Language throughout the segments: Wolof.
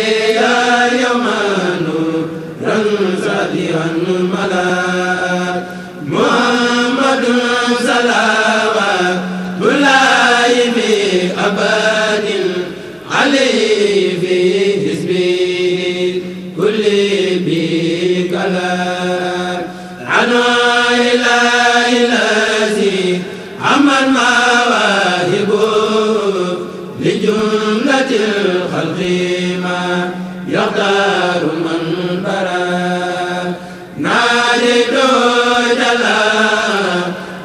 wa عمن مواهب لجملة الخلق ما يختار من برا ناجد جلا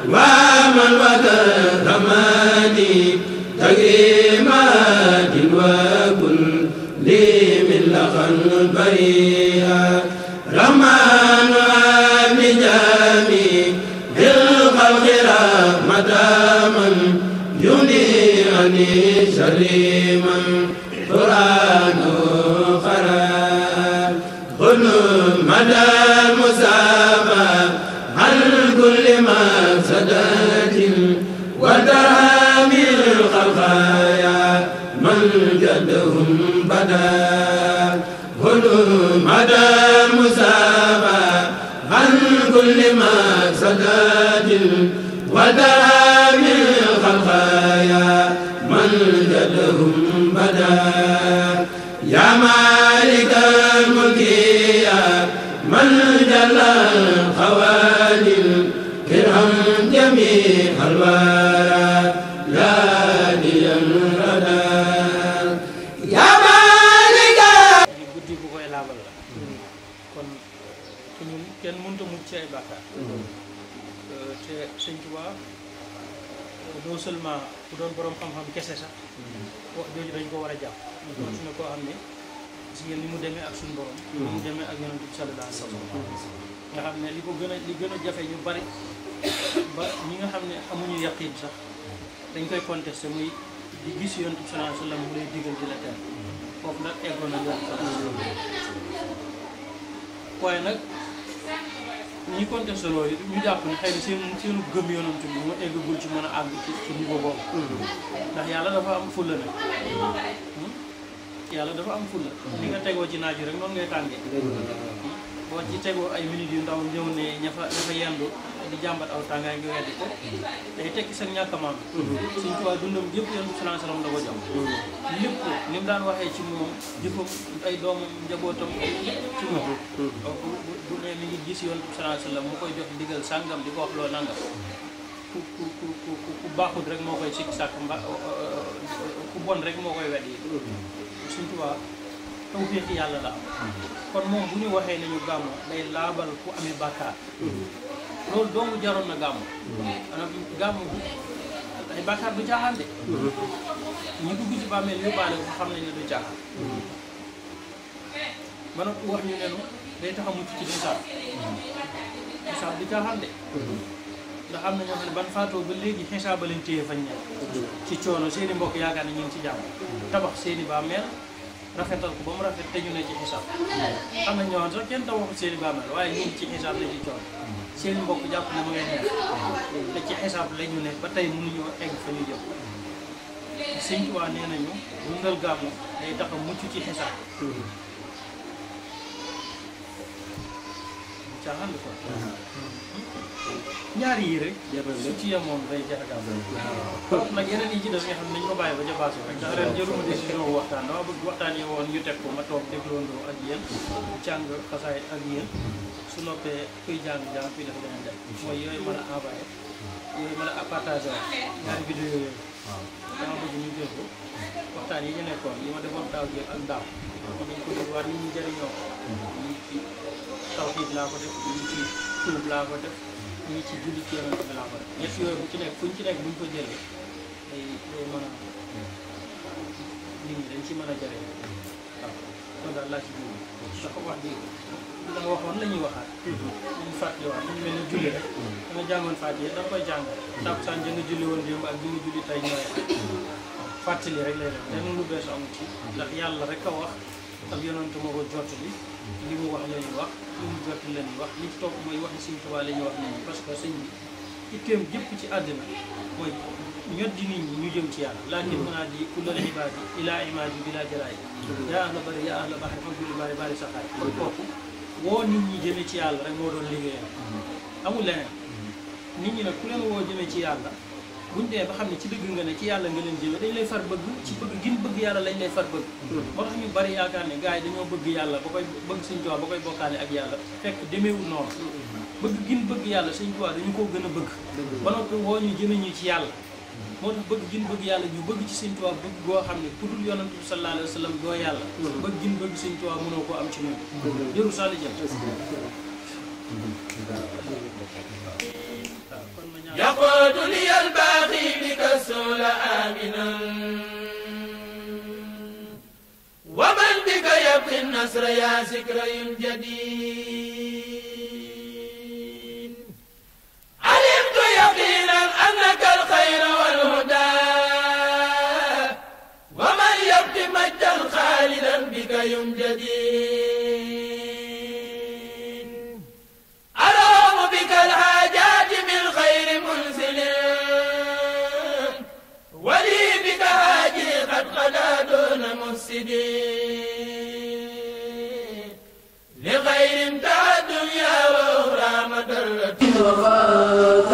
ومن وكرمني تقريما وكل لي من لخن بريد سليما قرآن خراب غن مدى مسامى عن كل مفسدات ودرام الخفايا من جدهم بدا غن مدى مسامى عن كل ما سدات ودرام لهم بدا يا مالك الملك يا من جل الخوالل ارحم جميع الورى يا دي الردى يا مالك kon ñun kenn mënut a mucc ay bàkkaar mm-hmm. te sëñ Tuubaa non seulement bu doon borom xam-xam kese sax mm-hmm. wax jooju dañ ko war a jàpp wax mm-hmm. koo xam ne gis ngeen ni mu demee ak suñu borom mm-hmm. ni mu demee ak yonent bi sallallahu alayhi wa sallam nga xam ne li ko gën a li gën a ñu bari ba ñi nga xam ne amuñu yaqin sax dañ koy contesté muy di gis yonent bi sallallahu alayhi wa sallam mu lay digal la teel foofu la eggoon na yoon mm-hmm. waaye nag ñi contesté loolu ñu jàpp ne xëy na seen seenu gëm yonent bi mu eggagul ci mën a àgg ci ci niveau boobu ndax yàlla dafa am fulla nag hmm? yàlla dafa am fulla ni nga tegoo ci naaj rek noonu ngay tàngee boo ci tegoo ay minutes yu ndaw ñëw ne ña fa ña fa yendu di jàmbat aw tàngaay ngi weddi ko day tekki seen ñàkk a maam suñ tubaab dundam yëpp yéen bu salaam salaam la ko jàmm lépp ni mu daan waxee ci moom jëfam ay doomam njabootam ci moom mi ngi gis yoon bu salaam mu koy jox ndigal sàngam di ko wax loo nangam ku ku ku ku baaxut rek moo koy sikk sàkk mba euh, euh, euh, ku bon rek moo koy weddi suñ tubaab tawféexi yàlla la kon moom bu ñu waxee nañu ñu gàmmu laabal ku amee bàkkaar loolu doomu jaroon na gàmmu ana gàmmu ay bàkkaar du caaxaan de ñu dugg ci bàmmeel yóbbaale ko xam nañ ne du caaxaan man wax ñu ne day tax a mucc ci nisaab nisaab du caaxaan de ndax am na ñoo xam ne ban faatoo ba léegi xisaaba fañ ne ci coono seeni mbokk yaakaar ne ñu ci jàmm tabax seeni bàmmeel rafetal ko ba mu rafet te ñu ne ci xisaab am na ñëwoon sax kenn tawaxu seen i bàmmeel waaye ñu ci xisaab la ci coon seen mbokk jàpp na ma ngay neex te ci xisaab la ñu ne ba tey mënuñu egg fa ñu jëm sëñ Tuubaa nee nañu dundal gàmmu day tax a mucc ci xisaab ñaar yii rek. su ci yemoon day jafe gàllankoor. nag yeneen yi ci def nga xam ne dañu ko bàyyi ba ca baasu rek. ndax ren jëluma décision waxtaan dama bëgg waxtaan yi woon ñu teg ko ma toog dégloondoo ak yéen. jàng xasaay ak yéen. su noppee kuy jàng jàng kuy def leneen rek. mooy yooyu mën a envoyé. yooyu a partagé waat. yi ñu nekkoon yi ma defoon daaw jéeg ak daaw. kon dañ ko jël nit ko. ñu mm-hmm. ci tawxiid laa laa ko def ñii ci julli ci yonent bi laa ko def ñett yooyu bu ci nekk fuñ ci nekk buñ ko jëlee day day mën a nit ñi dañ ci man a jëriñ waaw kon daal laa ci julli dafa wax dëgg li waxoon lañuy ñuy waxaat ñu fàttaliwaat ñu mel ni julli rek da nga koy jàng tàkkusaan ja nga julli woon démb ak bi nga julli tey ñooy fàttali rek lay def lenn lu bees amul ci ndax yàlla rek a wax ak yonent moo ko jot li li mu wax la wax pour jot leen wax li ci mooy waxi Sëñ Tuubaa la ñuy wax nit ñi parce que sëñ bi itteem jëpp ci àddina mooy ñot di nit ñi ñu jëm ci yàlla laakin mën mm. naa di kullal ibaadi ilaa imaadi bi laa jalaay mm. yaa ahla bari yaa ahla baxri fam juli bari bari saxaay mm. kon kooku woo nit ñi jëme ci yàlla rek moo doon liggéeyam amul leneen nit ñi nag ku leen woo jëme ci yàlla buñ demee ba xam ne ci dëgg nga ne ci yàlla nga leen jëme dañ lay far bëgg ci bëgg gin bëgg yàlla lañ lay far bëgg mm-hmm. moo tax ñu bari yaakaar ne gars yi dañoo bëgg yàlla ba koy bëgg suñ tubaab ba koy bokkaale ak yàlla fekk demeewul noonu mm-hmm. bëgg gin bëgg yàlla suñ tubaab dañu koo gën a bëgg ba noppi woo ñu jëme ñu ci yàlla mm-hmm. moo tax bëgg bëgg yàlla ñu bëgg ci suñ tubaab goo xam ne ku dul yonent bi sallallahu alayhi wa sallam doo yàlla bëgg gin bëgg suñ tubaab mënoo koo am ci ñun jëru sax li jëm يقود لي الباغي بك السول آمنا ومن بك يبقي النصر يا ذكري الجديد علمت يقينا أنك الخير والهدى ومن يبقي مجدا خالدا بك يمجدين أدخلا دون مفسدين لغير الدنيا تعد يا وهرام من وغاث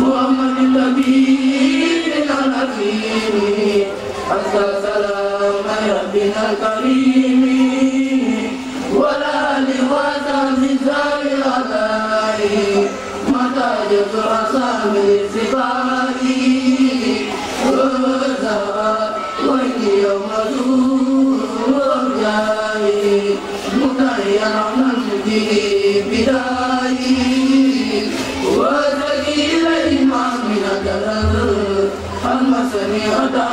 هو من الذين على الدين حتى سلام ربنا الكريم يعلم ببدائي وتجي إليه ما من الدرر المسني أدعى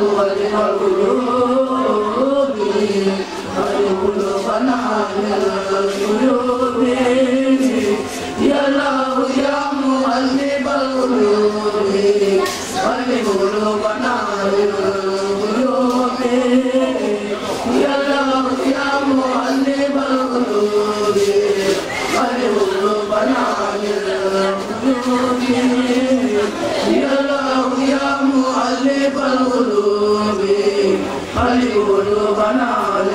مغلق القلوب خير خلقا عن القلوب يا الله يا مغلب القلوب خير خلقا عن القلوب يا الله يا مغلب القلوب خير خلقا عن القلوب يا الله يا مغلب القلوب Hari Guru Banal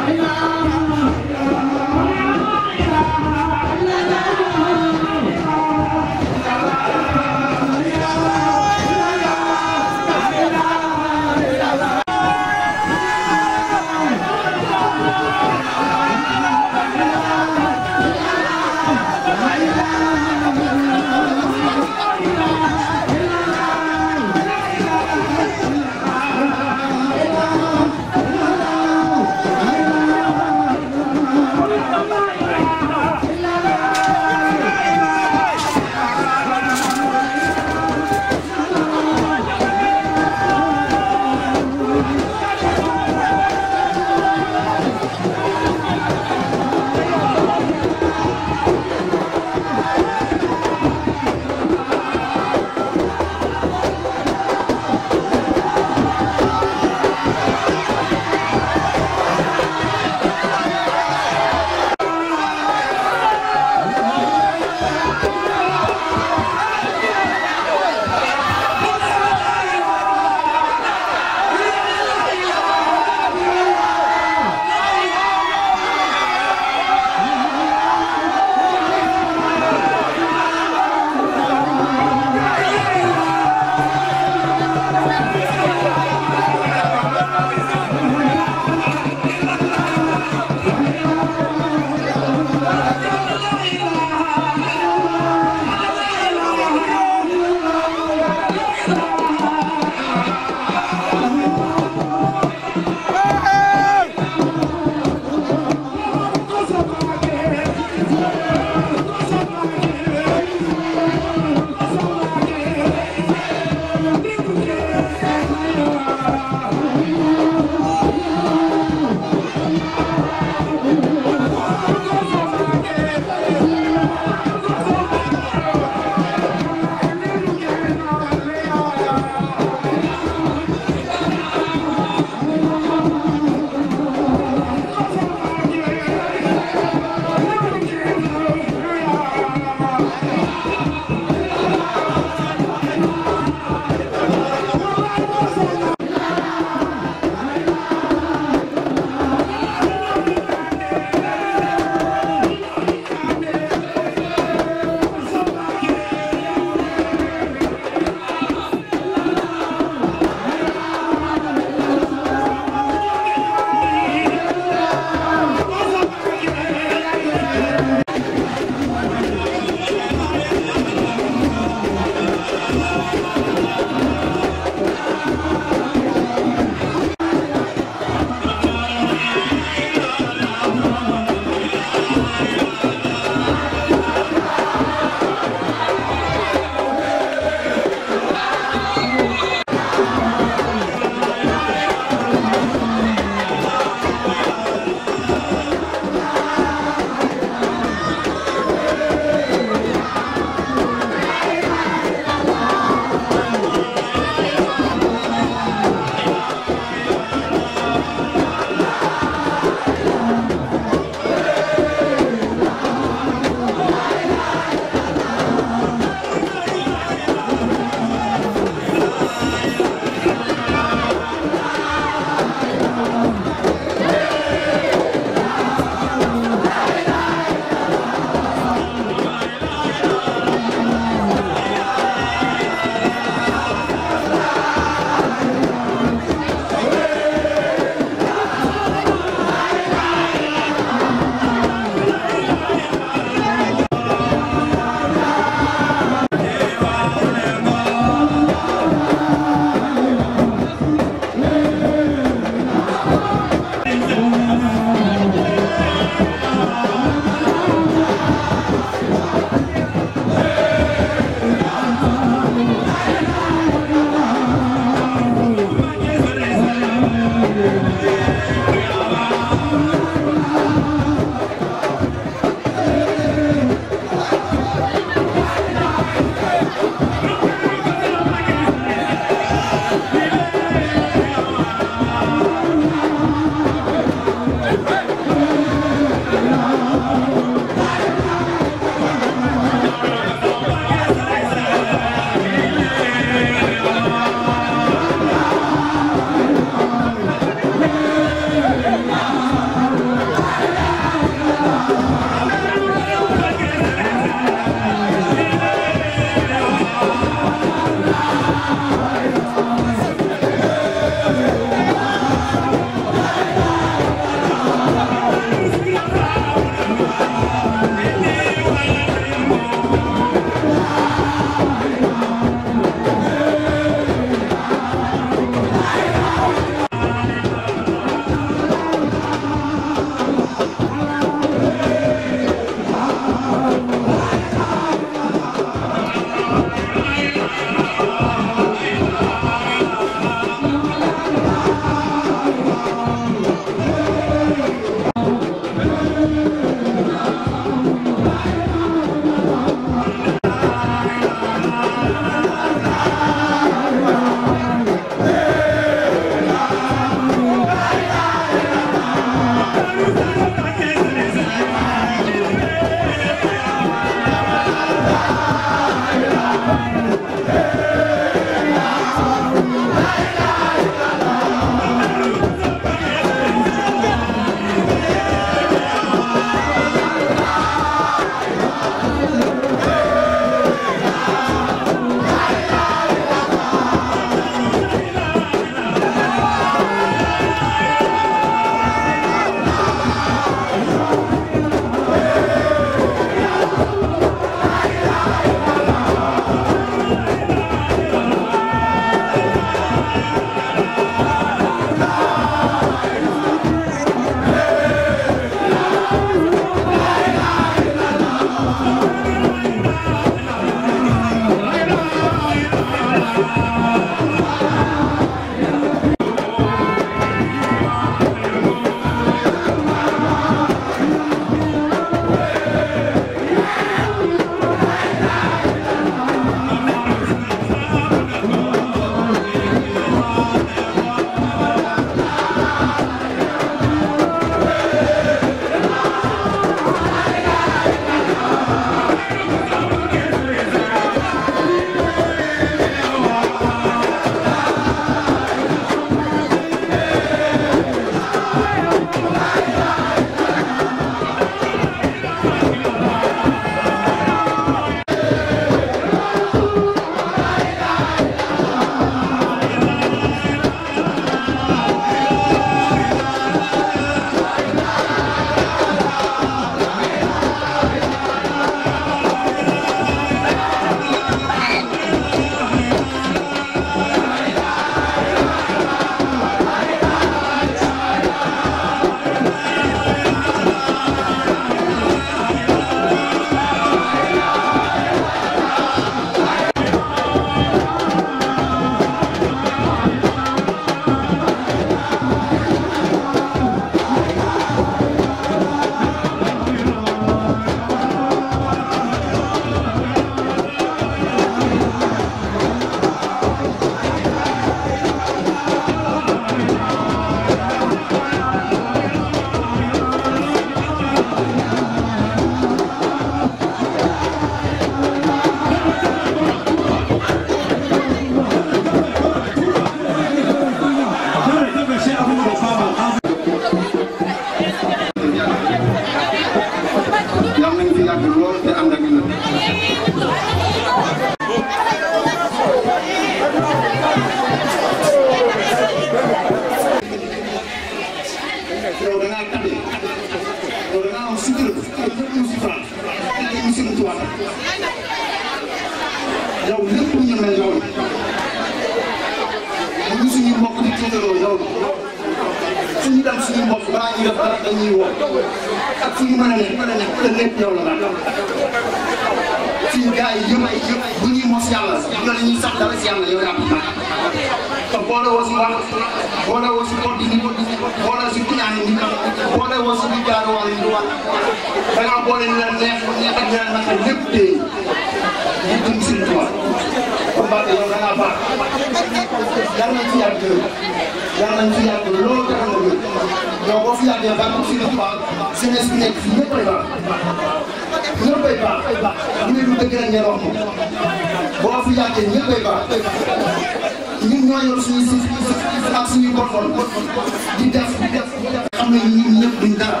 ñëpp duñ dara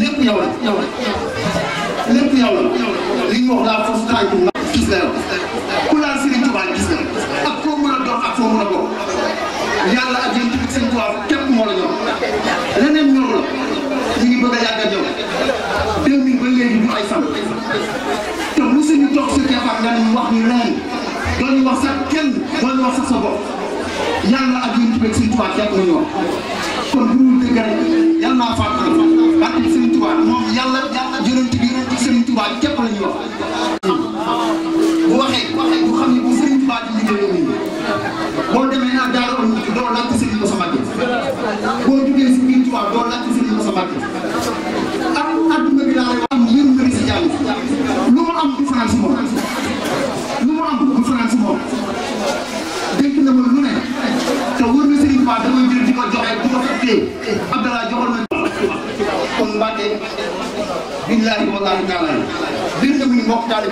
lépp yow la yow bu ku laal Serigne Touba gis nga ak foo mën a doon ak foo mën a bokk yàlla ak yéen tamit seen tubaab képp moo la ñor leneen ñor la ñu a yàgg a ñor 2000 te bu suñu toog si keefar nga ñu wax ñu leneen doon wax sax kon bu ñu dëgg rek yal naa fàttali barke Serigne Touba moom yàlla yàlla bi Serigne Touba képp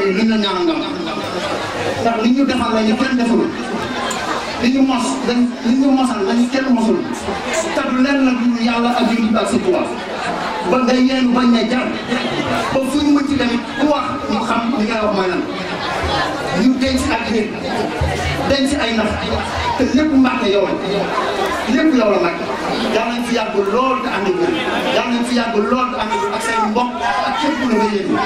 yi li ñu ñaan ndam ndax li ñu defal la ñu kenn deful li ñu mos dañ li ñu mosal la ñu kenn mosul te du lenn nag lu yàlla ak yu ñu ak sa tubaab ba nga yéen bañ ne jar ba fu ñu mën ci dem ku wax mu xam li nga wax mooy lan ñu denc ak nit denc ay nax te lépp mbàkke yow la lépp yow la nag yàlla nañ fi yàgg lool te ànd ak yàlla nañ fi yàgg lool te ànd ak seen mbokk ak képp ku la nga yéen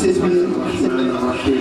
Francis me.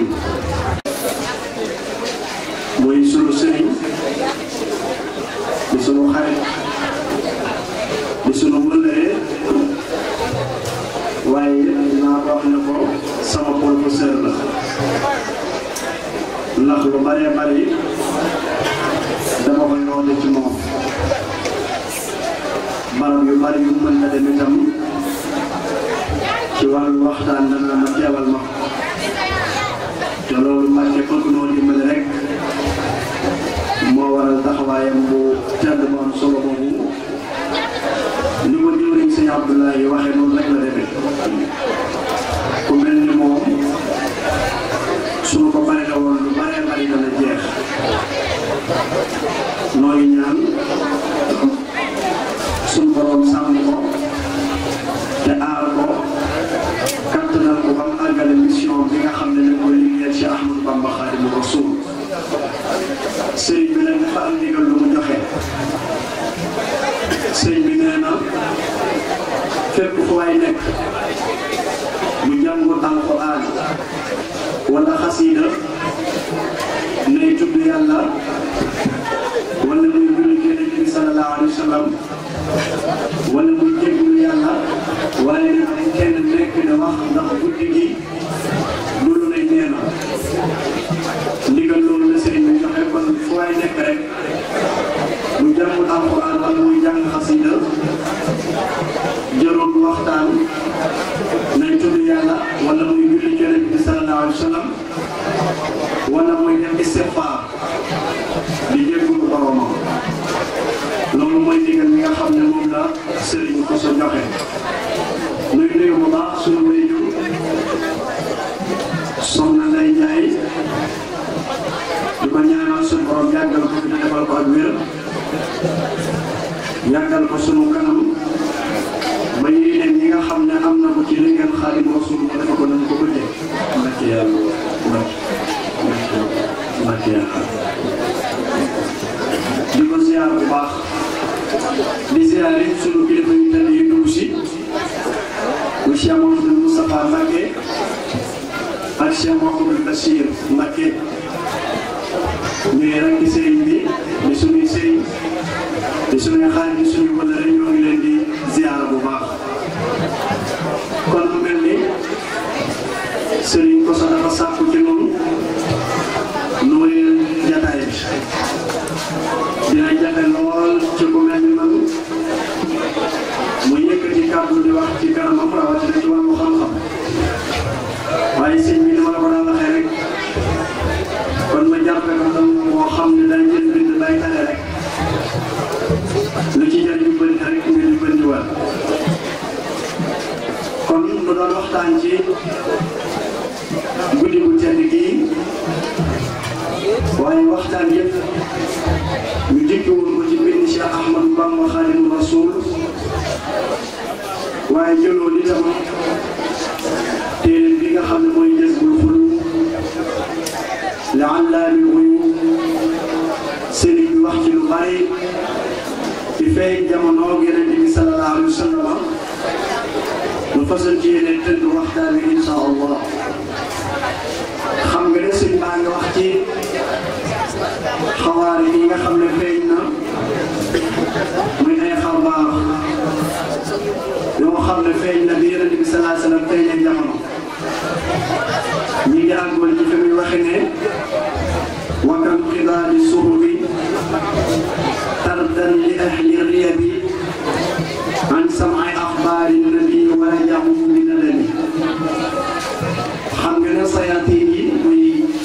guddi gu tedd gii waaye waxtaan yëpp ñu jikkiwul ko ci bind Cheikh Ahmad Bamba Xaadimu Rasuul waaye jëloo li tam téere bi nga xam ne mooy Jazbul Xuluub la allaami uyuub sëriñ bi wax ci lu bari ci feeg jamono Yonent bi sallallahu alayhi wa sallam mu fasal ci yéene tëdd waxtaan wi insha Allah عن وقتي xawaari yi nga xam ne feeñ na muy ay xabaar yoo xam ne feeñ na bi yonent bi salaa salaam feeñee jamono ñi ngi àggoon ci fi muy waxe ne wa kam xidaali suhubi tardan li ahli riyabi an samai axbaari nabi wa rajahu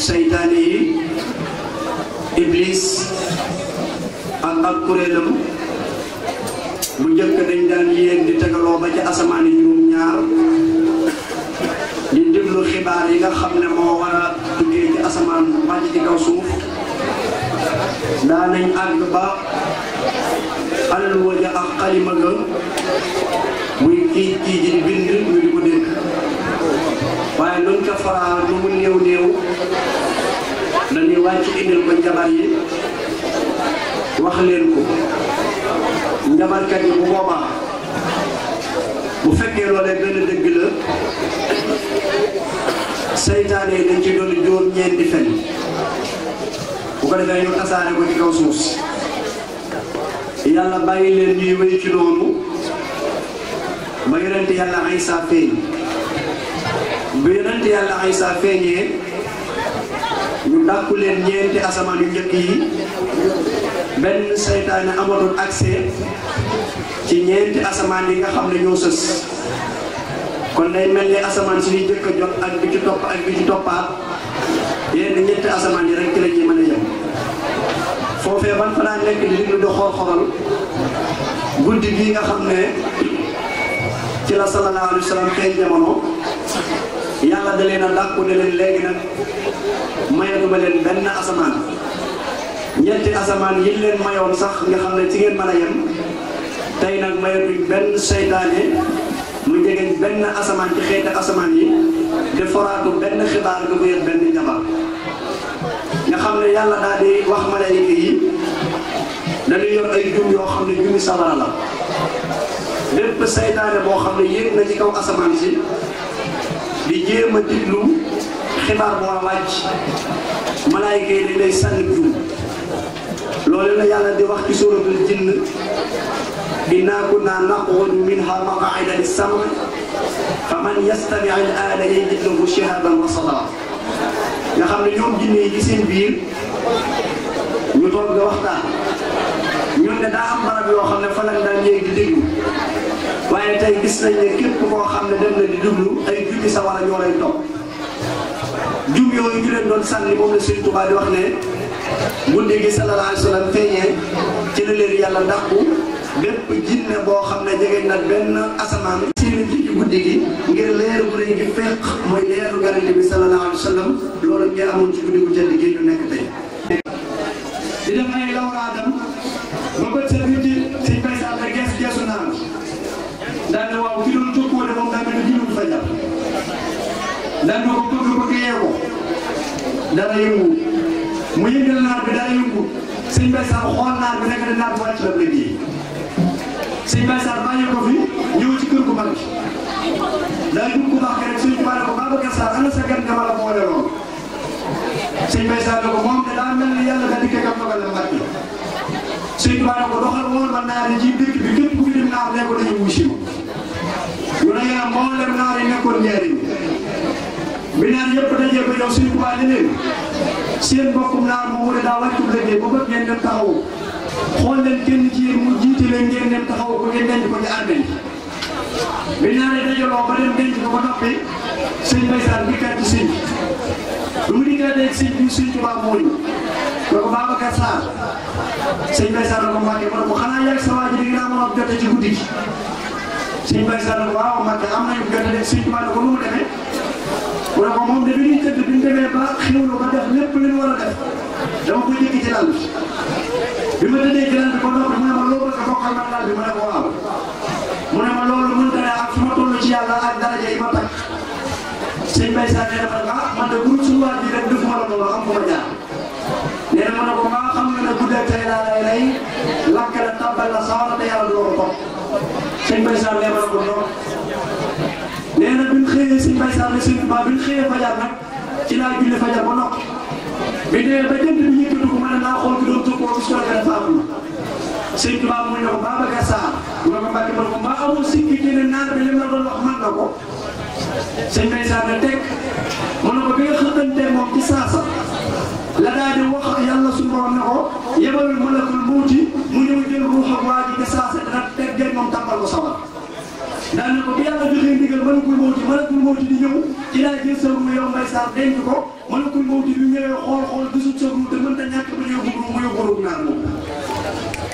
syaitani iblis ak ak kuréelam bu njëkk dañ daan yéeg di tegaloo ba ci asaman yi juróom ñaar di déglu xibaar yi nga xam ne moo war ci asamaan wàcc ci kaw suuf daanañ àgg ba franc lu mu néew néew nañuy wàcc indil ba njabar yi wax leen ko njabarkat yi bu boobaa bu fekkee loolee benn dëgg la seytaane yi dañ ci dolli juróom ñeenti fen bu ko defee ñu tasaare ko ci kaw suuf yàlla bàyyi leen ñuy wéy ci loolu ba ay saa bi yonent yalla Isa feeñee ñu dàkku leen ñeenti asamaan yu njëkk yi benn seytaane amatul accès ci ñeenti asamaan yi nga xam ñoo sës kon day mel ni asamaan si jot ak bi ci topp ak bi ci toppaat yenn ñetti asamaan yi rek la ñuy mën a yem ban fa di guddi nga xam ci la sallallahu alayhi wasallam tay jamono yàlla da leen a làkku ne leen léegi nag mayatuma leen benn asamaan ñetti asamaan yi leen mayoon sax nga xam ne ci ngeen mën a yem tey nag mayatuñ benn seytaane mu jegeñ benn asamaan ci xeeti asamaan yi di foraatu benn xibaar du ko yëg benn jabar nga xam ne yàlla daal di wax malaayika yi dañuy yor ay jum yoo xam ne jumi sabara la bépp seytaane boo xam ne yéeg na ci kaw asamaan si di jéem a diglu xibaar bu war a wàcc malaayka yi dañ lay sànni jum loolu la yàlla di wax ci suratul jinn innaa kunnaa naquudu minhaa maqaida lis-sam'i faman yastami' al-aana yajid lahu shihaban rasadaa nga xam ne ñoom jinne yi ci seen biir ñu toog nga waxtaan ñun ne daa am barab yoo xam ne fa lañ daan yéeg di déglu mais tey gis nañ ne képp koo xam ne dem na di déglu ay jubbi sa wala ñoo lay topp jub yooyu ñu leen doon sànni moom la Sëriñ Tuubaa di wax ne guddi gi sallallahu alayhi wa sallam feeñee ci la leen yàlla dàqu bépp jinne boo xam ne jege na benn asamaan séenu ci guddi gi ngir leer bu rëy gi fekk mooy leeru garanti bi sallallahu alayhi wa sallam loolu ngeen amoon ci guddi gu jënd gi ñu nekk tey ndax du ko bëgg bëgg yeewu dara yëngu mu yëngal naat bi dara yëngu sëñ Baye Sarr xool naat bi nekk na naat bu wàcc la bu liggéey sëñ Baye Sarr bàyyi ko fi ñëw ci kër gu mag gi daal di ko baax rek suñ ko baaxee ko Babacar Sarr ana sa gan dama la boole woon sëñ Baye Sarr ne ko moom de daa mel ni yàlla nga dikkee kam dogal la mbàkk suñ ko baaxee ko doxal woon ma naar yi ci dëkk bi képp ku fi dem naar ne ko dañu wusi ma. yu ne yéen a mboolem naar yi nekkoon njëriñ bi naan yëpp dajee ko yow suñu Tuubaa ni leen seen mbokkum naar moom mu ne daa wàccul liggéey ba bëgg ngeen dem taxawu xool leen kenn ci yéen mu jiite leen ngeen dem taxawu ko ngeen denc ko ci armée bi bi naan dajaloo ba dem denc ko ba noppi bi mu dikkaatee sëñ bi suñu Tuubaa moo ñu da ko Babacar Sarr sëñ Baysaan la ko Mbàkke ma ne ko xanaa a jote mu demee mu ne ko moom de bi ñuy tëdd bi ñu demee ba xiwlu ba def lépp li ñu war a def dama ko jékki ci lal bi ma tëddee ci lal bi ba noppi mu ne ma loo bëgg a bokkal man lal bi ma ne ko waaw mu ne ma loolu mën dara ak su ma toll ci yàlla ak daraja yi ma takk sëñ Mbaye Sane dafa ne ne ne ne nee na bi mu xëyee si mbay sax la si mbaa bi mu xëyee fajar nag ci laa julli fajar ba noppi bi dee ba jënd bi yëkkatu ko ma ne naa xool ki doon tukk woon su fekkee dafa am sëñ Tuubaa mu ñëw Babacar Sarr mu ne ma Mbàkke ma ne ko mbaa amul sikki ci ne naar bi li ma doon wax man na ko sëñ Mbay Sarr na teg mu ne ko bi nga xëttantee moom ci saasa la daal di wax yàlla suñu borom ne ko yebalul malakul mawti mu ñëw jël ruuxam waa ji ca saasa dana teg jël moom tàmbal ko sawar daanaka bu yàlla joxee ndigal mënagul mawti mënagul mawti di ñëw ci laay jël sa ruu yow Mbaye Sarr denc ko mënagul mawti bi ñëwee xool xool gisul sa ruu te mënta ñàkk ba ñëw bëgg mu yóbbu ruu naan moom.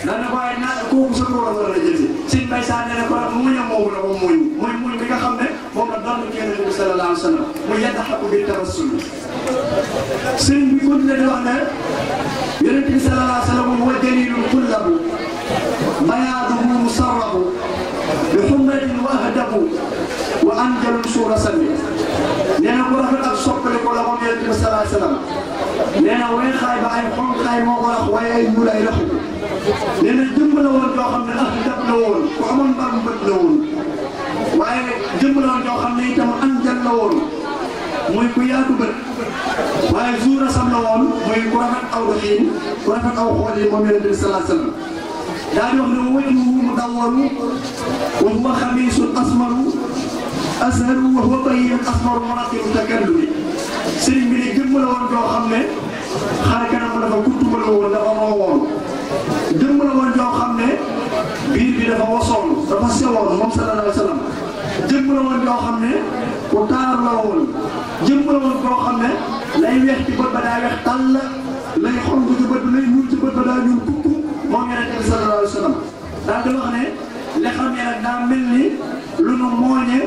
daanaka waaye naa kooku sa ruu la war a jël si Mbaye Sarr nee na ko nag muñam moomu la ko muñ mooy muñ bi nga xam ne moom la doon kenn nabi sallallahu alayhi wa sallam mu yadhaku bi tabassul sëriñ bi continué di wax ne yonente bi sallallahu alayhi wa sallam wa dalilul kullabu bayaduhu musarrabu محمد وحده وأنجل سورة سنة نينا قرأت أبصق لكل أمام يلتم صلى الله عليه وسلم نينا وين خايب عين حم خايب مغرق وين يولا إلحو نينا جمل ون جوخم من أهل دبلون وعمل برم بدلون وين جمل ون جوخم نيتم أنجل لون muy ku yaatu bët waaye jour a sam la woon muy ku rafet aw doxiin ku rafet aw xool daa di wax ne wajhuhu mudawwaru wa huwa xamiisun asmaru azharu wa huwa bahiim asmaru muraqqibun takallumi sëriñ bi ne jëmm la woon joo xam ne xar kanam dafa gudd ba la woon dafa moo woon jëmm la woon joo xam ne biir bi dafa wasoon dafa sewoon moom sallallahu alayhi wa sallam jëmm la woon joo xam ne ku taar la woon jëmm la woon joo xam ne lay weex ci bët ba daa weex tàll lay xonk ci bët lay ñuul ci bët ba daa ñuul kukku moom yonent bi sallallahu alayhi wa sallam daal di wax ne li xam ne nag daa mel ni lu nu mooñe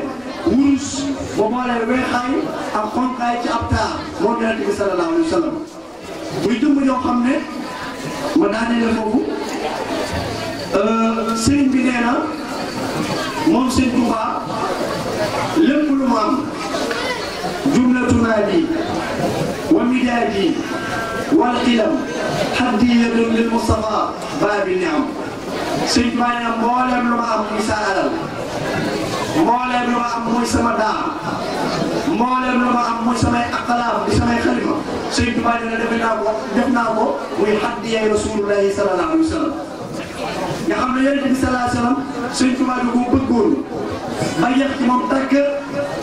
wurus ba boole weexaay ak xonqaay ci ab taar moom yonent bi sallallahu alayhi wa sallam muy jëmm yoo xam ne ma daanee la foofu sëriñ bi nee na moom sëriñ Tuuba lépp lu mu am jumlatu naa ji wa midaadi والقلم حدية للمصطفى باب النعم سيد ماي نعم. مولى بن معم موسى مولى بن معم موسى مدام مولى بن معم موسى ماي أقلام موسى ماي خليفة سيد ماي نعم. نبينا نعم. نبينا ويحدي رسول الله صلى الله عليه وسلم nga xam ne yeneen bi salaa salaam sëñ tuba bi ko bëggoon ma yëg ci moom tàgg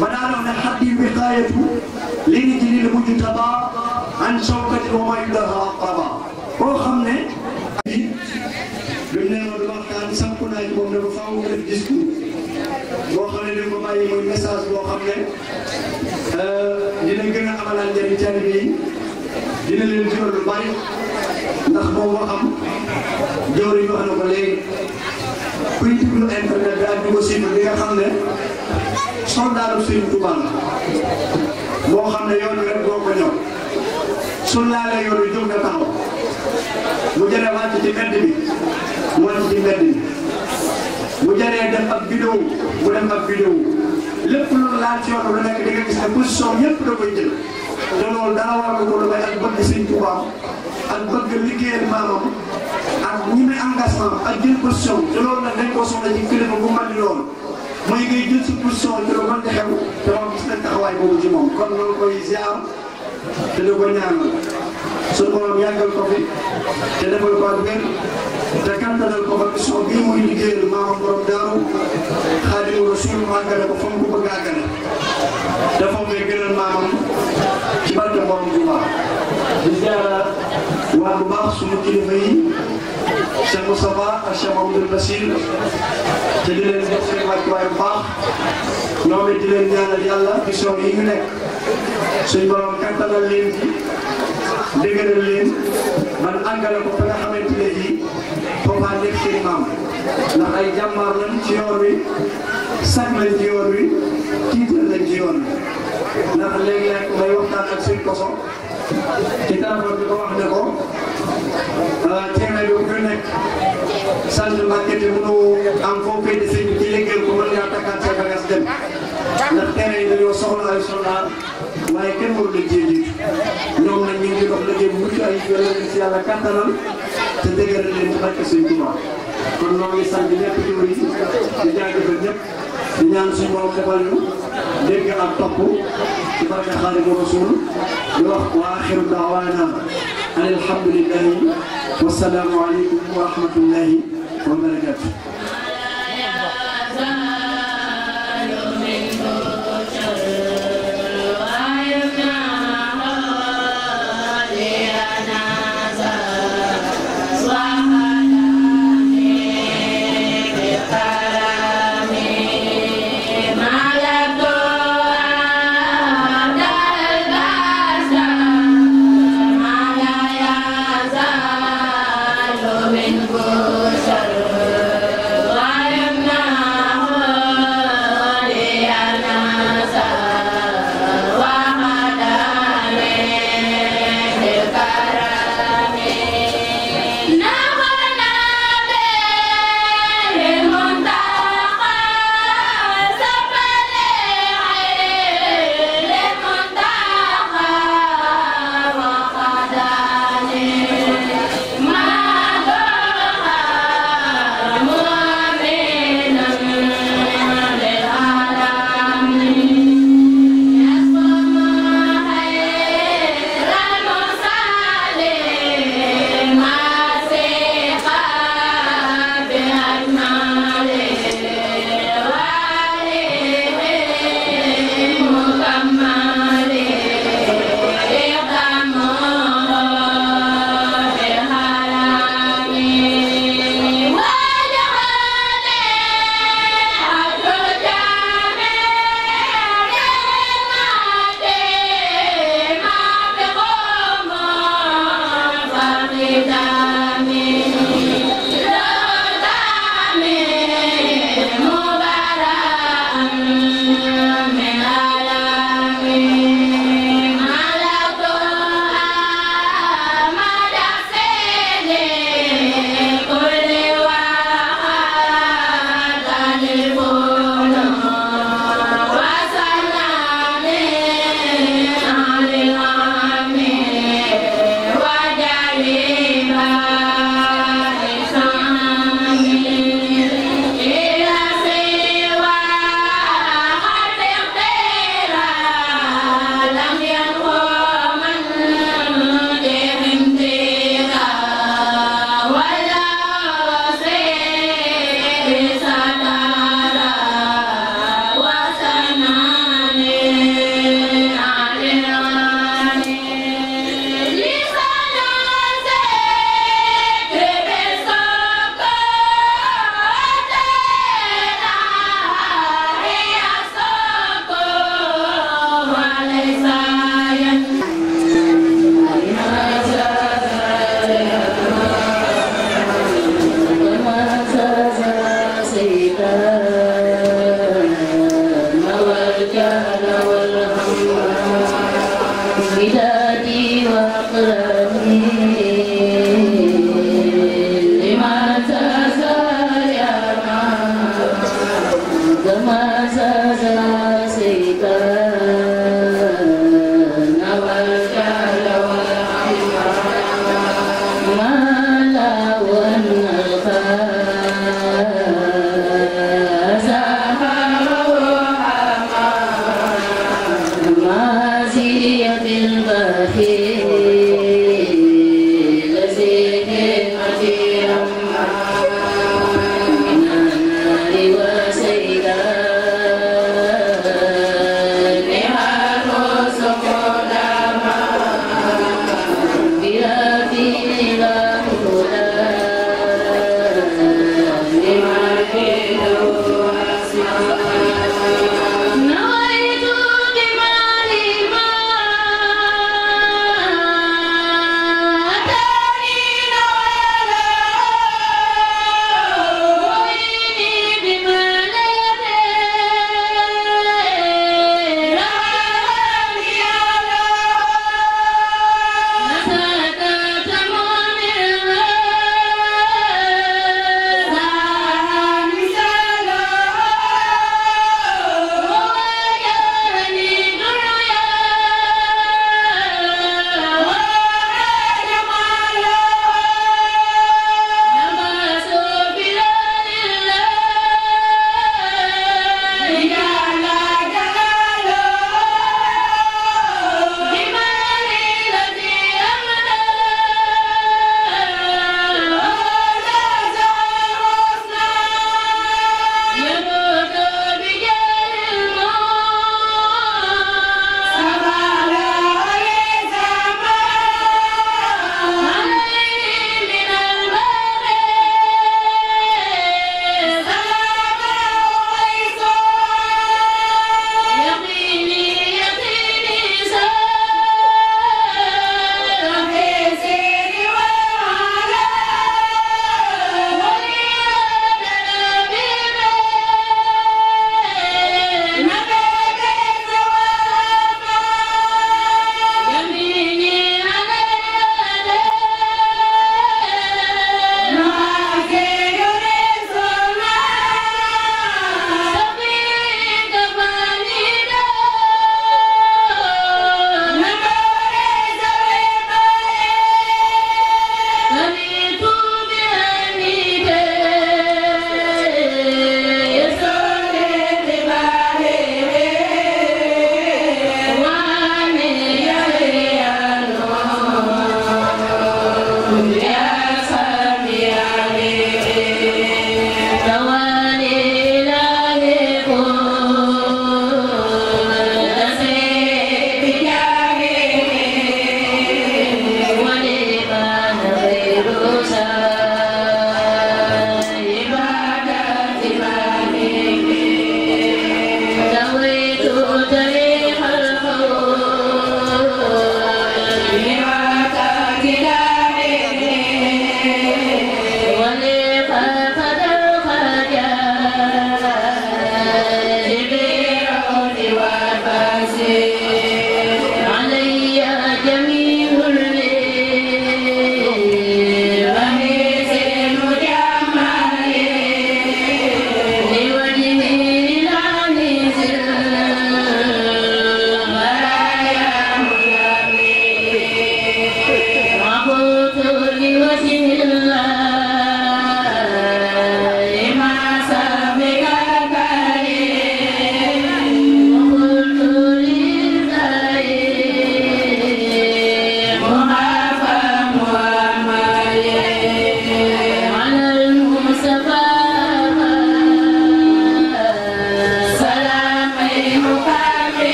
ma daa wax ne xaddi wi xaayatu léegi ci li la mujj tabaar an sawkati wa maydaha aqaba koo xam ne bi ñu ne ma du waxtaan samp naa ci moom dafa faaw mu def discours boo xam ne li ma bàyyi mooy message boo xam ne euh, dina gën a amalaan njëriñ taalibe yi dina leen jural lu bari ndax moom waxam joor yi wax na ko léegi kuy déglu internet bi ak di ko siitu li nga xam ne soldaaru Sëriñ Tuubaa la boo xam ne yoon wi rek boo ko ñëw suñ laalee yoon wi jóg nga taxaw mu jëlee wàcc ci mbedd bi wàcc ci mbedd bi mu jëlee def ab vidéo mu dem ab vidéo lépp loolu laal ci yoon lu nekk di nga gis ne position yëpp da koy jël te loolu dara war na ko lu may ak bëgg sëñ Tuubaa ak bëgg liggéeyal maamam ak ñi muy engagement loolu nag dañ koo soxla ci kilifa bu mën di loolu mooy ngay jël sa position te lu mën di xew te moom gis nañ taxawaay boobu ci kon loolu koy ziar. te di ko ñaanal suñu borom yàggal ko fi te defal ko ak wér te kattanal ko ba mission bii muy liggéeyal maamam borom daaru Xaadimu Rasuul màggale ko fa mu ko bëgg a àggale dafa muy gënal maamam ci barke borom bu baax di jaara Cheikh Moustapha ak Cheikh Mamadou Bassir te di leen jox seen wàccuwaay bu baax ñoom it di leen ñaanal yàlla mission yi ñu nekk suñ borom kattanal leen ci dëgëral leen man àggale ko ba nga xamante ne ji foofa nekk seen maam ndax ay jàmbaar lañ ci yoon wi sax lañ ci yoon wi tiital lañ ci yoon wi ndax léeg-léeg may koso ci téléphone bi ko wax ne ko ceeb a ku nekk sànni Mbàkke te am foo koy dese ci liggéey ko mën ngaa takkaat sa bagage dem ndax terrain yi dañoo soxla ay kenn waru leen cee jiitu ñoom nag ñu bu mucc ayib yàlla leen si yàlla kattanal te dëgëral leen ci barke Sëñ Tuubaa kon ñoo yi di jaajëfal ñëpp. di ñaan suñu borom defal ñu dégg ak topp ci barke Xaadimu Rasuul di wax wa axiru daawaana an alhamdulillahi wa salaamu aleykum wa rahmatullahi wa barakatuh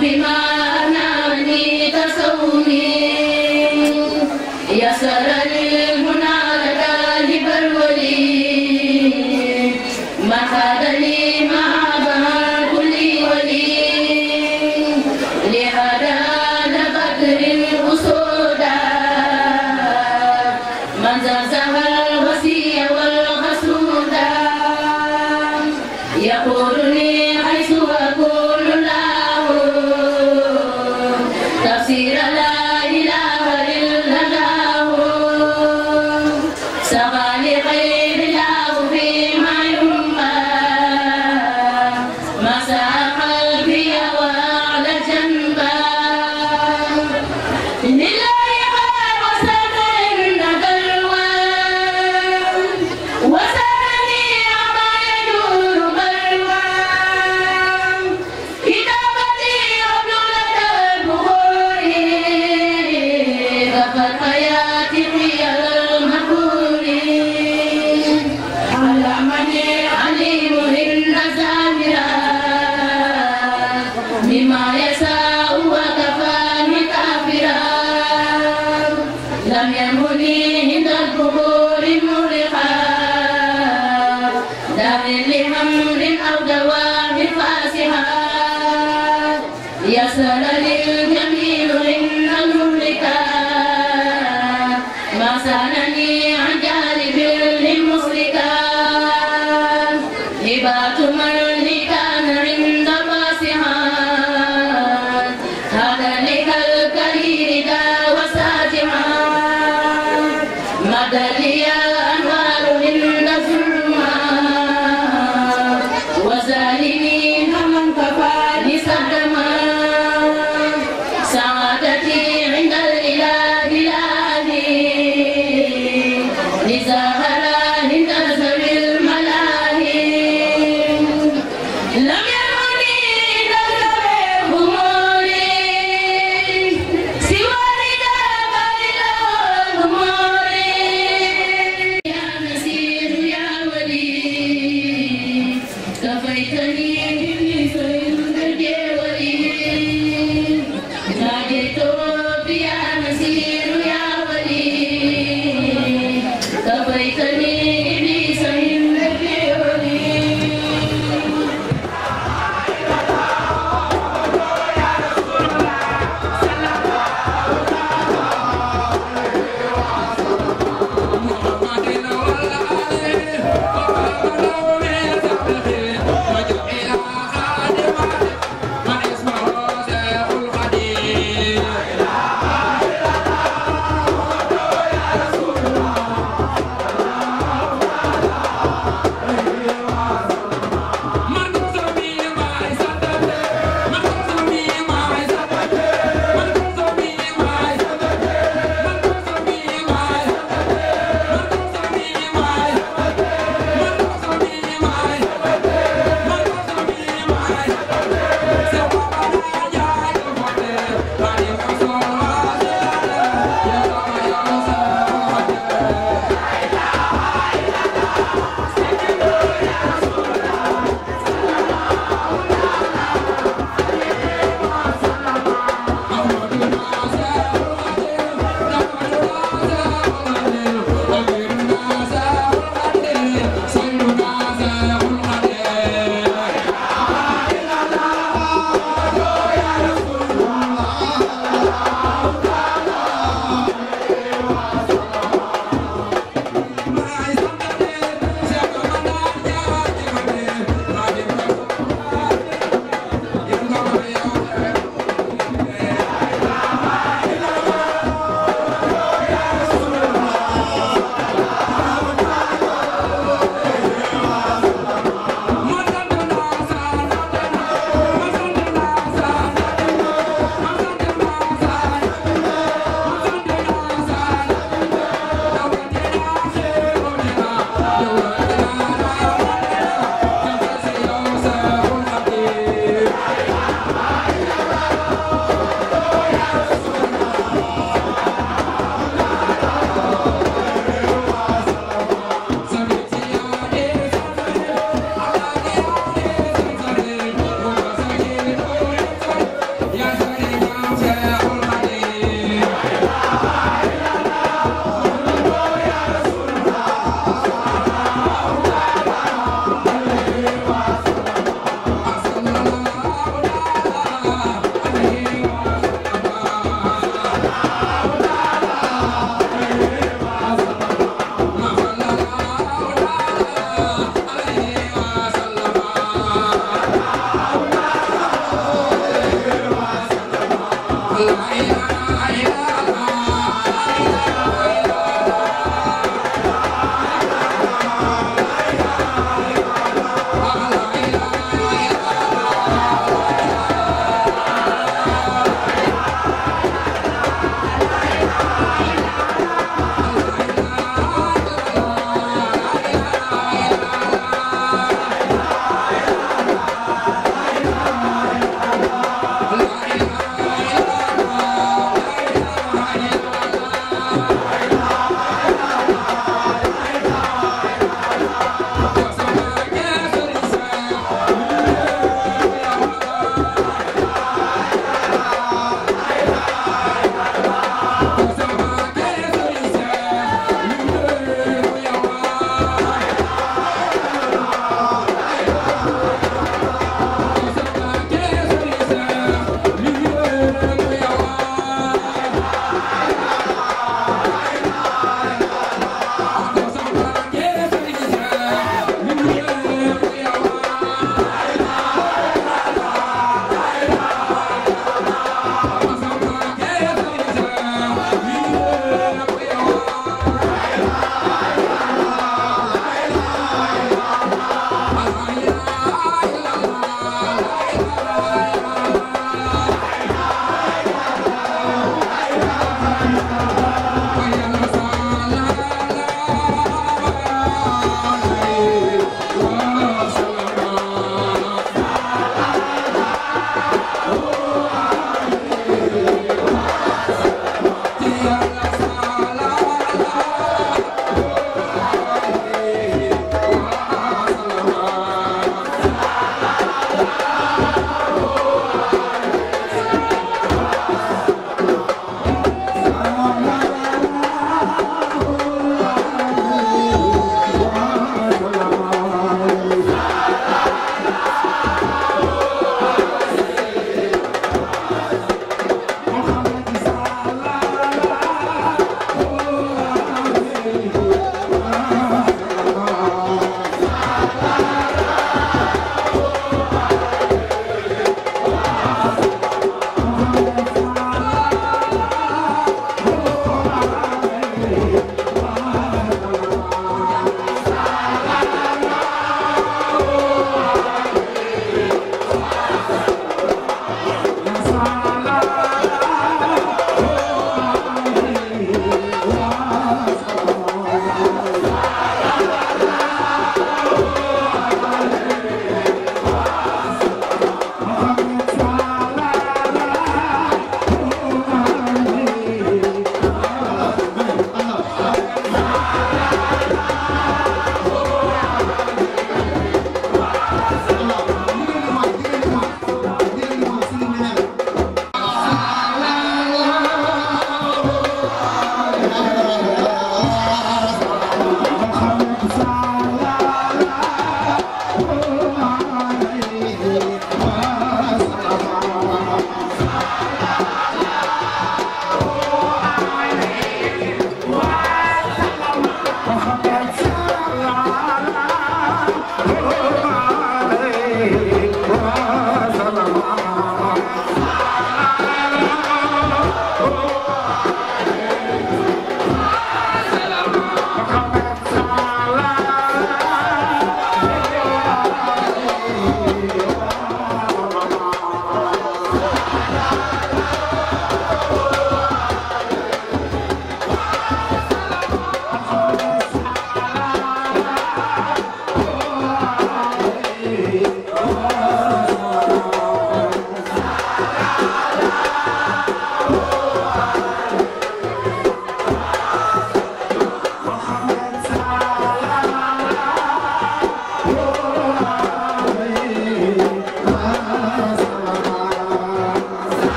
بما نعنيت صومي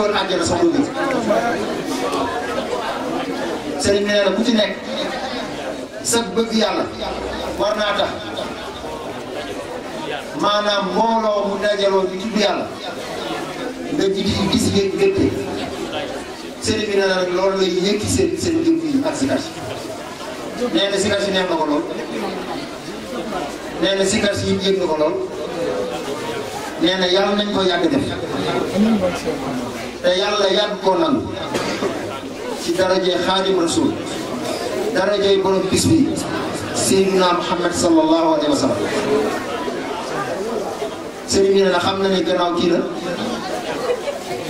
doon àjjana sax dugg sëriñ nee na ku ci nekk sa bëgg yàlla war naa tax maanaam mbooloo mu dajaloo di tudd yàlla nga ji di gis yéen gënte sëriñ bi nee rek loolu lay yëkki seen seen jëm yi ak sikar si nee na sikar si ko lool nee na sikar si yëg na ko lool nee yàlla nañ ko yàgg def te yàlla yàgg koo nangu ci darajee xaadim rasul darajee borom bis bi Seydina Muhammad sallallahu alayhi wa sallam sëriñ bi ne na xam na ne gannaaw kii la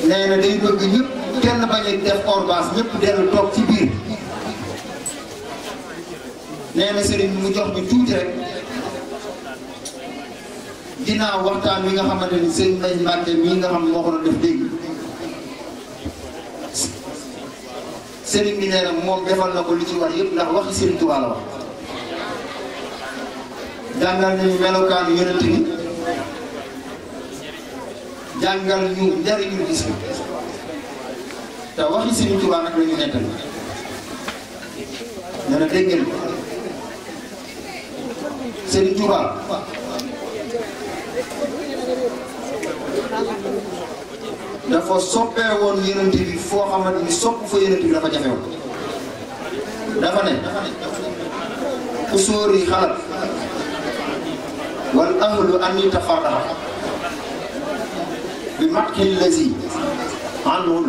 nee na day bëgg ñëpp kenn bañ a def orbas ñëpp dellu toog ci biir nee na sëriñ bi mu jox ñu tuuti rek ginnaaw waxtaan wi nga xamante ni sëriñ Mbay Mbàkke mii nga xam moo ko doon dégg nee moom defal na ko lu ci war yépp ndax waxi Sëriñ Tuubaa la wax jàngal nañu melokaanu yonent bi jàngal ñu la ñu nettal nee na dégg ngeen Sëriñ Tuubaa dafa soppee woon yonent bi foo xamante ni sopp fa yonent bi dafa jafewoon أسوري خلق والأهل أن يتفرع بمدح الذي عنهم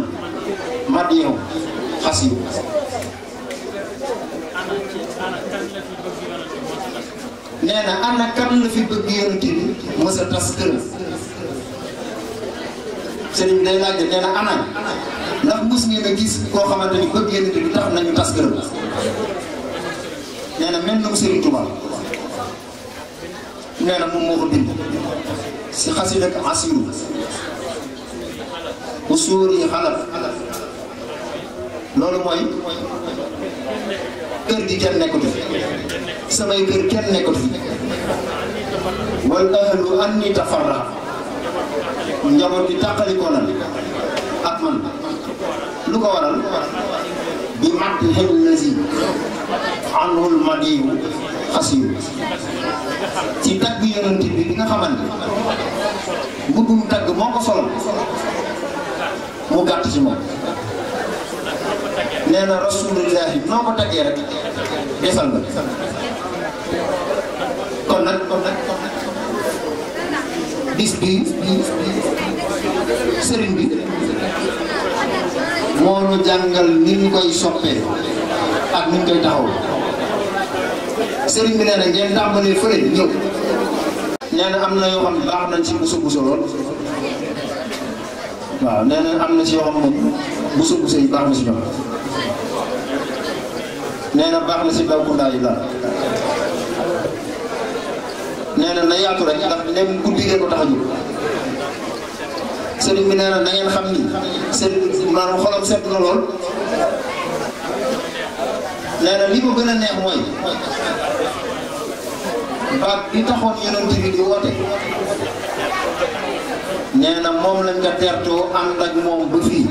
مديهم خسير nee na ana kan la fi bëgg yonent bi mës a tas kër day laajte nee na ana ndax mës ngeen a gis koo xamante ni bëgg yonent bi tax nañu tas mel na ko Serigne Touba nee na moom moo ko bind si xasida ak asiru bu suur yi loolu mooy kër gi kenn nekkatu fi samay kër kenn nekkatu fi wal ahlu anni tafarra njaboot bi tàqalikoo ak man lu ko waral bi mat xel lazi anul madiyu xasiyu ci tagg yonent bi bi nga xamante mbubbum tagg moo ko solal mu gàtt ci moom nee na rasulillahi noo ko taggee rek bis bi sëriñ bi moo nu jàngal ni ñu koy soppee ak ni koy taxaw sëriñ bi nee na ngeen tàmbalee fële ñëw am na yoo xam ne baax ci busu busu lool waaw na am na ci yoo xam moom busu busu yi baax na si ñoom nee baax na si Bakunda yi daal nee na na yaatu rek ndax guddi ngeen ko tax a jóg sëriñ bi nee na na ngeen xam ni seen maanaam xolam set na lool. nee na li ko a neex mooy baat bi taxoon yonent bi di woote nee na moom lañ ko tertoo ànd ak moom ba fii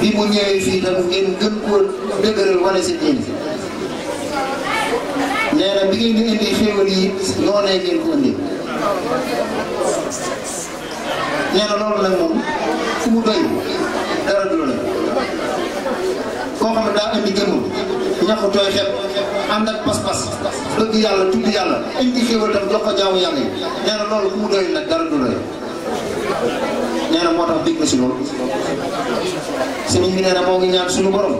bi mu ñëwee fii tam ngeen gën koo dëgëral wane si diin nee na bi ngeen di indi xéwal yi noonee loolu nag moom fu mu doy dara du la xam ne daa indi gëmul ñaxu tooy xet ak pas-pas bëgg yàlla tudd yàlla indi xéewal tam jox jaamu yàlla yi loolu ku doy nag dara du doy nee na moo na si loolu sëriñ bi nee na ngi ñaan suñu borom ak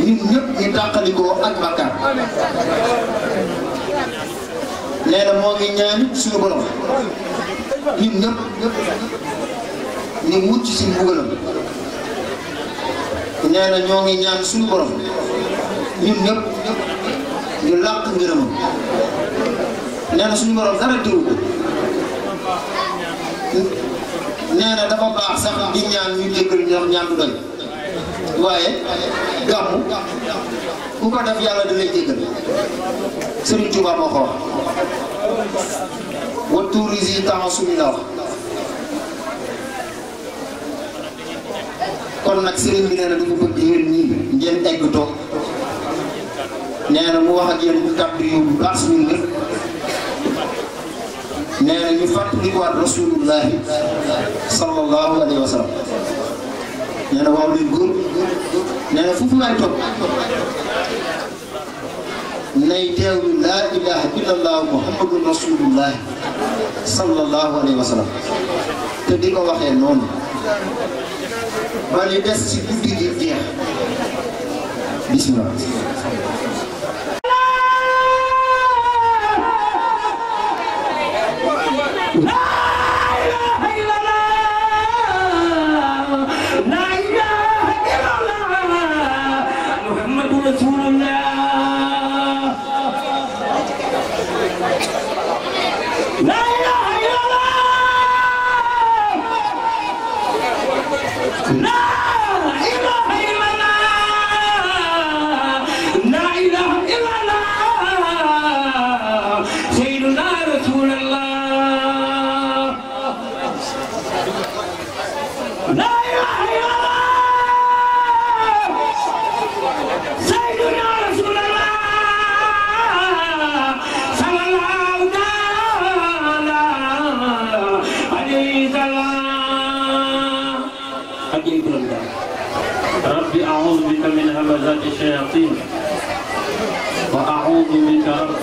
ngi ñaan suñu borom mucc mbugalam nee na ñoo ngi ñaan suñu borom ñun ñep ñu laq ngërëmam nee suñu borom dara diru ko nee na dafa baax sax di ñaan ñu jëkkal ñoom ñaan du doy waaye gàmm ku ko def yalla dañ lay jëkkal suñu Tuuba moo ko wa tuurisi taxasumi la kon nag sëriñ bi nee na dafa bëgg yéen ñii ngeen egg toog nee na mu wax ak yéen kàddu yu baax suñu ngir nee na ñu fàttali ko waat rasulullahi sallallahu alayhi wa sallam nee na waaw leen góor nee na foofu laay toog nay teewlu laa ilaha illallah muhammadun rasulullahi sallallahu alayhi wa sallam te di ko waxee noonu. ba li des ci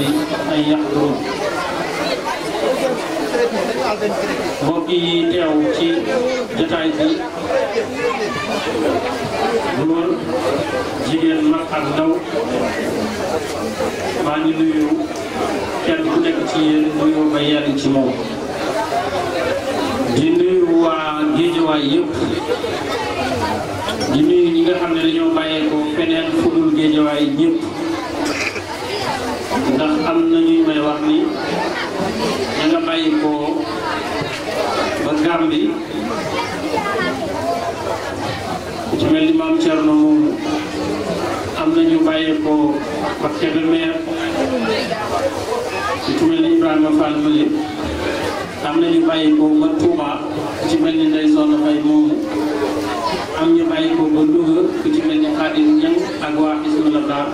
xadrati ay yaxduruun mbokk yi teew ci jotaay bi góor jigéen mag ak ndaw maa ngi nuyu kenn ku nekk ci yéen nuyoo ba yenn ci moom di nuyu waa Géejawaay yëpp di nuyu ñi nga xam ne dañoo bàyyeekoo feneen fu Géejawaay ñëpp ndax am na ñuy may wax ni ña nga bàyyi koo ba Gàmbi ku ci mel ni maam Thierno moomu am na ñu bàyyi koo ba Kébémer ku ci mel am na ñu bàyyi koo ba Touba ku ci mel ni Ndeye Soxna Faye am ñu bàyyi koo ba Louga ci mel ni Khadim Niang ak waa Ismaïla Dar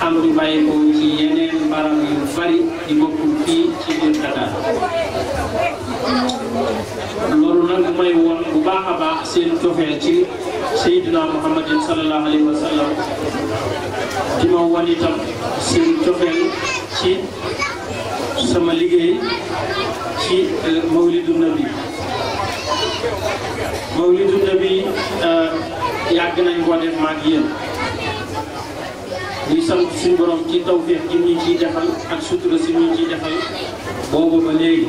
am di ko yeneen barab yu bari di bokkul fii ci biir Dakar loolu nag may woon bu baax a baax seen cofee ci Seydina Muhammadin sallallahu alayhi wa sallam seen cofeel ci sama liggéey ci euh, mawlidu nabi mawlidu nabi euh, yàgg nañ ko maag yéen ñuy sant suñu borom ci tawféex ji ñu ciy defal ak sutura si ñu ciy defal boobu ba léegi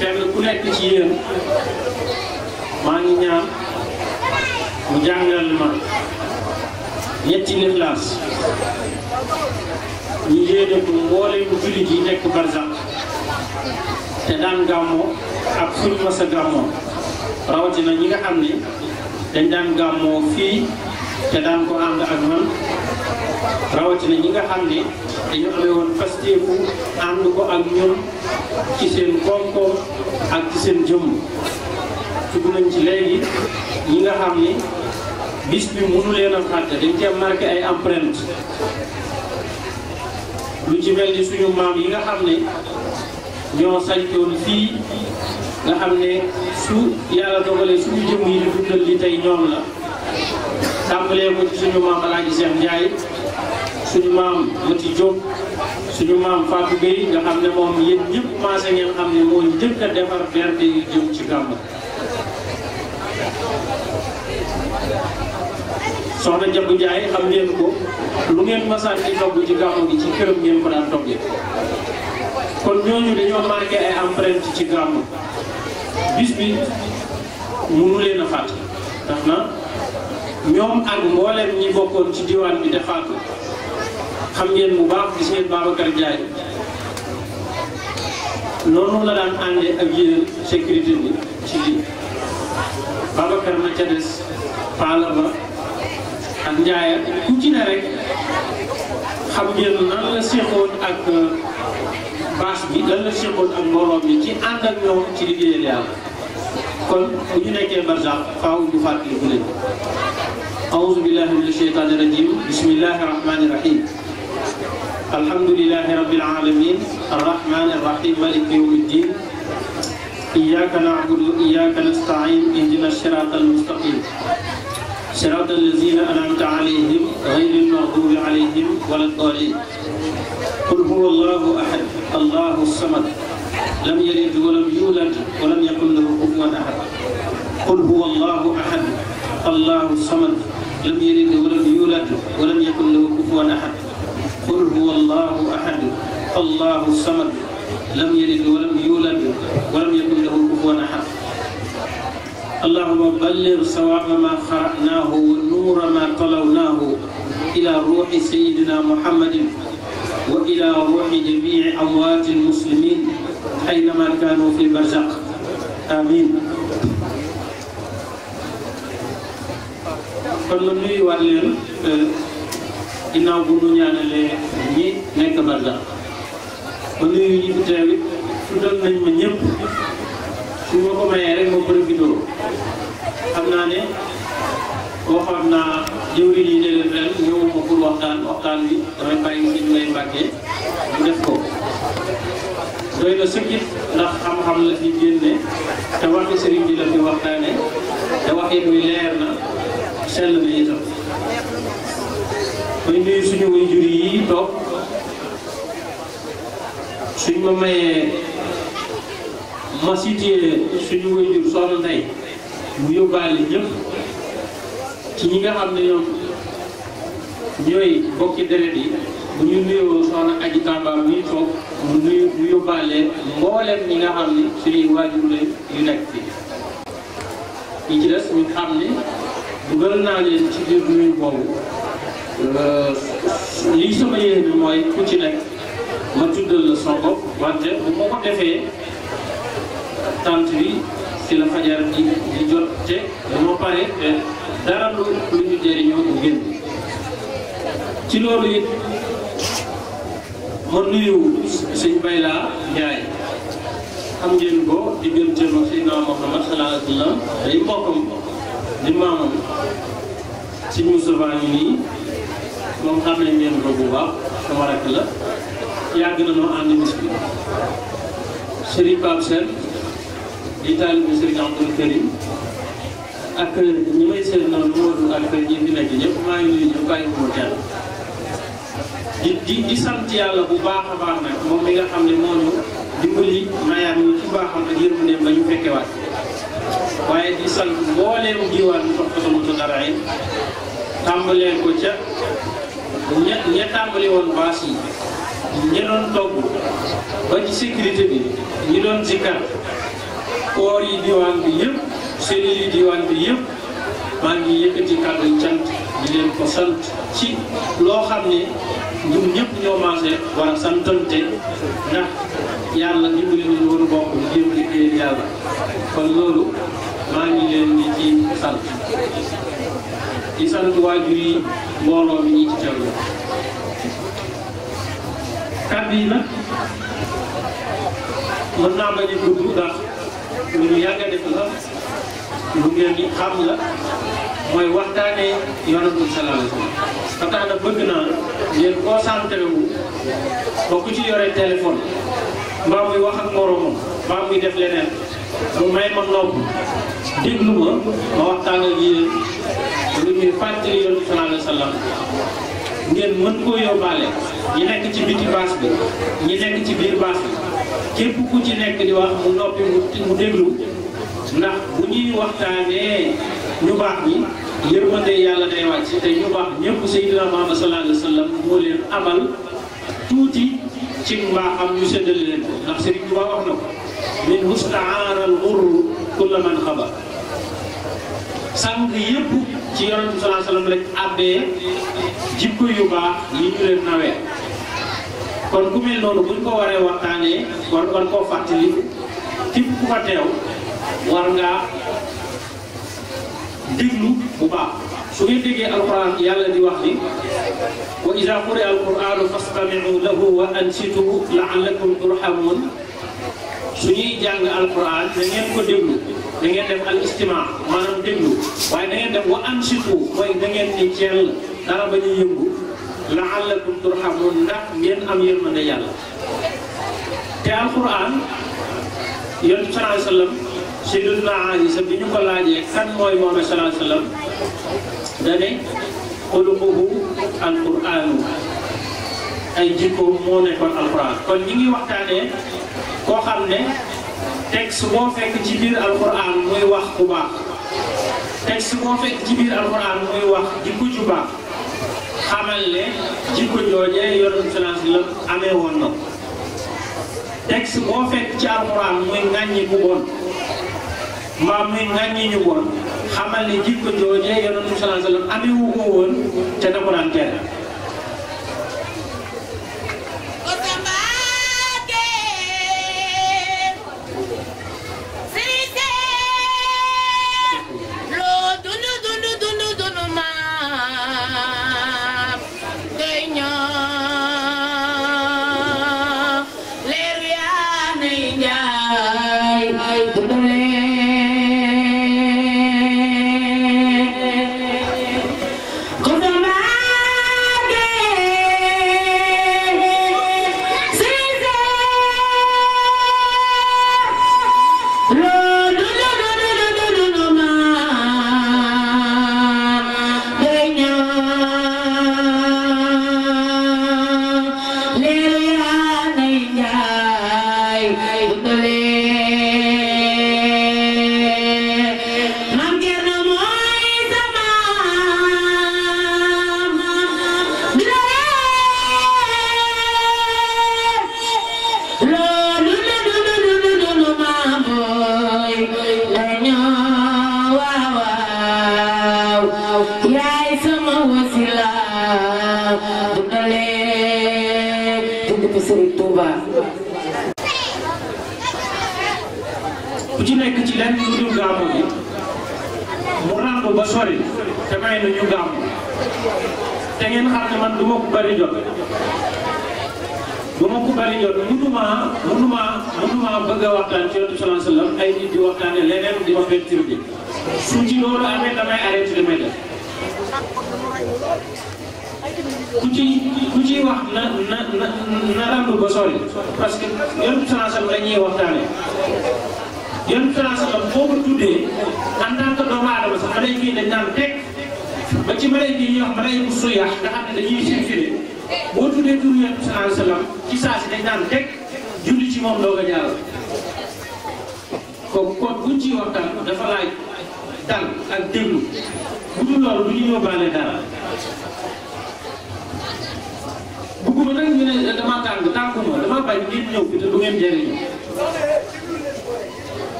kenn ku nekk ci yéen maa ngi ñaan mu jàngal ma ñetti lixlaas ñu yéene ko mbooleem jullit yi nekk barzak te daan gàmmoo ak fuñ masa gàmmoo rawatina ñi nga xam ni dañ daan gàmmoo fii te daan ko ànd ak ñun rawatina ñi nga xam ne dañu amee woon pasteeku ànd ko ak ñun ci seen koom-koom ak ci seen jëmm tudd nañ ci léegi ñi nga xam ne bis bi mënu leen a fàtte dañ cee marqué ay empreinte lu ci mel ni suñu maam yi nga xam ne ñoo sañtoon fii nga xam ne su yàlla dogalee suñu jëmm yi di dundal li tey ñoom la tàmbalee ko ci suñu maam Alaaji Cheikh Ndiaye suñu maam Mati Diop suñu maam Fatou Gueye nga xam ne moom yéen maase ngeen xam ne moo njëkk a defar bernde di jëm ci gàmm soxna Jabu Ndiaye xam ngeen ko lu ngeen masaan ci gàmm gi ci këram ngeen ko daan toggee kon ñooñu ci gàmm bis bi munu leen a fàtte tax na ñoom ak mboolem ñi bokkoon ci diwaan bi defaat ko xam ngeen bu baax gis ngeen Babacar Diagne noonu la daan àndee ak yéen sécurité bi ci lii Babacar ma ca des Pala ba ak Ndiaye ku ci ne rek xam ngeen nan la seexoon ak euh, bâche bi lan la seexoon ak mbooloo bi ci ànd ñoom ci liggéeyal yàlla kon bu ñu nekkee barsax faaw ñu fàttaliku leen أعوذ بالله من الشيطان الرجيم بسم الله الرحمن الرحيم الحمد لله رب العالمين الرحمن الرحيم مالك يوم الدين إياك نعبد وإياك نستعين اهدنا الصراط المستقيم صراط الذين أنعمت عليهم غير المغضوب عليهم ولا الضالين قل هو الله أحد الله الصمد لم يلد ولم يولد ولم يكن له كفوا أحد قل هو الله أحد الله الصمد لم يلد ولم يولد ولم يكن له كفوا أحد قل هو الله أحد الله الصمد لم يلد ولم يولد ولم يكن له كفوا أحد اللهم بلغ صواب ما قرأناه ونور ما طلوناه إلى روح سيدنا محمد وإلى روح جميع أموات المسلمين أينما كانوا في البرزاق آمين kon ma nuyuwaat leen euh, ginnaaw bu nu ñaanalee ñi nekk barsax ma nuyu ñi fi teew it tuddal nañ ma ñëpp su ma ko mayee rek ma profitoo xam naa ne waxoon naa jëwriñ yi ne leen ren ñëwuma pour waxtaan waxtaan bi damay bàyyi nit lay mbàggee mu def ko doy na sëkkit ndax xam-xam la fi génne te waxi sëriñ bi la fi waxtaane te waxin wi leer na sell na itam muy nuyu suñu waajur yi toog suñ ma mayee ma cité suñu waajur soxna Ndeye mu yóbbaale ñëpp ci ñi nga xam ne ñoom ñooy bokki deret yi bu ñu nuyoo soxna aji Tamba yi toog mu yóbbaale mbooleem ñi nga xam ne suñuy waajur la yu nekk fii ñi ñu xam ne gën naa leen ci biir nuyu boobu lii sama yéene mooy ku ci nekk ma tuddal la son bopp wante bu ma ko defee tant bi si la fajar di di jot te dama pare dara lu lu ñu jëriñoo bu génn ci loolu it ma nuyu sëñ Bayla Njaay xam ngeen ko diggante ma Seydina Muhammad sallallahu alayhi wa sallam day mbokkam ko li maamam ci Moustapha ñu nii moom xam nañ leen ko bu baax sama rakk la yàgg na noo ànd bis di taalibe Serigne Abdoul Karim ak ñi may seet noonu Modou ak ñi fi nekk ñëpp maa ngi nuyu ñëpp bàyyi ko teel di di sant yàlla bu baax a baax nag moom mi nga xam ne moo ñu dimbali mayaat ñu ci baaxam ak yërmandeem ba ñu fekkewaat waye di sant mbooleem diwaan mu topp sama dara yi tàmbalee ko ca ña ña tambali won basi yi ñi doon togg ba ci sécurité bi ñi doon zikkar koor yi diwaan bi yeb seen yi diwaan bi yeb ba ngi yëkkati kaddu cant di leen ko sant ci lo xamne ne ñun ñëpp ñoo mangé war a santante ndax yàlla dimbali nañu war a bokk jéem liggéeyal yalla kon loolu maa ngi leen ci sant di sant waajur yi mbooloo mi ñi ci teew yi kàddu mën naa bañ a gudd ndax lu ñu yàgg def la lu ngeen xam la mooy waxtaanee yonent bi sallallahu alayhi wa sallam bëgg naa ngeen concentré wu ba ku ci yore téléphone mbaa muy wax ak moromam mbaa muy def leneen mu may ma nopp déglu ma ma waxtaan ak yéen lu ñuy fàttali yoon sallallahu alayhi ngeen mën koo yóbbaale ñi nekk ci biti baas bi ñi nekk ci biir baas bi képp ku ci nekk di wax mu noppi mu déglu ndax bu ñuy waxtaanee ñu baax ñi yërmande yàlla day wàcc te ñu baax ñëpp Seydina Muhammad sallallahu alayhi moo leen amal tuuti ci mbaaxam ñu séddale leen ko ndax Serigne Touba wax na ko. min ustaara al urru kulla man khaba sang yëpp ci yonent sallallahu alaihi wasallam rek abbe jikko yu ba yi ñu leen nawé kon ku mel nonu buñ ko waré waxtané war war ko fatali képp ku fa tew war nga déglu bu ba su ngeen déggee alquran yalla di wax ni wa ida quri alquranu fastamiu lahu wa ansitu laallakum turhamun su ñuy alquran da ngeen ko déglu da ngeen def al istima maanaam déglu waaye da ngeen def wa ansitu mooy da ngeen ni jell dara ba ñu yëngu laallakum turhamun ndax ngeen am yërmande te alquran yonent sallallahu alayhi wasallam sayyiduna Aïsa bi ñu ko kan moy Muhammad sallallahu alayhi wasallam da ne xuluquhu alquranu ay jikko alquran kon ñi ngi koo xam ne texte boo fekk ci biir alxuraan muy wax ku baax texte boo fekk ci biir alxuraan muy wax jikko ju baax xamal ne jikko joojee yonent salaas la amee woon na texte boo fekk ci alxuraan muy ŋàññi ku bon maam muy ŋàññi ñu xamal ne jikko joojee yonent salaas la amee wu woon te da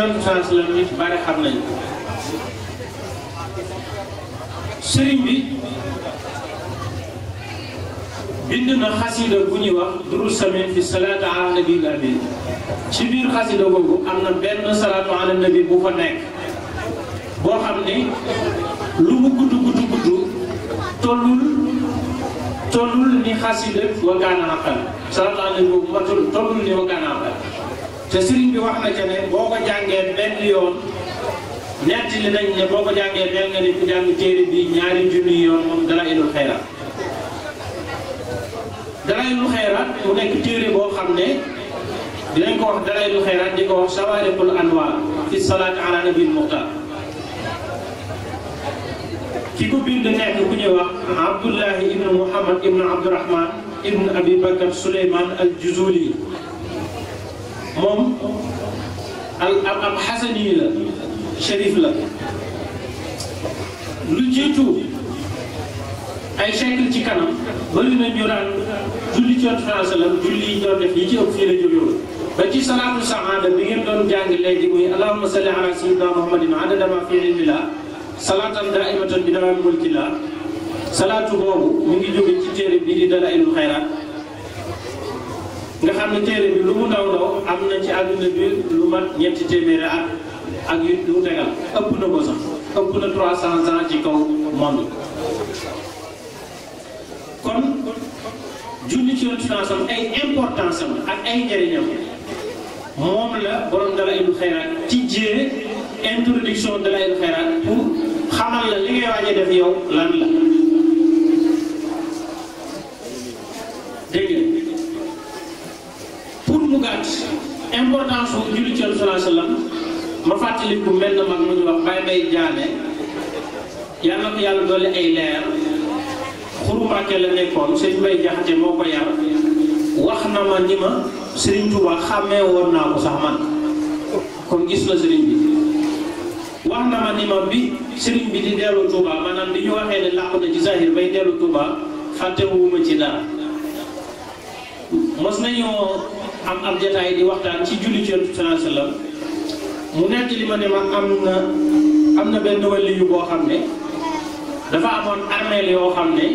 yonent bi sallallahu bari xam nañu sëriñ bi bind na xasida bu ñuy wax duru samin fi salaatu ala nabi lamin ci biir xasida boobu am na benn salaatu ala nabi bu fa nekk boo xam ni lu mu gudd gudd gudd tollul tollul ni xasida wa kaana xaqan salaatu ala nabi boobu matul tollul ni wa kaana xaqan te sëriñ bi wax na ca ne boo ko jàngee benn yoon ñett li nañ ne boo ko jàngee mel ni ku jàng téere bi ñaari junni moom dara ilul xayraat dara ilul xayraat mu nekk téere boo xam ne dinañ ko wax dara ilul xayraat di ko wax sawaariqul anwaar fi salaat ala nabil muxtaar ki ko bind nekk ku ñuy wax abdullahi ibnu muhammad ibnu abdurahman ibnu abi bakar suleyman al juzuli moom al ab xasan yi la shérif la lu jiitu ay siècle ci kanam bëri na ñu daan julli ci Yonent bi sallam julli yi doon def yi ci ëpp fii la jógewoon ba ci salaatu saxaada bi ngeen doon jàng léegi muy allahumma salli ala sayyidina muhammadin adada ma fi ilmillah salaatan daimatan bi dawam mulkillah salaatu boobu mu ngi jóge ci téere bii di dalaa'ilul xayraat nga xam ne téere bi lu mu ndaw ndaw am na ci àdduna bi lu mat ñetti téeméeri ak yu lu tegal ëpp na ko sax ëpp na 300 ans ci kaw monde kon julli ci yonent bi sam ay importance am ak ay njëriñam moom la borom Dalaa'ilul Xayraat ci jée introduction Dalaa'ilul Xayraat pour xamal la li ngay waaj a def yow lan la importance su julli ci sallallahu alayhi wa sallam ma fàttali bu mel ne mag mu ñu wax Baye Baye Diané yal na ko yàlla dolli ay leer xuru la nekkoon sëñ Baye Jaxate moo ko yar wax na ma ni ma Serigne Touba xàmmee woon naa ko sax man kon gis la Serigne bi wax na ma ni ma bi Serigne bi di dellu Touba maanaam li ñu waxee ne làqu na ci zahir bay dellu Touba fàttewuma ci dara mos nañoo. am am jataay di waxtaan ci julli ci yonent sallallahu alayhi mu nekk li ma ne ma am na am na benn wàlli yu boo xam ne dafa amoon armeel yoo xam ne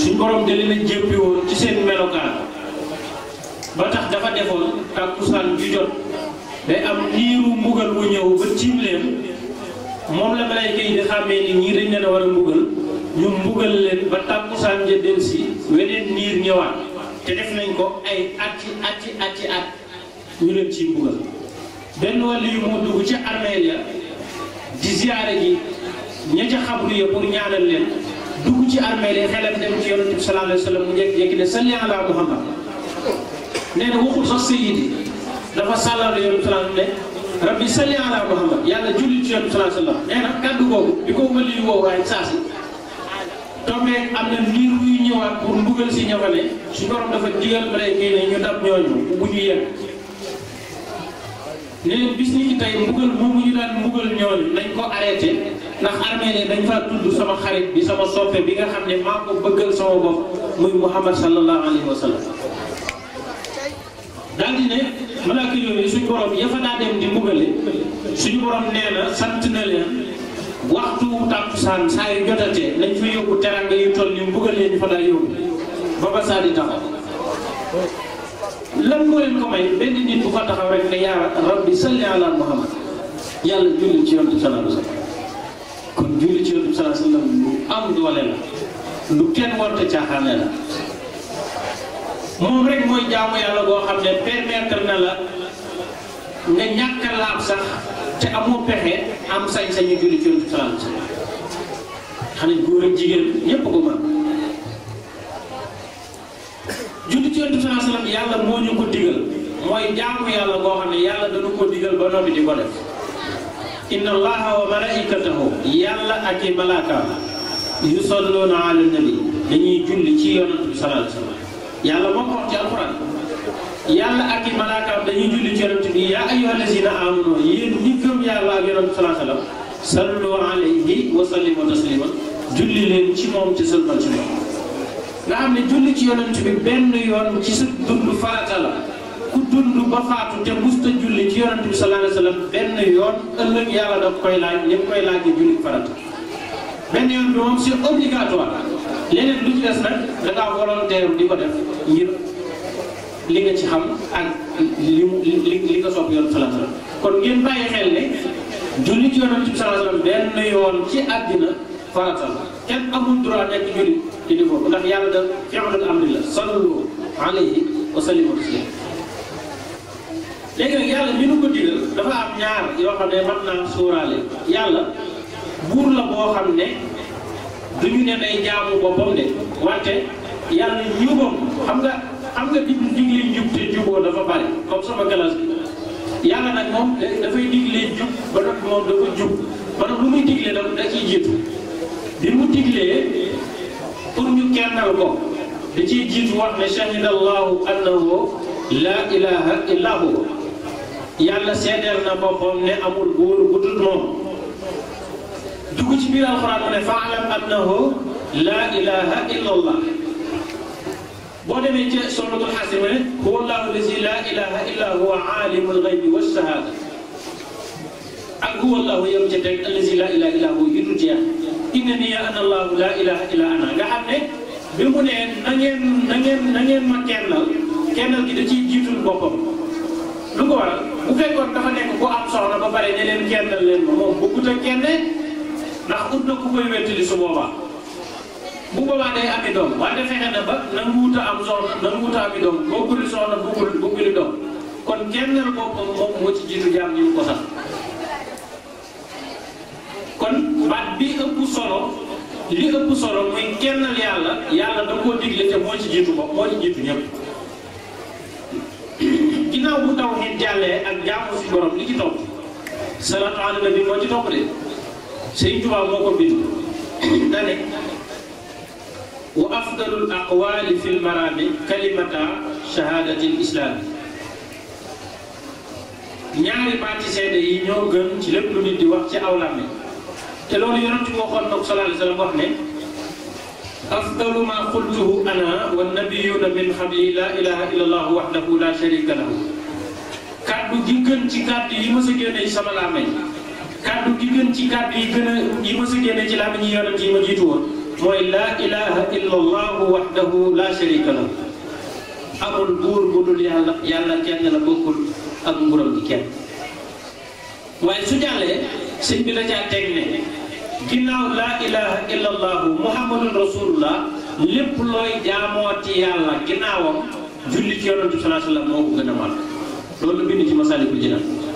su borom da leen a jéppi woon ci seen melokaan ba tax dafa defoon tàkkusaan ju jot day am niiru mbugal wu ñëw ba tiim leen moom la malayka yi di xàmmee ni ñii dañ leen a war a mbugal ñu mbugal leen ba tàkkusaan ja delsi weneen niir ñëwaat te def nañ ko ay atti atti atti at ñu leen ci mbugal benn wàllu yu moo dugg ci armeel ya di ziyaare ji ña ca xabru ya pour ñaanal leen dugg ci armeel ya xelam dem ci yonent bi sallallahu alayhi wa sallam mu jékki-jékki ne salli ala muhammad nee na waxul sax sayyidi dafa sàllal yonent sallallahu ne rabbi salli ala muhammad yàlla julli ci yonent sallallahu alayhi wa sallam nee na kàddu googu di ko wëlli yu woo waaye saa si tombeeg am na niir wuy ñëwaat pour mbugal si ña su borom dafa digal malaaka yi ne ñu dab ñooñu bu ñu yem ne leen bis ni ci tey ndax armée dañ faa sama xarit bi sama soppe bi nga xam ne maa ko bëggal sama bopp muy Muhammad sallallahu alayhi wa sallam daal di suñu borom ya fa mbugale suñu borom nee sant na leen. waxtu tàkkusaan saa yu jotatee lañ fa yóbbu teranga yu toll ni mbugal leen fa laa yóbbu ba ba saa di taxaw lan rek ne yaa yàlla julli ci yontu sallallahu alayhi wasallam moom rek mooy jaamu yàlla boo xam ne permettre na la nga ñàkk a laab sax te amoo pexe am sañ-sañu julli ci yonent salaam salaam xale góor ak jigéen ñépp ko mën julli ci yonent salaam salaam yàlla moo ñu ko digal mooy jaamu yàlla goo xam ne yàlla dañu ko digal ba noppi di ko def inna allaha wa malaikatahu yàlla ak i malaakaam yusalluuna ala nabi dañuy julli ci yonent bi salaam salaam yàlla moo ko ci alquran yalla ak malaka malaakaam dañuy julli ci yonent bi ya ayyuha allazina amanu yeen ni gëm yalla ak yonent salaa salaam sallu alayhi wa sallimu taslima julli leen ci mom ci sëlmal ci mom nga am ne julli ci yonent bi benn yoon ci sa dund farata la ku dund ba faatu te musta julli ci yonent bi sallallahu alayhi salaam benn yoon ëllëg yalla daf koy laaj ñu mu koy laajee julli farata benn yoon bi mom c'est obligatoire leneen lu ci des nag da ngaa volontaire di ko def ngir li nga ci xam ak li li li nga sopp yoon salaatu la kon ngeen bàyyi xel ne julli ci yonent bi salaatu la benn yoon ci àddina farata la kenn amul droit nekk julli di di foofu ndax yàlla da fi'lul amri la sallu alayhi wa sallimu taslima léegi nag yàlla li nu ko digal dafa am ñaar yoo xam ne mën naa suuraale yàlla buur la boo xam ne duñu ne day jaamu boppam de wante yàlla ñëwam xam nga xam nga nit ñi ngi jub te juboo dafa bari comme sama galas yàlla nag moom eh, dafay diglee jub ba noppi moom dafa jub ba noppi lu muy diglee da da ciy jiitu bi mu diglee pour ñu kennal ko da ciy jiitu wax ne shahidallahu annahu yàlla seedeel na boppam ne amul buur bu moom dugg ci biir alxuraan mu ne faalam annahu laa ilaha illa allah ولم سورة الحاسمة هو الله الذي لا إله إلا هو عالم الغيب والشهادة هو الله يمجدك الذي لا إله إلا هو يرجع إنني أنا الله لا إله إلا أنا قعدنا إيه؟ بمن نعم نعم نعم ما كنا كنا كده شيء جيتون بابم lu ko waral bu fekkoon dafa nekk ku am soxna ba pare ne leen kennal leen ma moom bu boobaa day ami doom wante fexe na ba nanguwuta am soxla nanguwuta ami doom bokkul soxla bokkul kon kennal boppam moo ci jiitu jaam ñu ko sax kon solo li ëpp solo muy kennal yàlla da koo digle moo ci jiitu bopp moo ci jiitu ñëpp ginnaaw bu taw nit jàllee ak jaamu si borom li ci topp salaatu ala nabi moo ci topp de Sëriñ Tuubaa moo ko bind dane wa afdalul aqwaali fil maraami kalimata shahaadatil islaam ñaari baati seede yi ñoo gën ci lépp lu nit di wax ci aw làmme te loolu yonent bi waxoon na ko wax ne afdalu ma qultuhu ana wa nabiyuna min xabli la ilaha illa allahu waxdahu la sharika lahu kàddu gi gën ci kàddu yi mës a génne ci sama làmme kàddu gi gën ci kàddu yi gën a yi mës a génne ci làmme ñi yonent yi ma jiitu woon mooy laa ilaha illa allahu wahdahu la sharika la amul buur bu dul yàlla yàlla kenn la bokkul su jàllee sëñ bi la caa teg ne julli ci yonent bi sallallahu alayhi wa sallam moo ko gën a màgg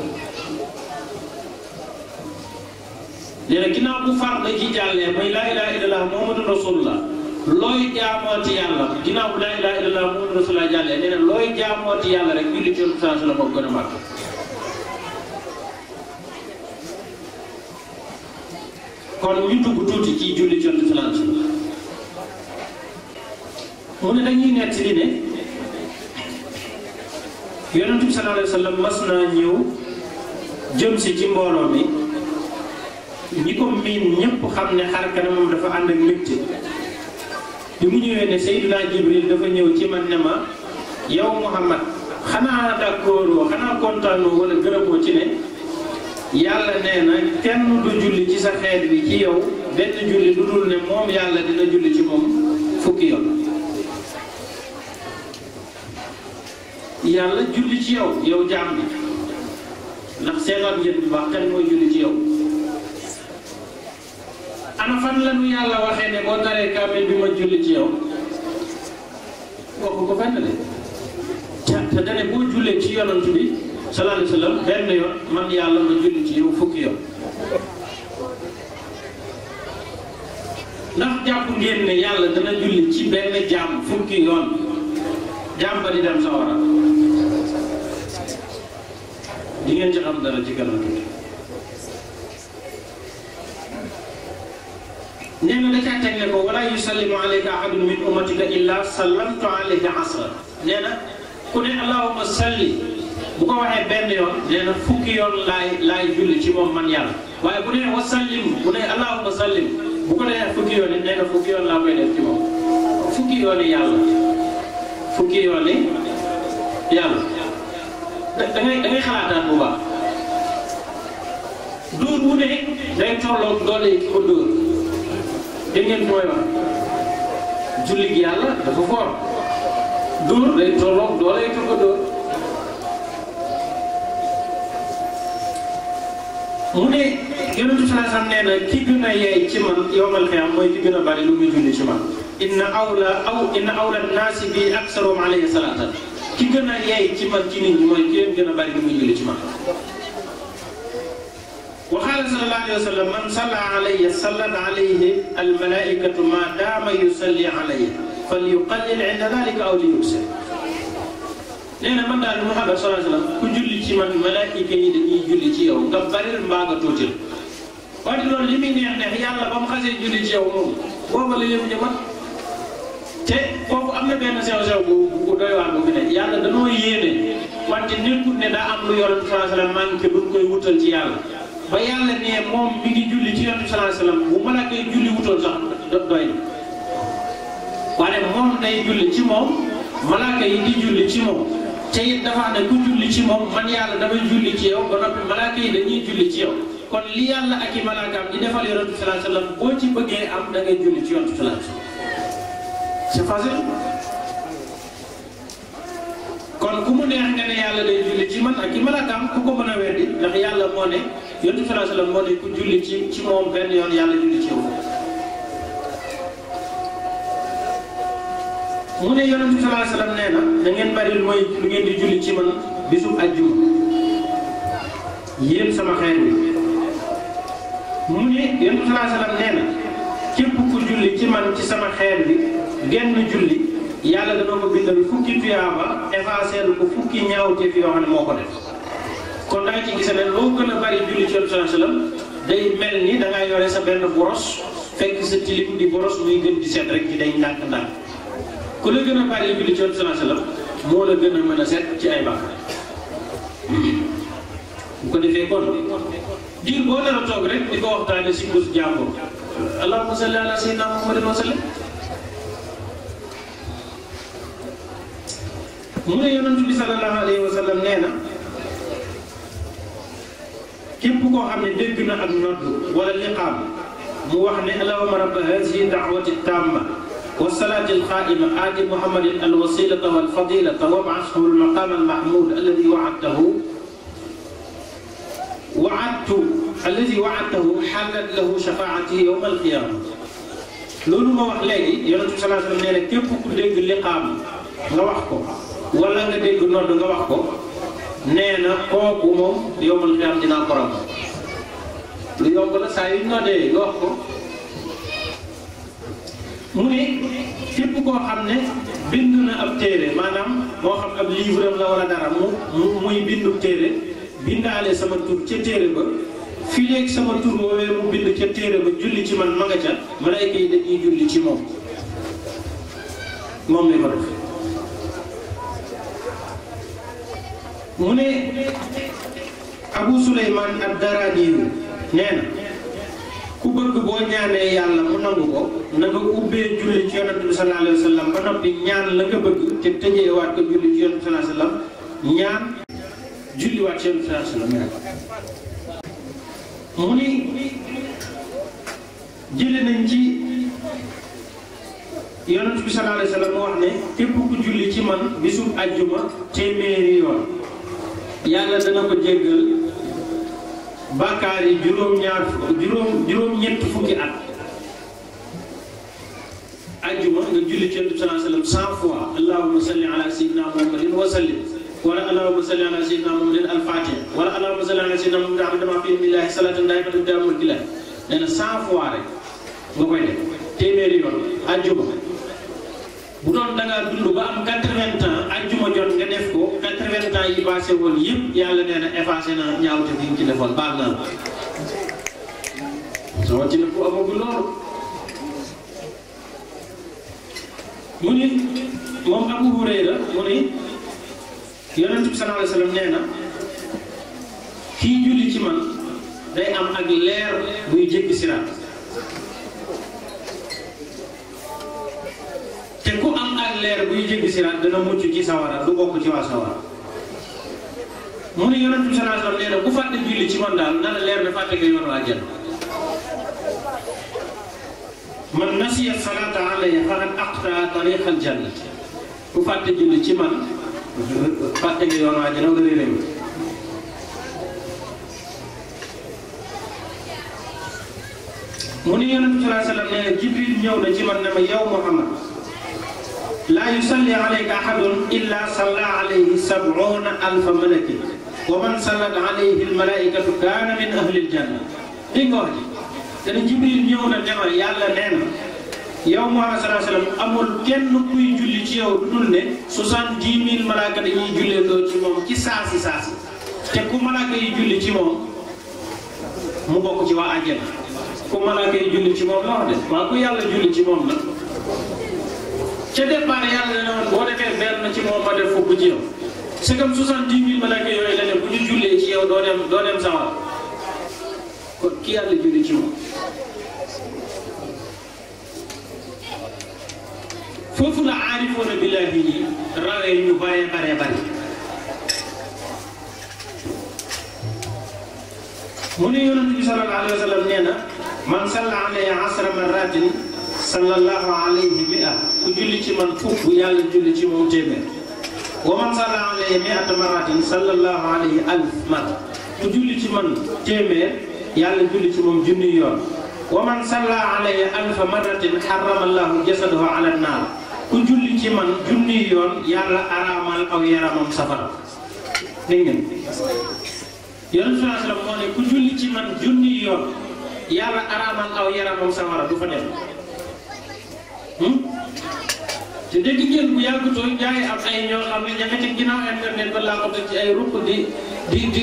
nee na ginnaaw bu farda ci jàllee mooy laa ilaha illallah muhammadu rasulullah looy jaamooti yàlla ginnaaw looy jaamooti yàlla rek julli ci saa su la moo gën a màgg kon ñu dugg tuuti ci julli ci mu ne dañuy nekk li mas naa ñëw jëm si ci mbooloo mi ñi ko miin ñëpp xam ne xar kanamam dafa ànd ak mbégte bi mu ñëwee ne Seydina Jibril dafa ñëw ci man ne ma yow Muhammad xanaa d'accord xanaa kontaanoo wala gërëmoo ci ne yàlla nee na kenn du julli ci sa xeet bi ci yow benn julli lu dul ne moom yàlla dina julli ci moom fukki yoon yàlla julli ci yow yow jaam bi ndax seen ab njëriñ bu baax mooy julli ci yow ana fan la yàlla waxee ne boo taree kaamil bi ma julli ci yow kooku ko fenn de te te dane boo jullee ci yonant bi sallallahu alayhi benn yoon man yàlla ma julli ci yow fukki yoon ndax jàpp ngeen ne yàlla dana julli ci benn jaam fukki yoon jaam ba di dem sawara di ngeen ci xam dara ci kanam tuuti nee na da caa teg ne ko wala yusallimu alayka ahadun min ummatika illa sallamtu alayka asra nee na ku ne allahumma salli bu ko waxee benn yoon nee fukki yoon laay julli ci moom man yàlla waaye bu ne wa sallim bu ne allahumma sallim bu ko fukki yoon it nee na fukki yoon laa koy ci moom fukki yooni yàlla fukki yooni yàlla da ngay da ngay xalaataan bu baax dóor day tolloo doole yi ki ko dégg ngeen mooy ma jullit yàlla dafa foor dóor day tolloog doolay tur ko dóor mu ne yonentu salaa sam nee na ki gën a yey ci man yowmal xiyaam mooy ki gën a bari lu muy julli ci man inna awla aw inna awla naasi bi aksaroom alayhi salaata ki gën a yey ci man ci nit ñi mooy ki leen gën a bari lu muy julli ci man وقال صلى الله عليه وسلم من صلى عليه صلى عليه الملائكة ما دام يصلي عليه فليقلل عند ذلك أو ليكسر لأن من قال محمد صلى الله عليه وسلم كجل من ملائكة يدقي جل يوم قبر الباقة توتر وقال له لمن نعم نعم, يعني هي الله بمخزي جل يوم وهو اللي يوم té fofu am na benn sew sew bu bu doy waar bu fi ne yàlla dañoo yéene wante nit ku ne daa am lu yoron sa sallam manqué ba yàlla ne moom mi ngi julli ci yonent bi sallallahu alayhi wasallam bu malaaka yi julli wutoon sax doy na waaye moom day julli ci moom malaaka yi di julli ci moom te it dafa ne ku julli ci moom man yàlla damay julli ci yow ba noppi malaaka yi dañuy julli ci yow kon li yàlla ak i malaakaam di defal yonent bi sallallahu alayhi wasallam boo ci bëggee am da ngay julli ci yonent bi sallallahu alayhi wasallam c'est facile kon ku mu ne yàlla day man ak ci malaakaam ku ko mën ndax yàlla moo ne yonent sallallahu alayhi wasallam moo ne ku yoon yàlla julli ci yow. mu ne yonent sallallahu alayhi nee na da bari lu mooy lu ngeen di julli ci man ak ajjuma yéen sama xeer bi mu ne yonent sallallahu nee na képp ku julli ci man ci sama xeer bi genn julli. yàlla dana ko bindal fukki tuyaaba effacé ko fukki ñaawteef yoo xam ne moo ko def kon da nga ci gis ne boo gën a bari julli ci Yonent bi la day mel ni da yore sa benn boros fekk sa tilim di boros muy gën di rek ci day ndànk-ndànk ku la gën a bari la moo la gën a mën a set ci ay bàkkaar bu ko defee kon diir boo nar a toog rek di ko waxtaane si bés jàmbur allahumma salli ala sayyidina Muhammadin wa sallam mu ne yonent bi sallallahu alayhi wa sallam neena kep ko xamne dégg na ak noddu wala liqam mu wax ne allahumma rabb hadhihi da'wati tamma wa salati al-qa'ima alqa'ima al muhammadin alwasilata walfadilata wab'athu almaqama almahmud alladhi wa'adtahu wa'adtu alladhi wa'adtahu halat lahu shafa'ati yawm alqiyamah loolu ma wax léegi yonent bi sallallahu alayhi wa sallam nee na képp ku dégg liqaam nga wax ko wala nga dégg nodd nga wax ko nee na kooku moom yombal xiyaam dina ko ràmm lu yomb la saa yu noddee nga wax ko mu ne képp koo xam ne bind na ab téere maanaam moo xam ab livre am la wala dara mu mu muy bindu téere bindaale sama tur ca téere ba fii léegi sama tur woowee mu bind ca téere ba julli ci man ma nga ca malaayka yi dañuy julli ci moom moom la ko def mu ne Abu Suleymaan ad-Daraaniyu nee na ku bëgg boo ñaanee yàlla mu nangu ko na nga ubbee julli ci yonent bi sallallahu wa sallam ba noppi ñaan la nga bëgg te tëjee waat ko julli ci yonent bi sallallahu wa sallam ñaan ci wax ne képp ku julli ci man bisub àjjuma téeméeri yoon yàlla dana ko jéggal bàkkaar yi juróom-ñaar juróom juróom-ñett fukki at ajjuma nga julli ci yonent bi salaa sallam cent fois allahuma salli ala sayyidina muhammadin wa sallim wala allahuma salli ala sayyidina muhammadin alfatiha wala allahuma salli ala sayyidina muhammadin abdama fi millahi salatan daimatan daa mulki la nee na nga koy def téeméeri yoon bu doon da ngaa dund ba am quatre-vingts ans ajjuma jot nga def ko quatre-vingts ans yi passé woon yëpp yàlla nee na effacé na ñaawte bi nga ci defoon soo wàcc na ku amagul loolu mu ni moom Abu Hurayra mu ni yonent bi sallallahu am ak leer buy jéggi siraat te ku am ak leer buy ci ran dana muccu ci sawara du bokku ci wa sawara mu ne yonent bi salaa sallam ku fatte julli ci man dal nana la leer fatte fàtte nga yoonu àjjana man nasiya salata alayya faqad aqta tariq al janna ku fatte julli ci man fatte nga yoonu àjjana wala nga reele mu ne yonent bi salaa sallam nee na jibril na ci man ne ma yow Muhammad laa yusalli alayka ahadun illa salla alayhi sab'una alfa malakin wa man sallat alayhi almalaikatu kaana min ahlil janna li nga wax ji dana jibril ñëw na ne ma yàlla nee na yow Muhammad sallallahu alayhi wasallam amul kenn kuy julli ci yow dul ne soixante-dix mille malaaka dañuy jullee doo ci moom ci saasi saasi te ku malaaka yi julli ci moom mu bokk ci waa àjjana ku malaaka yi julli ci moom la wax de waa ku yàlla julli ci moom la ca départ yàlla ne woon boo defee benn ci moom ma def fukk ci yow c'est comme 70 000 malaaka yooyu la ne bu ñu jullee ci yow doo dem doo dem sawar kon ki yàlla julli ci moom. foofu la aarifoona billaahi yi rawee ñu bare bare bare mu ne yonent bi sallallahu alayhi wa sallam nee na man salla alayya asra marratin sallallahu alayhi mi'a ku julli ci man fukk yàlla julli ci moom téeméer wa man salla alayhi mi'ata maratin sallallahu alayhi alf mara ku julli ci man téeméer yàlla julli ci moom junni yoon wa man salla alayhi alfa maratin harrama allahu jasadahu ku julli ci man junni yoon yàlla araamal aw yaramam safara du fa dem Hmm? te dégg ngeen bu yàggutoo jaay am ay ñoo xam ne ña ci ginnaaw internet ba laaxatu ci ay ruq di di di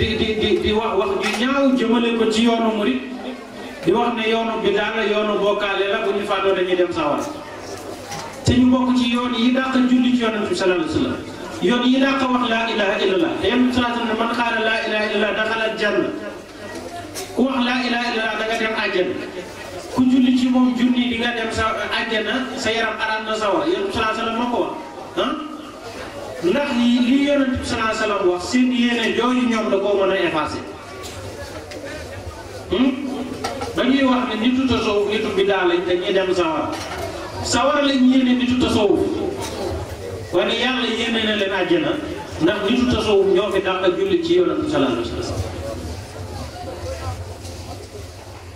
di di di wax wax ju ñaaw jëmale ko ci yoonu murit di wax ne yoonu bi daal yoonu bokkaale la bu ñu faatoo dañuy dem sawar te ñu bokk ci yoon yi dàq julli ci yonent bi sallallahu alayhi la sallam yoon yi dàq wax laa ilaha illallah te yéen sallallahu alayhi wa sallam man xaala laa ilaha illallah ku wax laa ilaha illallah da nga a àjjana ku julli ci moom junni di nga dem sa àjjana sa yaram araam na sawar yonent bi salaa salaam moo ko wax ah ndax li yonent bi salaa salaam wax seen yéene jooju ñoom da koo mën a effacé ba hmm? ñuy wax ne nitu tasawuf nitu bidaa lañ dañuy dem sawar sawar lañ yéene nitu tasawuf waaye yàlla yéene na leen àjjana ndax nitu tasawuf ñoo fi dàq julli ci yonent bi salaam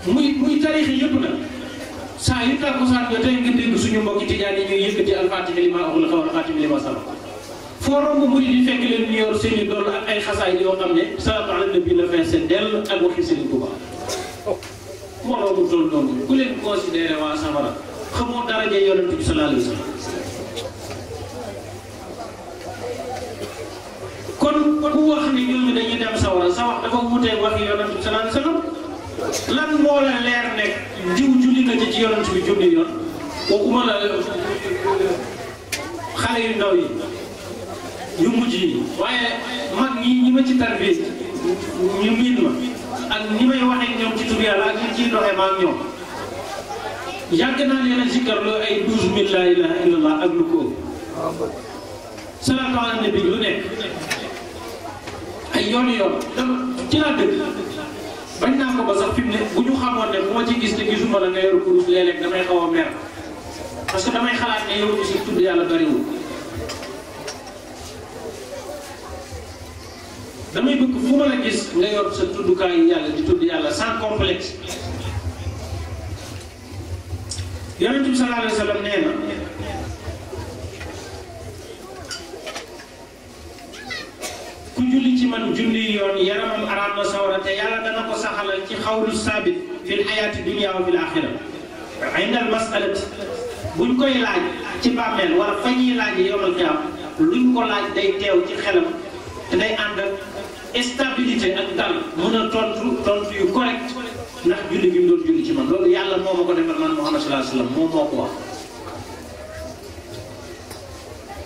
muy muy tarix yi yëpp nag saa yu takkusaan jotee nga dégg suñu mbokki tijaan yi ñuy yëkkati alfaatiha limaa ughliqa wal xaatimi limaa sabaqa foo romb murid yi fekk leen ñu yor seen i ak ay xasaay yoo xam ne salaatu ala nabi la fees dell ak waxi Sëriñ Tuubaa mbooloo bu toll noonu ku leen considéré waa Samara xamoo daraja yonent bi sallallahu alayhi wa sallam kon ku wax ne ñooñu dañuy dem Sawara sa wax dafa wuuteeg waxi yonent bi sallallahu alayhi wa lan moo la leer ne jiw julli na ci ci yonent bi junni yoon waxuma la xale yu ndaw yi yu mujj yi waaye mag ñi ñi ma ci tarbiya ñu miin ma ak ñi may waxee ñoom ci tur yàlla ak ñi ciy doxee ma ak ñoom yàgg naa leen a zikkarloo ay douze mille laa ilaha illallah ak lu ko salaatu ala nabi lu nekk ay yoon yoon ci laa dëkk bañ naa ko ba sax fi mu ne bu ñu xamoon ne bu ma ci gis te gisuma la nga yor kurus léeg-léeg damay xaw a mer parce que damay xalaat ne yow aussi tudd yàlla bariwul damay bëgg fu ma la gis nga yor sa tuddukaayu yàlla di tudd yàlla sans complexe yonent bi sallallahu alayhi wa sallam nee na ku julli ci man junni yoon yaramam araam na sawara te yàlla dana ko saxalal ci xawlu saabit fil xayaati dunia wa fil axira indal masalati buñ koy laaj ci bàmmeel wala fa ñuy laaj yowmal qiyaam luñ ko laaj day teew ci xelam te day ànd ak stabilité ak dal mën a tontu tontu yu correct ndax julli bi mu doon julli ci man loolu yàlla moo ma ko defal man Muhammad sallallahu sallam moom moo ko wax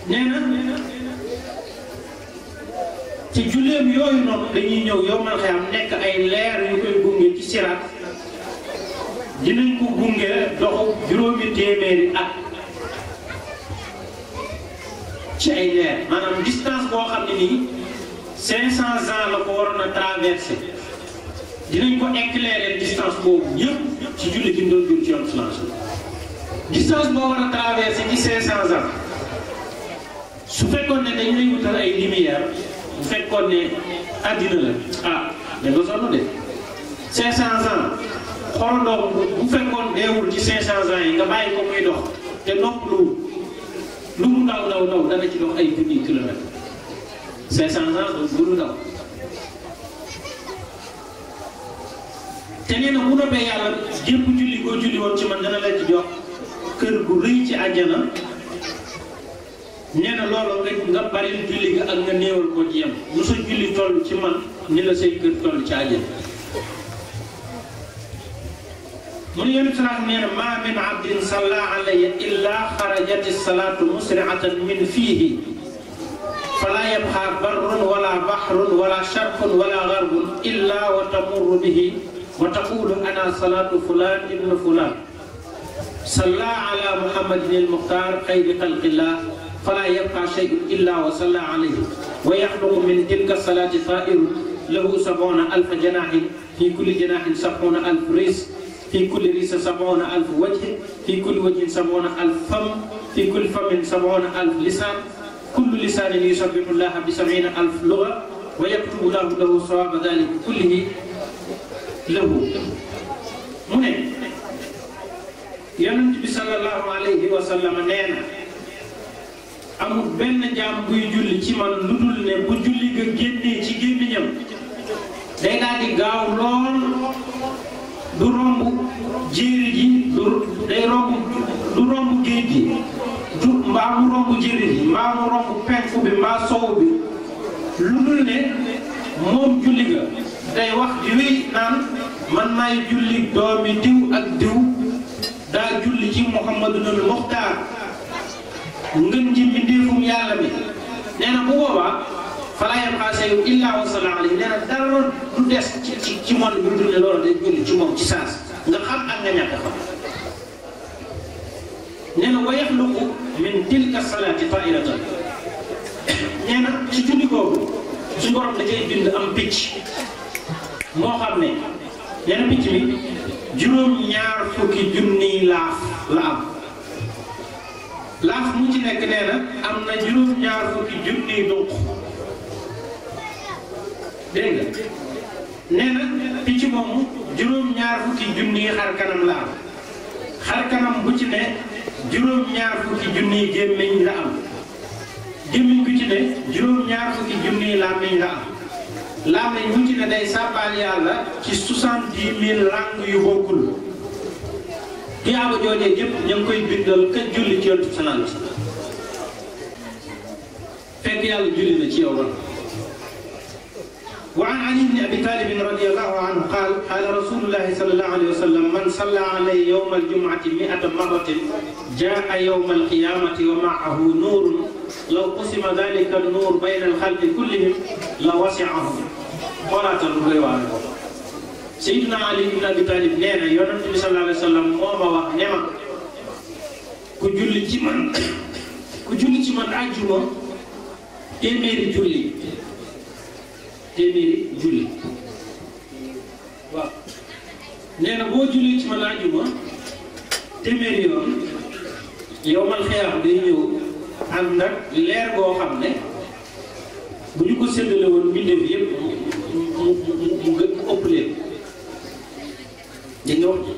nee na te julleem yooyu noonu dañuy ñëw yow yombal xëyam nekk ay leer yu koy gunge ci siraat dinañ ko gunge doxu juróomi téeméeri at ci ay leer maanaam distance boo xam ne nii 500 ans la ko waroon a traversé dinañ ko éclairer distance boobu yëpp ci julli bi ñu doon jur ci yoon financé distance boo war a traversé ci 500 ans su fekkoon ne dañ lay wutal ay lumière. bu fekkoon ne addina la ah da nga sonn de 500 ans xorondoom bu fekkoon deewul ci 500 ans yi nga bàyyi ko muy dox te noppalu lu mu ndaw ndaw ndaw dana ci dox ay junni kilomètre 500 ans donc bu lu ndaw te nee bu noppee yàlla jépp julli koo julli woon ci man dana la ci jox kër gu rëy ci àjjana. نينا na ريك دا بارين baril اك ga ak nga néewal ko ci yem lu sa julli toll ci man ni la من يمتلك من ما من عبد صلى علي إلا خرجت الصلاة مسرعة من فيه فلا يبقى بر ولا بحر ولا شرق ولا غرب إلا وتمر به وتقول أنا صلاة فلان ابن فلان صلى على محمد المختار خير خلق الله فلا يبقى شيء إلا وصلى عليه ويخلق من تلك الصلاة طائر له سبعون ألف جناح في كل جناح سبعون ألف ريس في كل ريس سبعون ألف وجه في كل وجه سبعون ألف فم في كل فم سبعون ألف لسان كل لسان يسبح الله بسبعين ألف لغة ويكتب الله له صواب ذلك كله له من ينتبه صلى الله عليه وسلم نينا نعم. amul benn jaam buy julli ci man lu dul ne bu julli nga génnee ci gémmiñam day daal gaaw lool du romb jéeri ji du day romb du romb géej gi du romb jéeri bi mbaa sow bi lu dul ne moom julli ga day wax di naan man maay julli doomi diw ak diw daa julli ci Muhammadul Muxtaar ngën ji mbindeefum yàlla bi nee na bu boobaa falaa yabqaa illaa wa salla alayhi nga xam ak nga ñàkk xam nee na wa yaxluqu min tilka salaati taa'iratan nee na ci julli googu suñu borom da cay bind am picc moo xam ne nee na picc juróom-ñaar fukki junniy laaf la laax mu ci nekk nee na am na juróom-ñaar fukki junniy donc dégg nga nee na moomu juróom-ñaar fukki junniy xar kanam la am xar kanam bu ci ne juróom-ñaar fukki junniy gémmiñ la am gémmiñ bu ci la ci ne day sàbbaal yàlla ci soixante-dix mille langues yu bokkul. وعن علي بن ابي طالب رضي الله عنه قال قال رسول الله صلى الله عليه وسلم من صلى علي يوم الجمعه 100 مره جاء يوم القيامه ومعه نور لو قسم ذلك النور بين الخلق كلهم لوسعهم ولا تنظر Seydina Ali ibn Abi Talib nee na yonent bi sallallahu alayhi wa sallam moo ma wax ne ma ku julli ci man ku julli ci man àjjuma téeméeri julli téeméeri julli waaw nee na boo julli ci man àjjuma xeex boo xam ne bu ñu ko séddale woon mu mu mu mu mu ëpp 印度。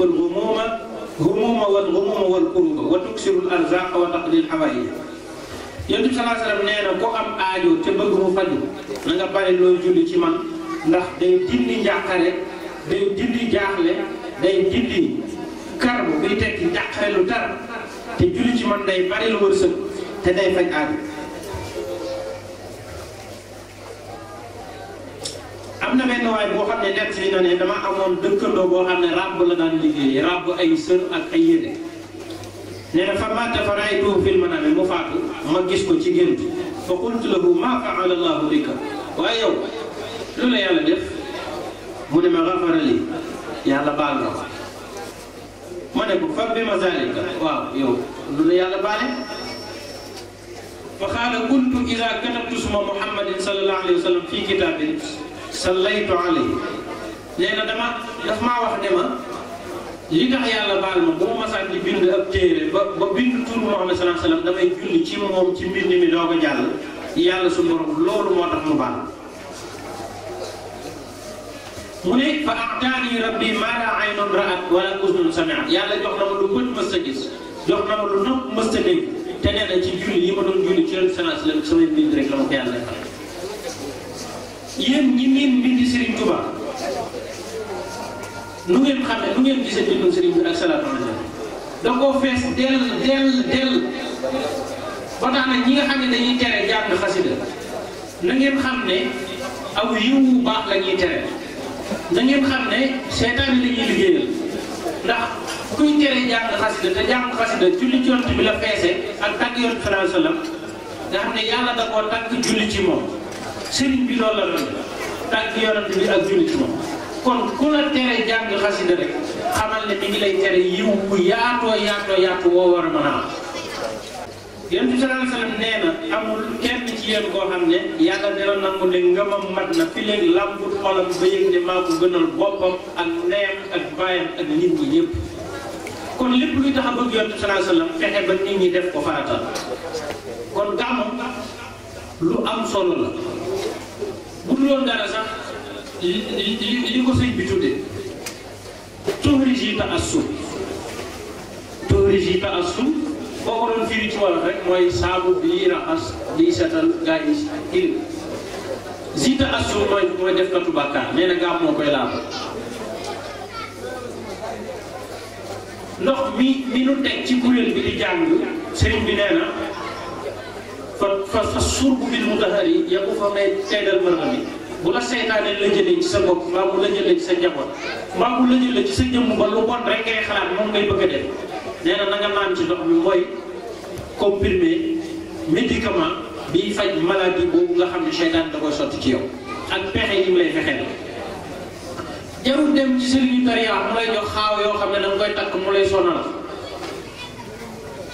تخفف الغموم هموم والغموم والكروب وتكسر الأرزاق وتقضي الحوائج yonent bi salaa salaam nee na ko am aajo te bëgg mu faju na nga bari looy julli ci man ndax day dindi njàqare day dindi jaaxle day dindi kar bi tekki njàqare lu tar te julli ci man day bari lu wërsëg te day faj aajo waay boo xam ne nekk si na ne dama amoon dëkkandoo boo xam ne ràbb la daan liggéey ràbb ay sër ak ay yére nee na fa maata fa raaytuhu fil manaam mu faatu ma gis ko ci gént fa qultu lahu maa faala allahu bika waaye yow lu la yàlla def mu ne ma xafara li yàlla baal na ko ma ne ko fa bi ma zalika waaw yow lu la yàlla baale fa xaala kuntu ida katabtu suma muhammadin sallallahu alayhi wa sallam fi kitaabin صليت عليه لأن دما دفما واحد دما ليك يا الله بالما بو ما سال بين دب تير ب بين تور الله عليه وسلم دما يجول تيم مم تيم بين مي دوغ جال يا الله سمر لور ما تفهم بال منك فأعطاني ربي ما لا عين رأت ولا أذن سمعت يا الله جحنا ما دوبل مستجس جحنا ما دوبل مستجس تنا نجيب يولي يوم دون يولي تير سنا بين دريك لما كان yéen ñi miin mbindi Serigne Touba nu ngeen xamee nu ngeen gisee bindum Serigne bi ak salaatu ala da koo fees na ñi nga xam ne dañuy tere jàng xasida na ngeen xam ne aw yiw bu baax la tere na ngeen xam ne seetaan yi la ñuy liggéeyal ndax kuy tere jàng xasida te jàng xasida julli ci yonent bi la feese ak tàgg yonent sallallahu alayhi nga xam ne yàlla da koo tàgg julli ci moom. sëriñ bi loolu la mel tàgg yonent bi ak jullit moom kon ku la tere jàng xasida rek xamal ne mi ngi lay tere yiw bu yaatoo yaatoo yaatu woo war a mën a am yonent nee na amul kenn ci yéen koo xam ne yàlla dina nangu ne ngëmam mat na fi léegi làmbut xolam ba yëg ne maa ko gënal boppam ak ndeyam ak baayam ak nit ñi ñëpp kon lépp luy tax a bëgg yonent bi sallallahu alayhi wasallam fexe ba nit ñi def ko farata kon gàmmu lu am solo la bu dul woon dara sax li li li ko sëñ bi tuddee tuhriji ta'assub tuhriji ta'assub boo ko doon firi ci wàll rek mooy saabu bi raxas di setal gaa yi il zi ta'assub mooy mooy def katu bàkkaar nee na moo koy laal. ndox mi mi nu teg ci kuréel bi di jàng sëriñ bi nee fa fa surbu bil mudahari ya ko fa may tegal mën mi bu la seytaane la jëlee ci sa bopp mbaa bu la jëlee ci sa njaboot mbaa bu la jëlee ci sa jëmm ba lu bon rek ngay xalaat moom ngay bëgg a def nee na na nga naan ci ndox mi mooy comprimé médicament biy faj maladie boobu nga xam ne seytaane da koy sotti ci yow ak pexe yi mu lay fexeel jarul dem ci sëriñu tariya mu lay jox xaaw yoo xam ne da nga koy takk mu lay sonal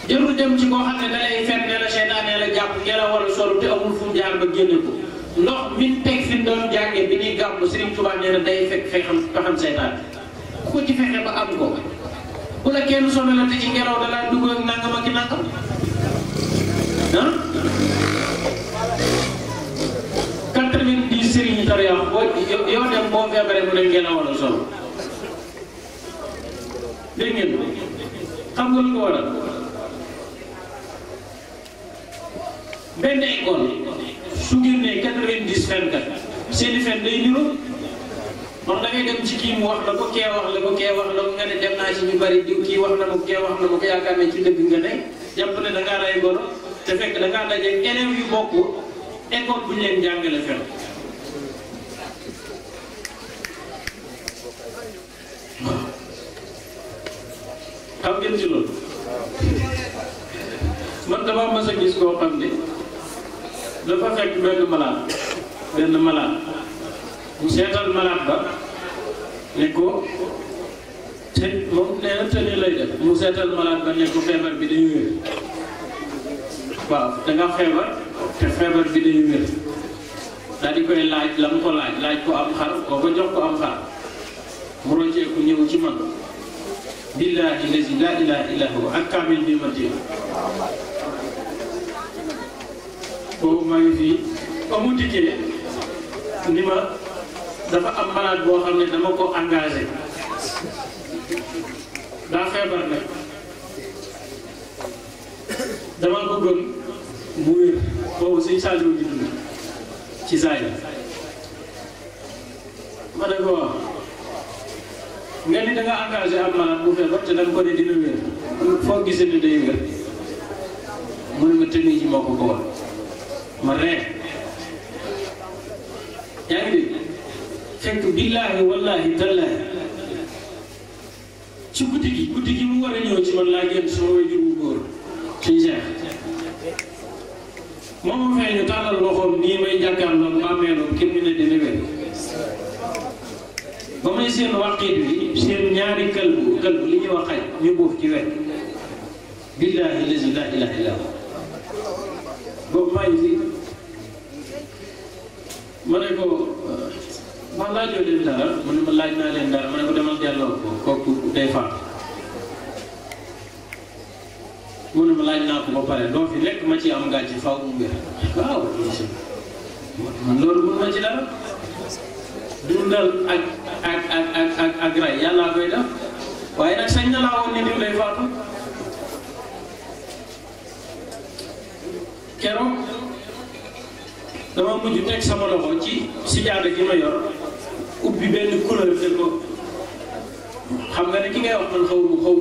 jërul dem ci koo xam ne da lay fen ne la seytaane ngeen la war a sol te amul fu jaar ba génne ko ndox min teg fi doon jàngee bi ñuy gàmm Serigne Touba nee day fekk fexam fexam seytaan ku ko ci fexe ba am ko ku la kenn sonné la te ci ngelaw da laa dugg ak nangam ak nangam ah. quatre-vingt-dix Serigne yi tariya boo yoo dem boo feebaree mu ne ngeen war a sol dégg ngeen xam nga lu ko waral. benn école su ngeen ne quatre-vingt-dix fenkat seeni fen day niroo moom da ngay dem ci kii mu wax la ko kee wax la ko kee wax la ko nga ne dem naa ci ñu bari diw kii wax na ma kee wax na ma ko yaakaar ne ci dëgg nga ne jàpp ne da ngaa rey goro te fekk da ngaa daje élèves yu bokk école bu ñu leen jàngale fen xam ngeen ci loolu man damaa mas a gis koo xam ne dafa fekk benn malade benn malade mu seetal malade ba ne ko te moom nee na lay def mu seetal malade ba ne feebar bi dañu wér waaw da nga feebar te feebar bi dañu wér daal di koy laaj la mu ko laaj laaj ko am xar koo ko jox ko am xar mu rocceeku ñëw ci man billaahi lazi laa ilaaha illaa huwa ak kaamil bi ma jéem boobu maa ngi fii ba mu dikkee ma dafa am malade boo xam ne dama ko engagé daa feebar nag dama bëggoon mu wér boobu suñ Saliou di dund ci saa yi ma ne ko ni da nga am malade bu feebar te da ko ne dina wér foo gisee ne day wér mu ne ma moo ko ko ma ree yaa ngi dégg fekk billaahi wallaahi tallaahi ci guddi gi guddi gi mu war a ñëw ci man laa génn sama waajur bu góor suñu seex moom mu fee ñu tàllal loxoom nii may jàkkaarloo bàmmeeloom kenn mu ne dina ba may seen waqiit bi seen ñaari kalbu kalbu li ñuy wax xaj ñu buuf ci wet billaahi lazi laa ilaaha illaa boobu maa ngi ma ne ko euh, ma laajoo leen dara mu ne ma laaj naa leen dara ma ne ko demal delloo ko kooku day faatu mu ne ma laaj naa ko ba pare doo fi lekk ma ci am a faaw mu wér waaw man loolu mun ma ci dara dundal ak ak ak ak ak koy def waaye nag sañ na laa woon ne diw day faatu keroog dama mujj teg sama loxo ci si jaada ji ma yor ubbi benn couleur te ko xam nga ne ki ngay wax man xaw ma xaw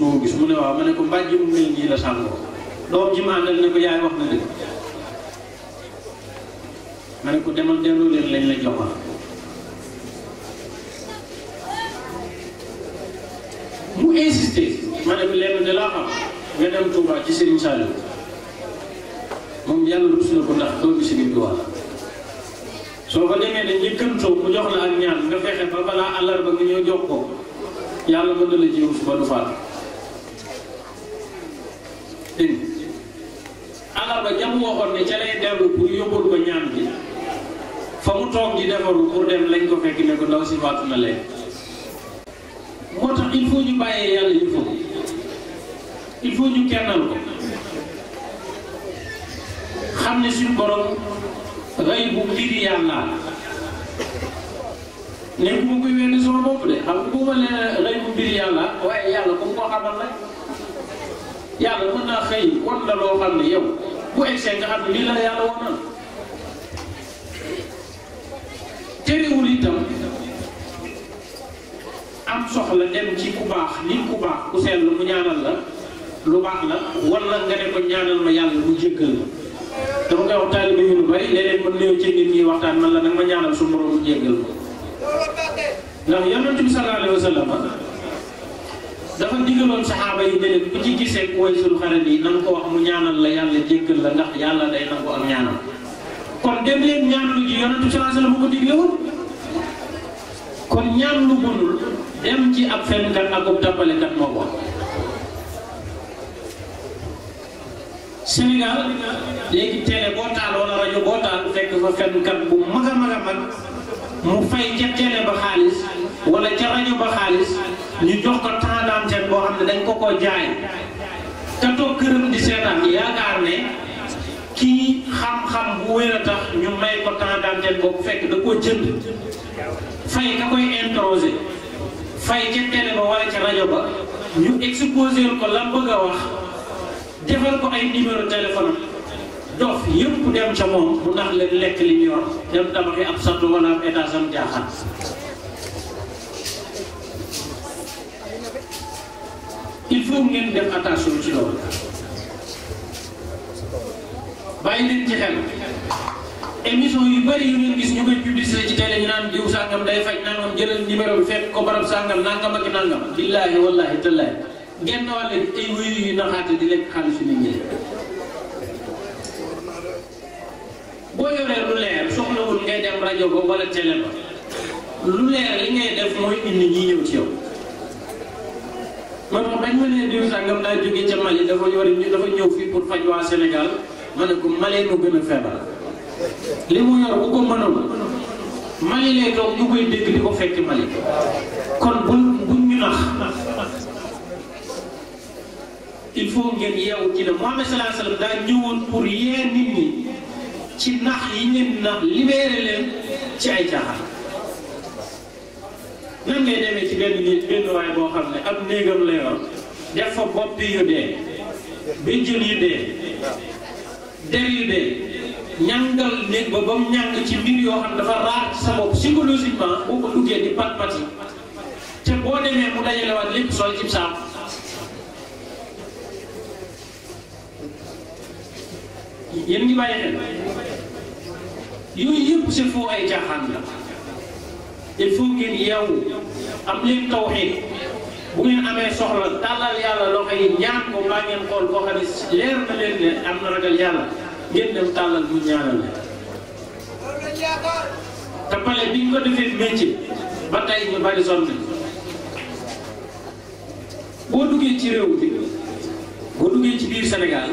ma ko gis mu ne waaw ma ne ko mbàjj mu mel nii ko yaay ko demal delloo leen lañ la jox mu insisté ma ne ko lenn de laa xam nga dem Touba ci Serigne Saliou moom yàlla rus na ko ndax doo gis ni duwaa soo ko demee ne njëkkantoo ku jox la ak ñaan nga fexe ba balaa àllarba nga ñëw jox ko yàlla mën na la jiw suba du faatu dégg àllarba jam waxoon ne ca lay dellu pour yóbbul ko ñaan bi fa mu toog di defaru pour dem lañ ko fekk ne ko ndaw si faatu na leen moo il faut ñu bàyyee yàlla il faut il faut ñu kennal ko xam ne suñu borom rëy bu lii yàlla nekk mu koy wenn sama bopp de xam nga ko xamal rek yàlla mën naa xëy wan la loo bu egsee nga xam lii la yàlla itam am soxla dem ci ku baax nit ku baax ku seetlu mu ñaanal la lu baax la wala nga ne ko ñaanal ma yàlla mu jéggal la dama koy wax taalibe yu bari léeg-léeg man néew ci nit ñi waxtaan man la nag ma ñaanal su borom jéggal ko ndax yonent bi sallallahu alayhi wa sallam dafa digaloon saxaaba yi ne ku ci gisee ku way sunu xarit nan ko wax mu ñaanal la yàlla jéggal la ndax yàlla day nangu ak ñaanal kon dem leen ñaan lu ji yonent sallallahu alayhi wa ko digle woon kon ñaan lu bonul dem ci ab fenkat ak ab tappalekat moo ko Sénégal léegi télé boo taal wala rajo boo taal fekk fa fennkat bu mag a mag a mu fay ca télé ba xaalis wala ca rajo ba xaalis ñu jox ko temps d'antenne boo xam ne dañ ko ko jaay te toog këram di seetaan yaakaar ne kii xam-xam bu wér a tax ñu may ko temps d'antenne boobu fekk da koo jënd fay ka koy introsé fay ca télé ba wala ca rajo ba ñu exposé ko la bëgg a wax. defal ko ay numéro téléphone dof yëpp dem ca moom mu ndax leen lekk li ñu yor dem am ab sant wala ab état sam jaaxal il faut ngeen def attention ci loolu bàyyi leen ci xel émission yu bëri yu ngeen gis ñu koy publicité ci télé ñu naan diw sàngam day faj nangam jëlal numéro bi fekk ko barab sàngam nangam ak nangam. billaahi wallaahi tallaahi genn wàll ay wuyu yu naxaate di lekk xaalisu nit ñi boo yoree lu leer soxlawul ngay dem rajo ba wala télé ba lu leer li ngay def mooy indi ñi ñëw ci yow. man wax bañ ma ne diw sàngam laa jógee ca Mali dafa yor dafa ñëw fii pour faj waa Sénégal ma ne ko Mali mu gën a feebar li mu yor bu ko mënoon Mali lay toog koy dégg di ko fekk Mali kon buñ buñ nax. il faut ngeen yeewu ci ne Muhammad sallallahu alayhi wa sallam ñëwoon pour yee nit ñi ci nax yi ngeen nax libéré leen ci ay caaxaan nan ngay boo xam ne ab néegam la yor def fa bopp yu dee béjjën yu dee der yu ñàngal néeg ba ba mu ñàng ci mbir yoo xam dafa raar ci sa bopp psychologiquement boo ko duggee di pat pati te boo demee mu dajalewaat lépp sol ci saako. yéen a ngi bàyyi xel yooyu yëpp c'est faux ay caaxaan la il faut ngeen yeewu am leen tawxiid bu ngeen amee soxla tàllal yàlla loxo yi ñaan ko mbaa ngeen xool koo xam ne leer na leen ne am na ragal yàlla ngeen dem tàllal mu ñaanal te bi ñu defee métier ba tey ñu bari sonn boo duggee ci réew bi boo duggee ci biir Sénégal.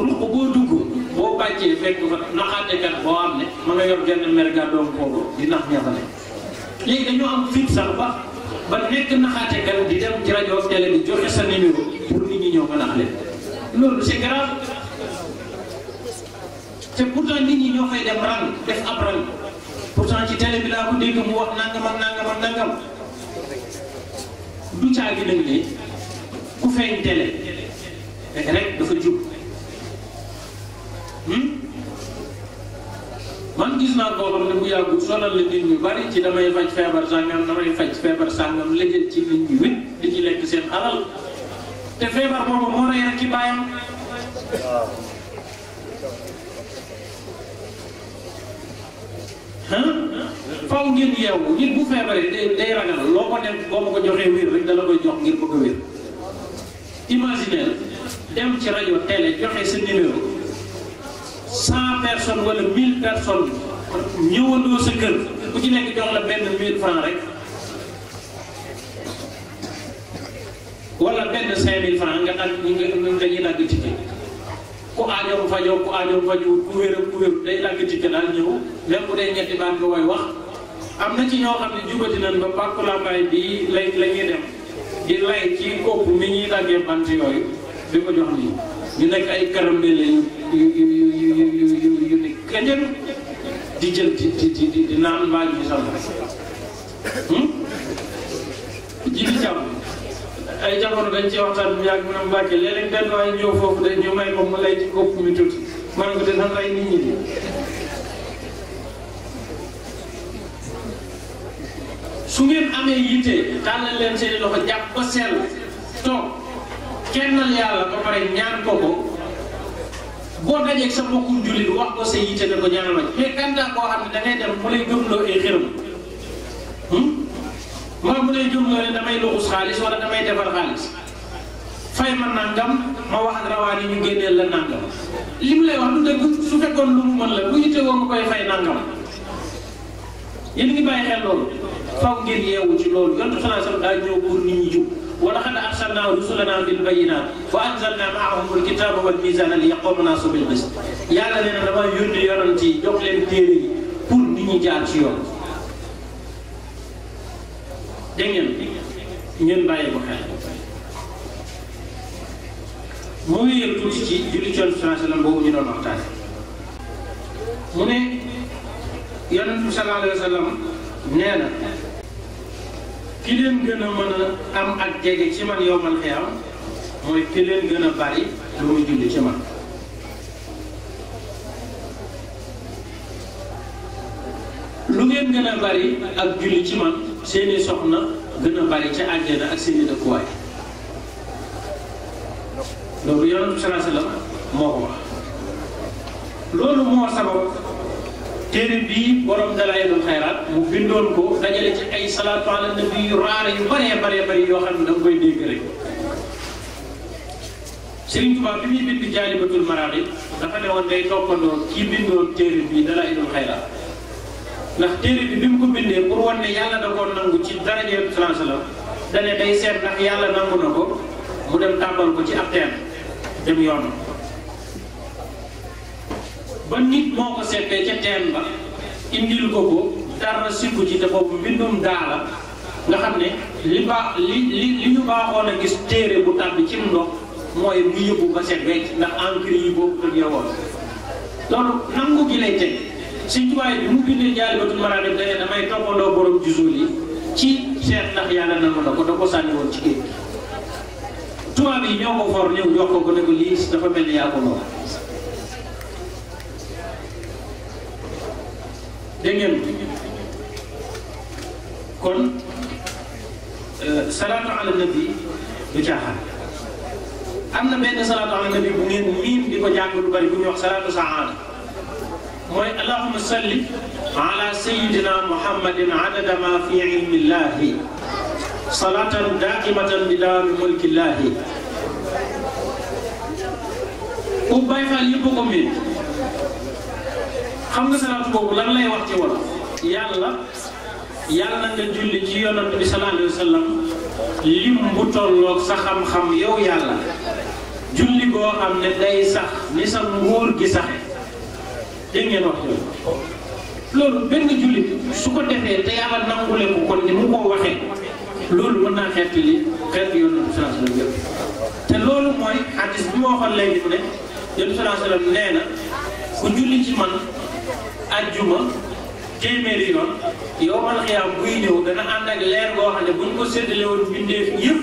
lu ko boo dugg boo bàccee fekk fa naxaatekat boo am ne ma nga yor genn mer gàddoom kooku di nax ña fa ne léegi dañoo am fit sax ba ba nekk naxaatekat di dem ci rajo télé di joxe sa numéro pour nit ñi ñëw ba nax leen loolu c'est grave te pourtant nit ñi ñoo fay dem rang def ab rang pourtant ci télé bi laa ko dégg mu wax nangam ak nangam ak nangam du caagi nag ku feeñ télé rek dafa jub Hmm? man gis naa koo xam ne mu yàggul sonal la nit ñu bari ci damay faj feebar sàngam damay faj feebar sàngam léegi ci nit ñu wit di ci lekk seen alal te feebar boobu moo rey rek ci bàyyam faw ngeen yeewu nit bu feebaree day day ragal loo ko def boo ma ko joxee wér dala koy jox ngir bëgg a wér imaginer dem ci rajo télé joxe sa numéro cent personnes wala mille personnes ñëwandoo sa kër ku ci nekk jox la benn mille francs rek wala benn cinq mille francs nga ak ñu nga dañuy dagg ci ku aajoom fajoo ku aajoom ñëw même bu dee ñetti baat nga koy wax am na ci ñoo xam ne jubati nañ ba bàkku làmbaay bi lay la dem di lay ci kopp mi ñuy daggee bant yooyu di ko jox nii ñu nekk ay karamel yu yu yu yu yu yu yu ni gëjëru di jël di di di di naan maa ngi gisal ji di jàmm ay jamono dañ ci waxtaan ne Mbàkke léeg-léeg ko mu mi tuuti man ko de nan lay nit ñi di su ngeen amee yitte leen seen loxo jàpp ba sell toog kennal yàlla ba pare ñaan ko ko boo dajee sa mbokkum jullit wax ko sa yitte ne ko ñaanal ma mais kantaa koo xam ne da ngay dem mu lay gëmloo ay xërëm moom mu lay gëmloo ne damay luxus xaalis wala damay defar xaalis fay ma nangam ma wax ak rawaan yi ñu génneel la nangam li mu lay wax du dëgg su fekkoon lu mu mën la bu yitte woo nga koy fay nangam yéen a ngi bàyyi xel loolu faw ngeen yeewu ci loolu yonent sallallahu alayhi wa sallam pour nit ñi jub wa laqad arsalnaa rusulanaa bil bayyinaati wa anzalnaa ma'ahum al-kitaaba wal miizaana liyaquuma naasu bil qist yàlla nee na dama yónni yonent yi jox leen téere pour nit ñi jaar ci yoon. ngeen ngeen bàyyi ko xel mu ngi mu ne. yonent bi sallallahu alayhi nee na ki leen gën a mën a am ak jege ci man yowmal xiyaam mooy ki leen gën a bari lu muy julli ci man lu ngeen gën a bari ak julli ci man seeni soxna gën a bari ca àjjana ak seeni dëkkuwaay loolu yonent bi sallallahu moo ko wax loolu moo sabab téere bii borom dalaa'ilul xayraat mu bindoon ko dajale ci ay salaatu ala nabi yu raare yu bëree bëree bëri yoo xam ne da nga koy dégg rek. Serigne Touba bi muy bind jaalibatul maraaxib dafa ne woon toppandoo kii bindoon téere bii dalaa'ilul xayraat ndax téere bi bi mu ko bindee pour wan yàlla da koo nangu ci darajee salaam da ne day seet ndax yàlla nangu na ko mu dem tàmbal ko ci ab teen dem yoon. ba nit moo ko seetee ca teen ba indil ko ko dara sikku ci te boobu mbindum daala nga xam ne li baax li li li ñu baaxoon a gis téere bu tàbbi ci ndox mooy mu yëbbu ba seet wecc ndax encre yi boobu tëj yowoon loolu nangu gi lay teg suñ tubaay bi mu bindee jaali batul mara dem dane damay toppandoo borom jusul yi ci seet ndax yàlla na mën na ko da ko ci géej tubaab yi ñoo ko for ñëw jox ko ko ne ko dafa mel yaa ko moom دينين كن سلام على النبي بجاه أنا بين سلام على النبي بنين ميم ديكو جاك بلوكاري بني وخسرات سعادة موي اللهم صل على سيدنا محمد عدد ما في علم الله صلاة دائمة بدار ملك الله أبايفا يبقى منه xam nga salaatu boobu lan lay wax ci wolof yàlla yàlla na nga julli ci yonant bi sallallahu alayhi wa sallam lim bu tolloog sa xam-xam yow yàlla julli boo xam ne day sax ni sa nguur gi saxe dégg ngeen wax loolu benn julli su ko defee te yàlla nangule ko kon ni mu ko waxee loolu mën naa xeet li xeet yonant bi sallallahu te loolu mooy hadis bi ma waxoon ne yonant bi nee na ku julli ci man ajjuma téeméeri yoon yowmal xiyaam buy ñëw dana ànd ak leer goo xam ne buñ ko séddale woon bindeef yëpp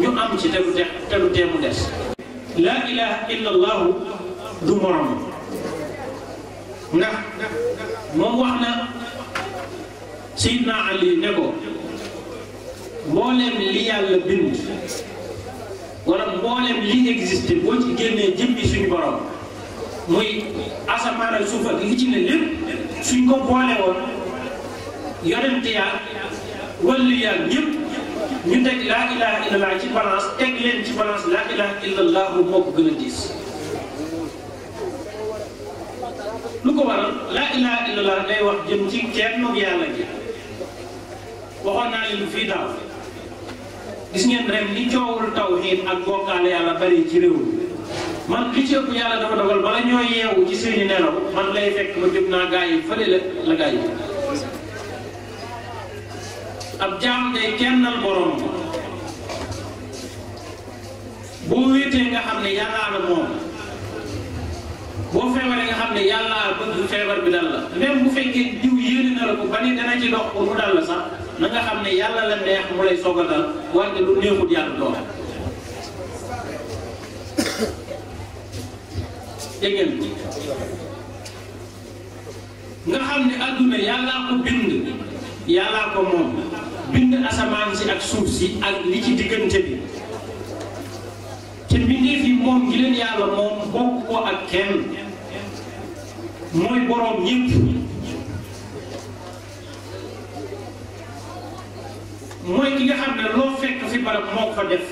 ñu am ci te du te du tee mu des laa ilaha illa allahu du morom ndax moom wax na Seydina Ali ne ko mbooleem li yàlla bind wala mbooleem li existé boo ci génnee jëmmi suñu borom muy asamaan ak suuf ak li ci ne lépp suñ ko boole woon yonent yaa walli yaa ñëpp ñu teg laa ilaha illallah ci balance teg leen ci balance laa ilaha illallah moo ko gën a diis. lu ko waral laa ilaha illallah day wax jëm ci kenn yàlla ji waxoon naa leen fii daaw gis ngeen ren li coowul tawhiid ak bokkaale yàlla bari ci réew mi. man li ci ëpp yàlla dafa dogal bala ñoo yeewu ci sëriñu nelaw man lay fekk ma jub naa gaa yi fële la la gaa yi ab jaam day kennal borom boo wéetee nga xam ne yàllaa la moom boo feebaree nga xam ne yàllaa bëgg feebar bi dal la même bu fekkee diw yéene na la ko ba ni dana ci dox pour mu dal la sax na nga xam ne yàlla la neex mu lay soog a dal wante lu neexut yàlla doon dégg ngeen nga xam ne àdduna yàllaa ko bind yàllaa ko moom bind asamaan si ak suuf si ak li ci diggante bi te mbindeef yi moom gi leen yàlla moom bokk ko ak kenn mooy boroom ñëpp mooy ki nga xam ne loo fekk fi barab moo fa def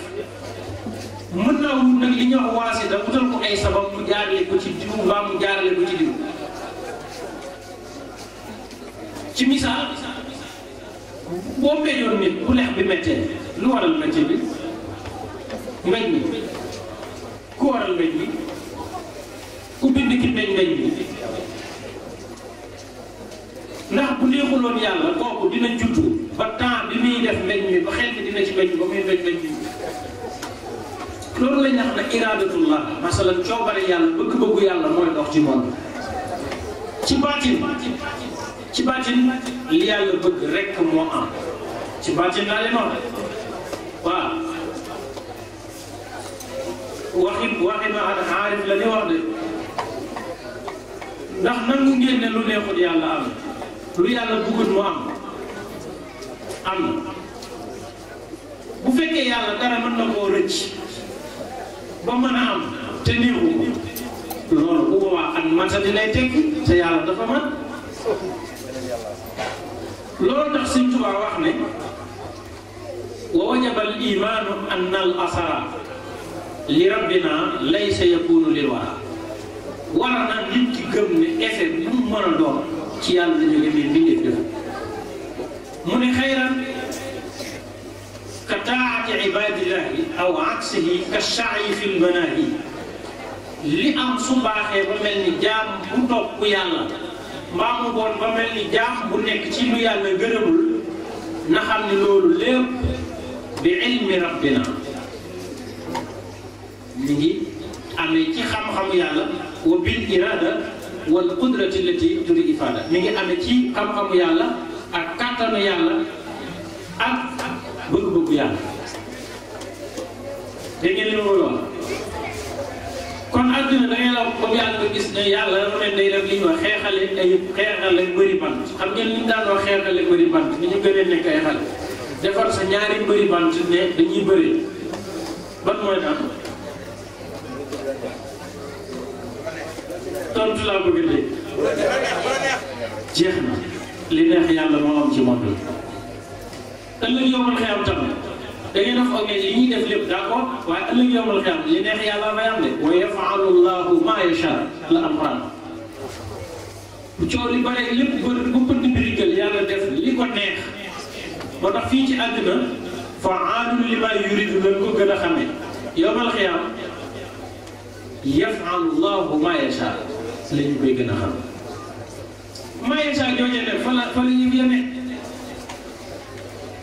mën naa wut nag li ñuy wax waasita wutal ko ay sabab mu jaarale ko ci diw mbaa mu jaarale ko ci diw ci misaal boo mbéyoon nit bu lex bi méttee lu waral métier bi mbéj mi ku waral mbéj mi ku bind ki mbéj mbéj mi ndax bu neexuloon yàlla kooku dina juddu ba temps bi muy def mbéj mi ba xel mi dina ci mbéj mi ba muy mbéj mbéj loolu la ñu wax ne iradatullah masalan coobare yàlla bëgg-bëggu yàlla mooy dox ci moom ci baatin ci baatin li yàlla bëgg rek moo am ci baatin laa leen wax waaw waxi waxi ma aarif la wax de ndax nangu ngeen ne lu neexul yàlla am lu yàlla bëggul mu am am bu fekkee yàlla dara mën na koo rëcc ba mën a am te néewu loolu bu boobaa ak man sa di lay tekki te yàlla dafa man loolu tax Sëñ Tuubaa wax ne wa wajaba an al asara li rabbina laysa yakunu lil wara war na nit ki gëm ne effet mu mën a ci yàlla la jóge mais def mu ne كطاعة عباد الله أو عكسه كالسعي في المناهي li am su baaxee ba mel ni jaam bu topp yàlla mbaa mu bon ba mel ni jaam bu nekk ci lu yàlla gërëmul na xam ne loolu lépp bi ilmi rabbina mi ngi amee ci xam-xamu yàlla wa bil irada wal qudrati allati turi ifada mi ngi amee ci xam-xamu yàlla ak kàttanu yàlla ak bëgg-bëgg yàlla dégg ngeen li ma kon adduna da ngay la ba gis ne yàlla dafa ne day def li ñuy xeexale ay xeexale bëri bant xam ngeen li ñu daan wax xeexale nekk ay xale defar sa ñaari bëri bant ne dañuy bëri ban mooy daan tontu laa bëgg a jeex na li neex yàlla moo am ci monde ëllëg yowmal xiyam tam da ngeen a foog ne li ñuy def lépp d' accord waaye ëllëg yowmal xiyam li neex yàlla may am de wa yafalu llahu ma yacha la alquran bu coow li bare lépp bër bu pënd mbirikal yàlla def li ko neex moo tax fii ci àdduna fa aadul li ma yuridu lañ ko gën a xamee yowmal xiyam yafalu llahu ma yacha la ñu koy gën a xam ma yacha jooje ne fa la fa la ñu yemee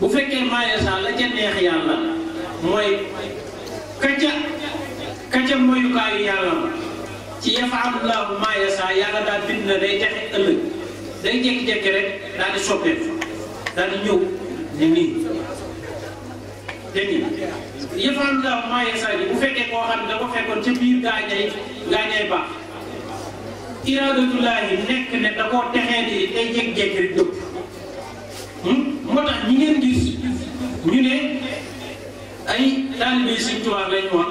bu fekkee maayasa la ca neex yàlla mooy kaca kaca moyukaayu yàlla ma ci yafalullaahu maayasa yàlla daal bind na day texe ëllëg day jékki rek daal di soppeeku daal di ñëw ne nii dégg nga yafalullaahu maayasa bi bu fekkee koo xam ne da ko fekkoon ca biir gaañay gaañay baax iraadatullaahi nekk ne da koo texee di day jékki-jékki rek dëpp Hmm? moo tax ñi ngeen gis ñu ne ay taalibey Sëñ Tuubaa lañ woon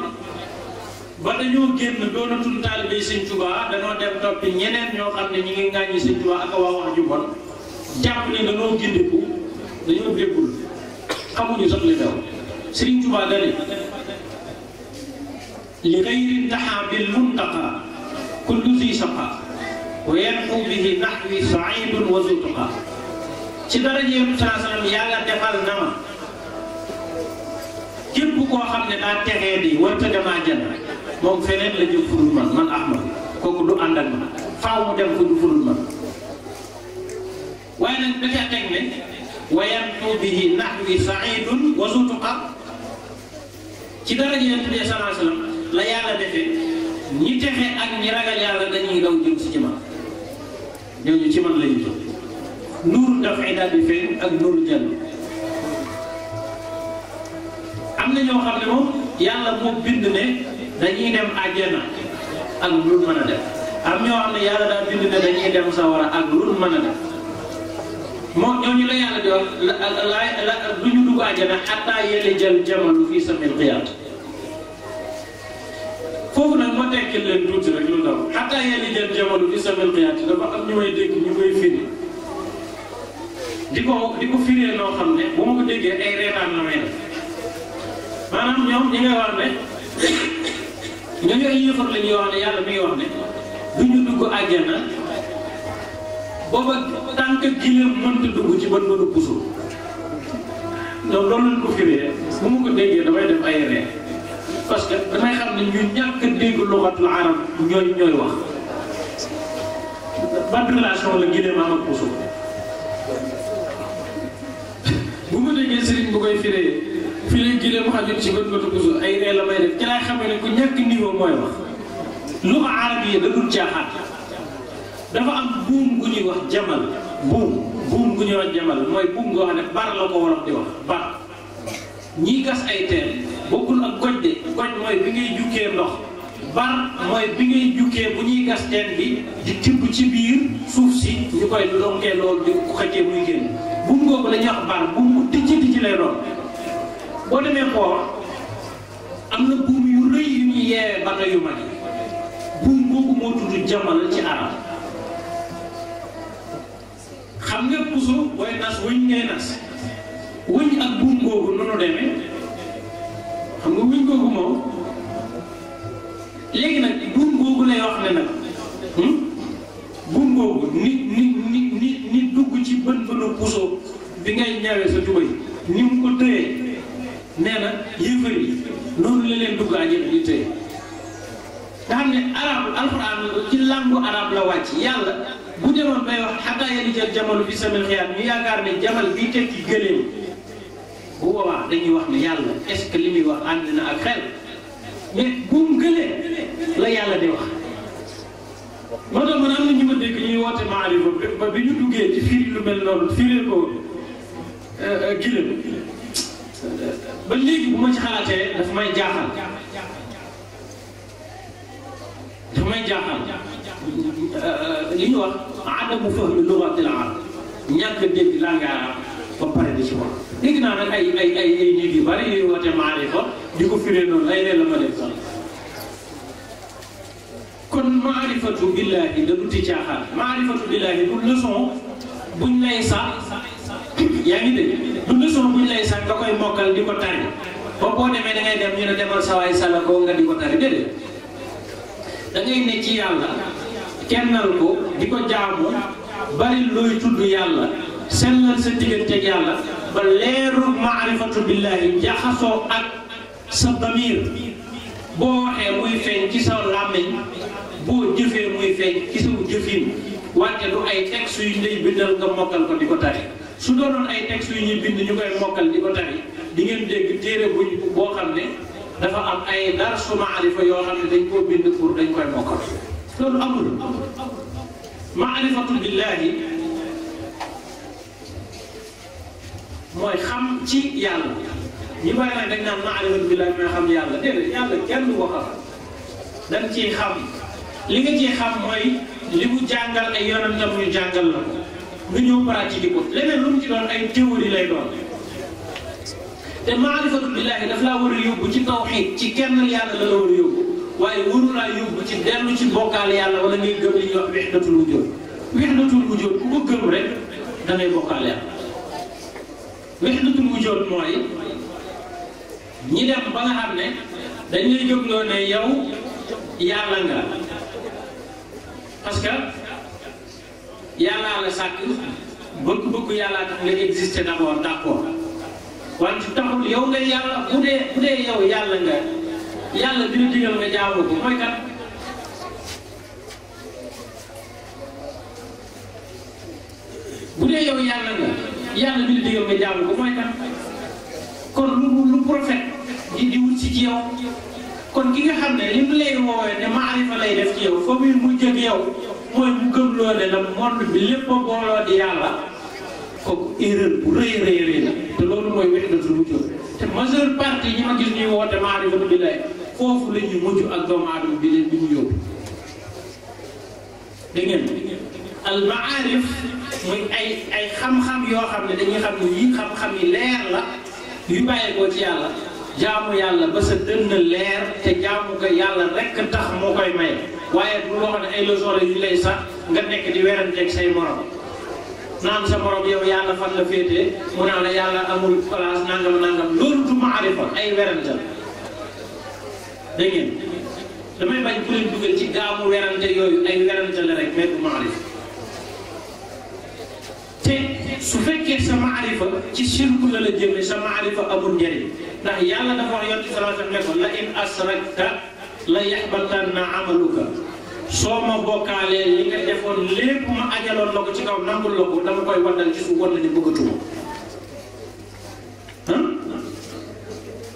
ba dañoo génn doonatul taalibey Sëñ Tuubaa danoo dem toppi ñeneen ñoo xam ne ñi ngi ŋàññi Sëñ Tuubaa ak a waa wax ju bon jàpp ne danoo gindiku dañoo déggul xamuñu sax li daw Sëriñ Tuubaa dane li xayri taxaa bil muntaqa kullu si saqa wa yanxu bihi naxwi saidun wa zutuqa ci dara ji yonent yàlla defal na ma képp koo xam ne daa texee di warta damaa jënd moom feneen la jëm fudul man man Ahmad kooku du ànd ak man faaw mu dem fudul fudul man waaye nag dafa teg ne wayantu bihi nahwi saidun wa zutuqa ci dara ji yonent bi la yàlla defee ñi texe ak ñi ragal yàlla dañuy daw jëm ci man ñooñu ci man lañu nuuru dafay daal bi feeñ ak nuuru jàll am na ñoo xam ne moom yàlla moo bind ne dañuy dem àjjana ak lu mën a def am ñoo xam ne yàlla daal bind ne dañuy dem a ak lu mën a def moom ñooñu la yàlla di wax la la du ñu dugg àjjana xataa yelle jël jamalu fii samil xiyaat foofu nag ma tekkil leen tuuti rek lu ndaw xataa yelle jël jamalu fii samil xiyaat dafa am ñu may dégg ñu koy firi. di ko di ko firee loo xam ne bu ma ko déggee ay reetaan la may def maanaam ñoom ñi ngay wax ne ñooñu ay yëfar la ñuy wax ne yàlla mi ngi ne du ñu dugg àjjana booba tànk gileem mënta dugg ci bën bënu puso donc loolu lañ ko firee bu ma ko déggee damay def ay ree parce que damay xam ne ñu ñàkk a dégg luxatul arab ñooy ñooy wax ban la gileem am ak puso ma déggee sëriñ bu koy firee firi gileem xajul ci bët bëtu puso ay ree la may def ci lay xamee ne ku ñàkk niveau mooy wax lu ko arab yi da dul caaxaan dafa am buum gu ñuy wax jamal buum buum gu ñuy wax jamal mooy buum nga wax ne bar la ko wolof di wax bar ñiy gas ay teen bokkul ak goj de goj mooy bi ngay jukkee ndox bar mooy bi ngay jukkee bu ñuy gas teen bi di tibb ci biir suuf si ñu koy lonkee loolu di xëccee muy génn buum googu la wax bar buum bu tijji tijji lay doon boo demee xool am na buum yu rëy yu ñuy yeewee bato yu mag buum googu moo tudd jamal ci arab xam nga puso booy nas wëñ ngay nas wëñ ak buum googu noonu demee xam nga wëñ googu moom léegi nag buum googu lay wax ne nag hmm? buum googu ni ni ni ni ni dugg ci bën bënu puso bi ngay ñawee sa tubay ni mu ko tëyee nee na yéefar yi noonu la leen dugg àjjana ñu tëye nga xam ne arab alxuraan ci làngu arab la wàcc yàlla bu demoon bay wax xataa yali jël jamalu bi samel xiyaam ñu yaakaar ne jamal bi tekki gëléem bu boobaa dañuy wax ne yàlla est-ce que li muy wax ànd ak xel mais buum gële la yàlla de wax moo tax man am na ñu ma dégg ñuy woote maarifa ba bi ñu duggee ci fii lu mel noonu fii ko euh, euh, gile ba léegi bu ma ci xalaatee daf may jaaxal daf may jaaxal euh, li ñu wax adamu fahmi a arab ñàkk dégg langage ba pare di ci dégg naa nag ay ay ay ay nit yu bari yuy woote maarifa di ko firee noonu ay leen la ma leen sax kon maarifatu billaahi da dutti caaxaan maarifatu billaahi du leçon buñ lay sax yaa ngi dégg du leçon buñ lay sax nga koy mokkal di ko tari ba boo demee da ngay dem ñu ne demal sawaay sala ko nga di ko tari déedéet da ngay ne ci yàlla kennal ko di ko jaamu bari looy tudd yàlla sellal sa digganteeg yàlla ba leeru maarifatu billahi jaxasoo ak sa damir boo waxee muy feeñ ci sa làmmiñ boo jëfee muy feeñ ci sa jëfin wante du ay texte yu lay bindal nga mokkal ko di ko tari su doonoon ay texte yu ñuy bind ñu koy mokkal di ko tari di ngeen dégg téere buñ boo xam ne dafa am ay darsu maarifa yoo xam ne dañ koo bind pour dañ koy mokkal loolu mooy xam ci yàlla ñu bàyyi nag dañ naan maarifat bi ma xam yàlla déedéet yàlla kenn du ko xam dañ ciy xam li nga ciy xam mooy li mu jàngal ay yonentam ñu jàngal la ko nga ñëw pratique ko leneen lu mu ci doon ay théorie lay doon te maarifatu billaahi daf laa war a yóbbu ci tawxiid ci kenn yàlla la la war a yóbbu waaye waru laa yóbbu ci dellu ci bokkaal yàlla wala ngay gëm li ñuy wax wexdatul wujud wexdatul wujud ku ko gëm rek da ngay li ci dugg mooy ñi dem ba xam ne dañuy jógloo ne yow yàlla nga parce que yàllaa la sàkk bëgg-bëgg yàllaa tax nga exister d'abord d'accord wante taxul yow nga yàlla bu dee bu dee yow yàlla nga yàlla dina digal nga jaamu ko mooy kat bu dee yow yàlla nga. yàlla bi la digal nga jaamu ko mooy kan kon lu lu prophète di di wut si ci yow kon ki nga xam ne li mu lay woowee ne maarifa lay def ci yow fa muy yow mooy mu gëm bi lépp a booloo di yàlla bu rëy loolu mooy wahdatul wujud te majeure partie ma foofu lañuy ñuy mujj ak doomu aadama bi leen bi ñu yóbbu dégg al maarif muy ay ay xam-xam yoo xam ne dañuy xam ne yii xam-xam yi leer la yu bàyyeekoo ci yàlla jaamu yàlla ba sa dënn leer te jaamu ko yàlla rekk tax moo koy may waaye bu loo ne ay leçon la yu lay sax nga nekk di weranteeg say morom naan sa morom yow yàlla fan la féetee mu naan la yàlla amul place nangam nangam loolu du maarifa ay werante la dégg ngeen damay bañ ku leen dugal ci gaamu werante yooyu ay werante la rek mais du maarifa su fekkee sa maarifa ci sirku la la jëmee sa maarifa amul njëriñ ndax yàlla dafa wax yonti sallallahu alayhi wa sallam la in asrakta la yaxbatanna amaluka soo ma bokkaalee li nga defoon lépp ma ajaloon la ko ci kaw nangul la ko dama koy waddal ci suuf wan la ni bëggatuma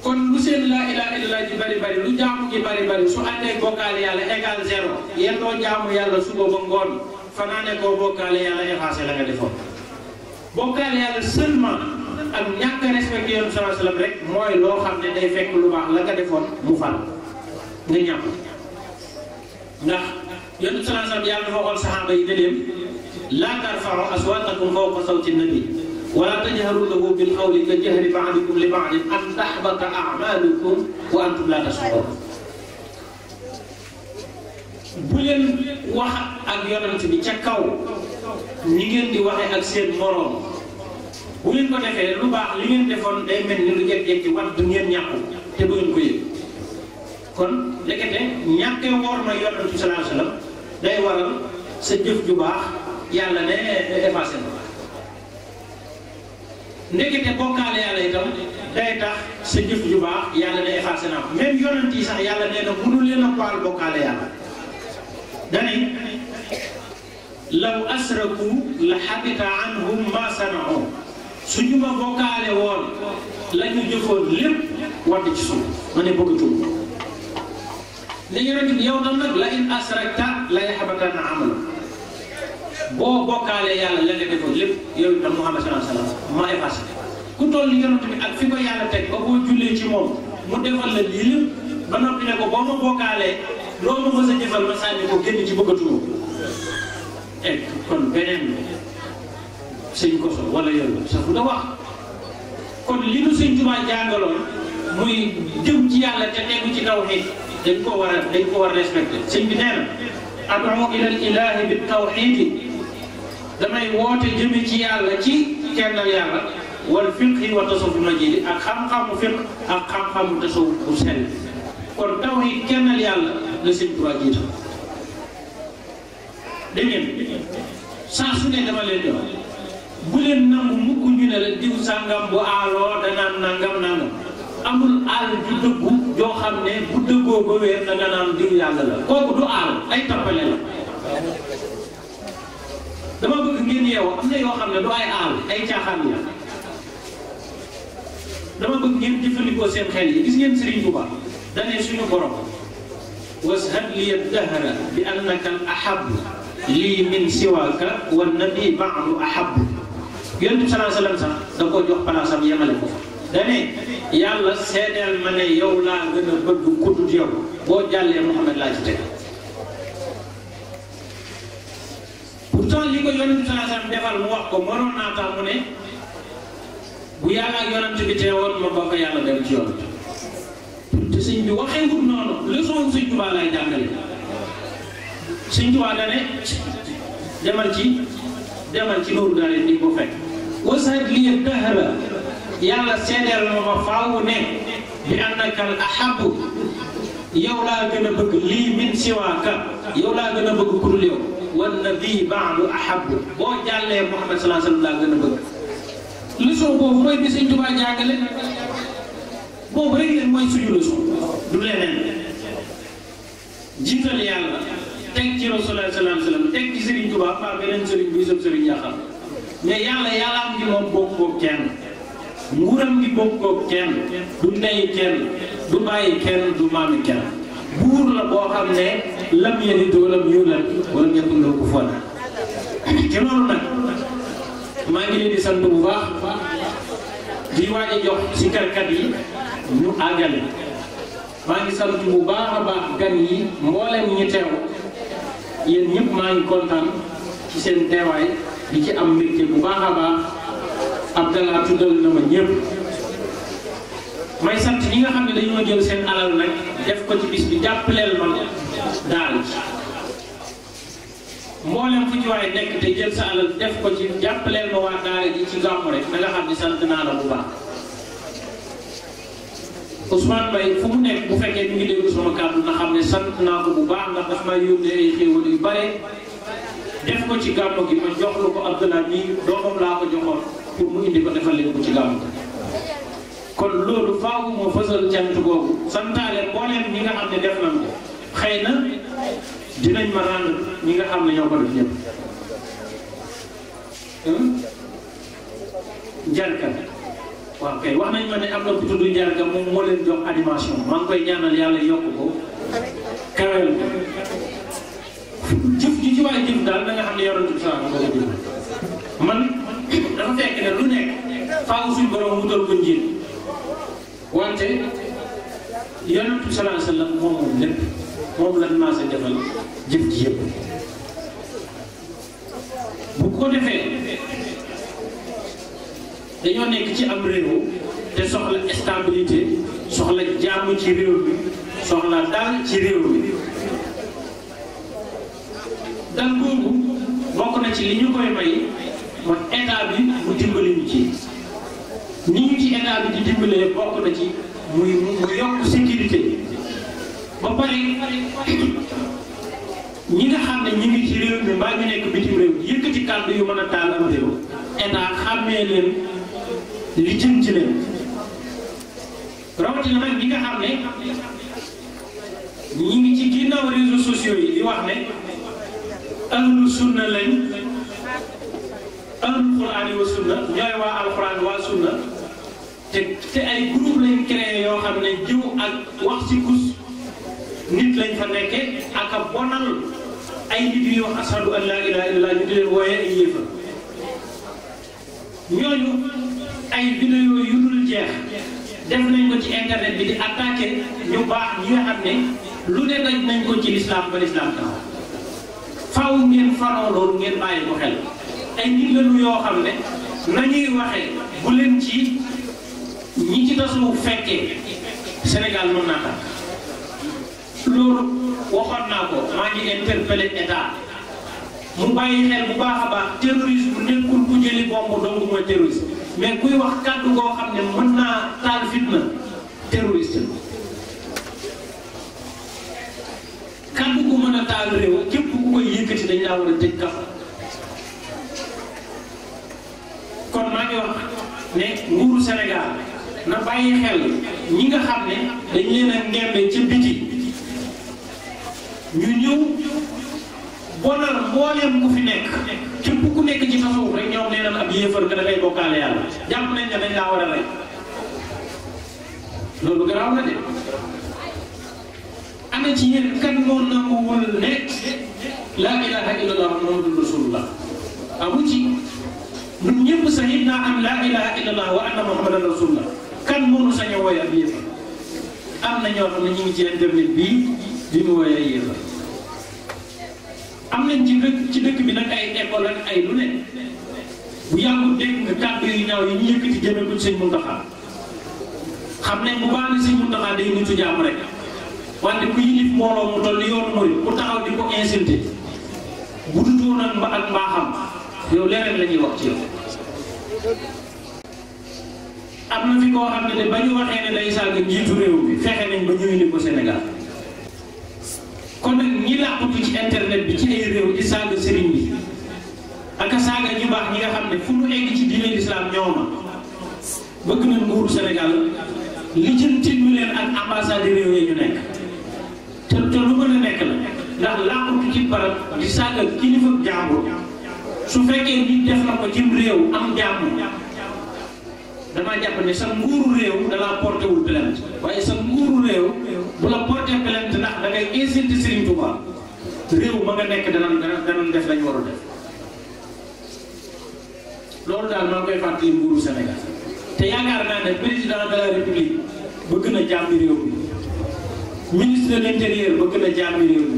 kon lu seen laa ilaaha illallah ji bari bari lu jaamu gi bari bari su àndee bokkaale yàlla égal zéro yendoo jaamu yàlla suba ba ngoon fanaane koo bokkaale yàlla effacé la nga defoon bokkaale yàlla seulement ak ñàkk a respecté yoonu salaa salaam rek mooy loo xam ne day fekk lu baax la nga defoon mu fal nga ñàpp ndax yoonu salaa salaam yàlla dafa xool saxaaba yi ne leen laa tarfa'u aswaatakum fawqa sawti nabi wala tajharu lahu bil qawli ka jahri ba'dikum li ba'din an tahbata a'malukum wa antum laa tash'urun bu leen wax ak yonent bi ca kaw ñi ngeen di waxe ak seen morom bu ngeen ko defé lu baax li ngeen defon day mel ni lu jek jek ci wat du ngeen ñàkku te bu ngeen ko yé kon ndekete ñàkkee wor na yonent bi salaa sallam day waral sa jëf ju baax yalla ne effacé na ndekete bokkaale yalla itam day tax sa jëf ju baax yalla ne effacer na même yonenti sax yalla nee na mënu leen a baal bokkaale yalla dani law asraku la xabita anhum ma sanao suñu ma bokkaale woon la jëfoon lépp wadd ci suuf ma ne bëgg tuub ne yonent bi yow tam nag la ku toll ni yonent bi ak fi ko yàlla teg ba boo jullee ci moom mu defal la lii lépp ba noppi ne ko boo ma bokkaalee loo ma mës a jëfal ma sànni ko génn ci bëgg a tuub egg kon beneen sëñ Koso wala yàlla sax nga wax kon li nu sëñ Tuubaa jàngaloon muy jëm ci yàlla te tegu ci tawxiid dañ ko war a dañ ko war a respecté bi nee na ad'u ilal ilaahi bi damay woote jëme ci yàlla ci kennal yàlla wal fiqhi wa tasawuf majid ak xam-xamu fiq ak xam-xamu tasawuf bu sell kon tawxiid kennal yàlla la sëñ Tuubaa jiital dégg ngeen saa su ne dama leen di wax bu leen nangu mukk ñu ne diw sàngam bu aaloo danaan nangam nangam amul al ju dëggu joo xam ne bu dëggoo ba weer da nga naan diw yàlla la kooku du aal ay tappale la dama bëgg ngeen yeewu am na yoo xam ne du ay aal ay caaxaan la dama bëgg ngeen jëfandikoo seen xel yi gis ngeen Serigne Touba dane suñu borom washab li dahra bi annaka lii min siwaaka wan nabi baadu ahab yonent bi salaa sallam sax da koo jox palaasam yemale ko fa dane yàlla seedeel ma ko yonent bi salaa sallam defal mu wax ko bi teewoon ma bokk yàlla dem ci bi waxee lay jàngale suñ tubaa da ne demal ci demal loolu daal di ko fekk wasaat lii dahra yàlla seedeel na ma faaw ne bi annaka al ahabu laa gën a bëgg lii min siwaaka yow laa gën a bëgg ku dul yow wan nabi baadu ahabu boo jàllee Muhammad salaa sallam laa gën a bëgg leçon boobu mooy bi suñ tubaa jàngale boobu rek leen mooy suñu leçon du leneen jiital yàlla teg ci Rasulullah sallallahu alayhi wasallam teg ci Serigne Touba mbaa beneen Serigne buy sëb Serigne Yaxam mais yàlla yàllaam gi moom bokk koog kenn nguuram gi bokk koog kenn du ndey kenn du bàyyi kenn du maami kenn buur la boo xam ne lam yalid wa lam yuulad wa lam yakun lahu kufuwan ci loolu nag maa ngi leen di sant bu baax di si karkat yi ñu ngi sant bu baax a baax gan yi mboolem ñi teew. yéen ñëpp maa ngi kontaan ci seen teewaay di ci am mbégte bu baax a baax Abdallah tuddal na ma ñëpp may sant ñi nga xam ne dañoo jël seen alal nag def ko ci bis bi jàppaleel ma daal mboolem fu ci waaye nekk te jël sa alal def ko ci jàppaleel ma waa daara ji ci gàmmu rek na nga xam ne sant naa la bu baax Ousmane Mbaye fu mu nekk bu fekkee mi ngi déglu sama kàddu na xam ne sant naa ko bu baax ndax daf may yónnee ay xéewal yu bare def ko ci gàmmu gi ma jox la ko Abdallah mi doomam laa ko joxoon pour mu indi ko defal leen ko ci gàmmu gi kon loolu faaw moo fësal cant boobu santaale mbooleem ñi nga xam ne def na ko xëy na dinañ ma rendre ñi nga xam ne ñoo ko def ñëpp hmm? jarkat waaw kay wax nañ ma ne am na ku tudd Ndiaga moom moo leen jox animation maa ngi koy ñaanal yàlla yokk ko kawel ko jëf ju ci waay jëf daal da nga xam ne yonent bi sallallahu alayhi wa sallam man dafa fekk ne lu nekk faaw suñu borom wutal ko njiit wante yonent bi sallallahu alayhi wa sallam moom moom lépp moom lan maase defal jëf ji yëpp bu ko defee dañoo nekk ci am réew te soxla stabilité soxla jàmm ci réew mi soxla dal ci réew mi dal googu bokk na ci li ñu koy may mooy état bi mu dimbali ñu ci ni ñu ci état bi di dimbalee bokk na ci muy mu yokk sécurité ba pare ñi nga xam ne ñu ngi ci réew mi mbaa ñu nekk bitim réew yëkkati kàddu yu mën a taal am réew état xàmmee leen li jëm ci leen rawatina nga xam ne ñi ngi ci ginnaaw réseaux sociaux yi di wax ne ahlu sunna lañ ahlu quraan wa sunna ñooy waa alquran waa sunna te te ay groupe lañ créé yoo xam ne jiw ak wax ci kus nit lañ fa nekke ak a bonal ay nit yu ashadu an laa ñu di leen wooyee ay yéefa ñooñu ay vidéo yu dul jeex def nañ ko ci internet bi di attaqué ñu baax ñi nga ne lu de daj nañ ko ci lislaam ba lislaam taxaw faaw ngeen faroo loolu ngeen bàyyi ko xel ay nit lañu yoo xam ne nañuy waxee bu leen ci ñi ci tasoo fekkee Sénégal mën naa tax loolu waxoon naa ko maa ngi interpellé état mu bàyyi xel bu baax a baax terroriste bu nekkul ku jëli bomb dong mooy terroriste mais kuy wax kàddu goo xam ne mën naa taal fitna terroriste la kàddu gu mën a taal réew képp ku koy yëkkati dañ laa war a tëj kafa kon maa ngi wax ne nguuru Sénégal na bàyyi xel ñi nga xam ne dañ leen a ngembe ca biti ñu ñëw bonal mbooleem ku fi nekk képp ku nekk ci façon rek ñoom nee nañ ab yéefar nga dafay bokkaale yàlla jàpp nañ ne dañ laa war a rey loolu garaaw na de ana ci yéen kan moo nanguwul ne laa ilaha illallah muhammadu rasulullah amu ci ñun ñëpp saxit naa am laa ilaha illallah wa anna muhammadan rasulullah kan moo nu woy ab yéefar am na ñoo xam ne ñu ngi ci internet bii di mu woy ay yéefar am nañ ci dëkk ci dëkk bi nag ay école ak ay lu ne bu yàggul dégg nga kàddu yu ñaaw yi ñu yëkkati jëme ko sëñ Moustapha xam ne bu baax ne sëñ Muntaxa day nitu jàmm rek wante ku yilif mbooloo mu toll yoon mooy ku taxaw di ko insulté bu dutoo nag mba ak mbaaxam yow leneen la ñuy wax ci yow am na fi koo xam ne ne ba ñu waxee ne day saaga njiitu réew bi fexe nañ ba ñuy ni ko Sénégal kon nag ñi làqatu ci internet bi ci ay réew di saaga sëriñ bi ak a saaga ñu baax ñi nga xam ne fu mu nekk ci diine lislaam ñoo ma bëgg na nguuru Sénégal li jëm ci leen ak ambassade réew ya ñu nekk te te lu mën a nekk la ndax làqatu ci barab di saaga kilifa jàmbur su fekkee bi def na ko jëm réew am jàmbur. dama japp ne sa nguuru réew da la porté wul plainte waaye sa nguuru réew bu la porté plainte ndax da ngay insulte Serigne Touba réew ma nga nekk danañ danañ def lañ war a def loolu daal maa koy fàttali nguuru Sénégal te yaakaar naa ne président de la république bëgg na jàmmi réew mi ministre de l' intérieur bëgg na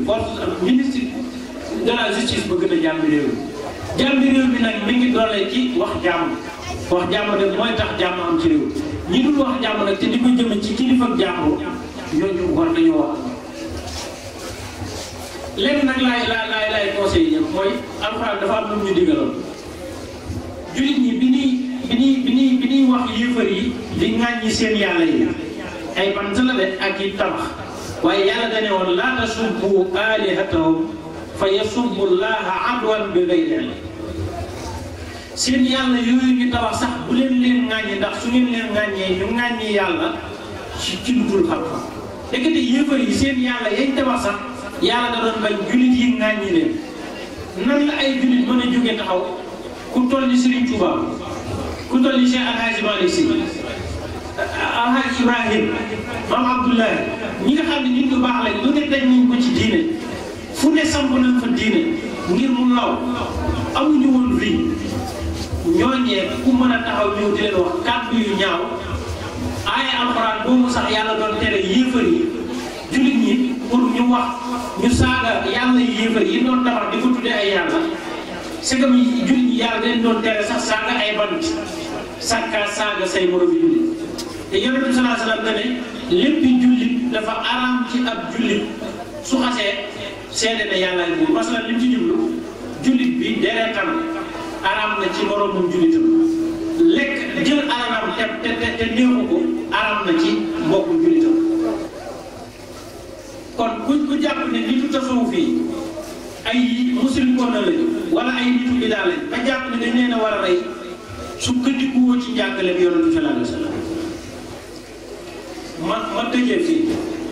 force uh, ministre de la justice bëgg na mi ngi ci wax wax jàmm nag mooy tax jàmm am ci réew ñi dul wax jàmm nag te di ko jëme ci kilifa jàmm ñooñu war nañoo wax lenn nag laay laay laay laay conseil ñëpp mooy alxuraan dafa am lu ñu digaloon jullit ñi bi ñuy bi ñuy bi ñuy bi ñuy wax yéefar yi di ŋàññi seen yàlla yi ay bant la de ak i tabax waaye yàlla dane laa tasubbu aalihatakum fa yasubbu llaaha adwan bi gayri seen yàlla yooyu ñu tabax sax bu leen leen ŋàññi ndax su ngeen leen ŋàññee ñu ŋàññi yàlla ci ci lu dul xam-xam ekkati yëfar yi seen yàlla yañ tabax sax yàlla da doon bañ jullit yi ŋàññi leen nan la ay jullit mën a jóge taxaw ku toll ni Serigne Touba ku toll ni Cheikh Alhaji Ibrahim Maam Abdoulaye ñi nga xam ne nit ñu baax lañ lu ne dañ nañ ko ci diine fu ne samp nañ fa diine ngir mu law amuñu woon vie ñooñee ku mën a taxaw ñëw di wax kàddu yu ñaaw aaye alxuraan boobu sax yàlla doon tere yéefar yi jullit ñi pour ñu wax ñu saaga yàlla yéefar yi doon tabax di ko tuddee ay yàlla segam jullit ñi yàlla leen doon tere sax ay bant sàkkaa saaga say morom jullit te yonent bi salaa salaam ne lépp jullit dafa araam ci ab jullit su xasee seede ne yàlla moom parce que jullit bi dereetam araam na ci moroomum jullitam lekk jël alalam te te te néewu ko araam na ci mbokkum jullitam kon buñ ko jàpp ne nitu tasawuf fii ay muslim kon na lañu wala ay nitu bidaa lañ ba jàpp ne dañ a war a rey su këddikuwoo ci njàngale bi yonent bi sallallahu alayhi wa sallam ma ma tëjee fii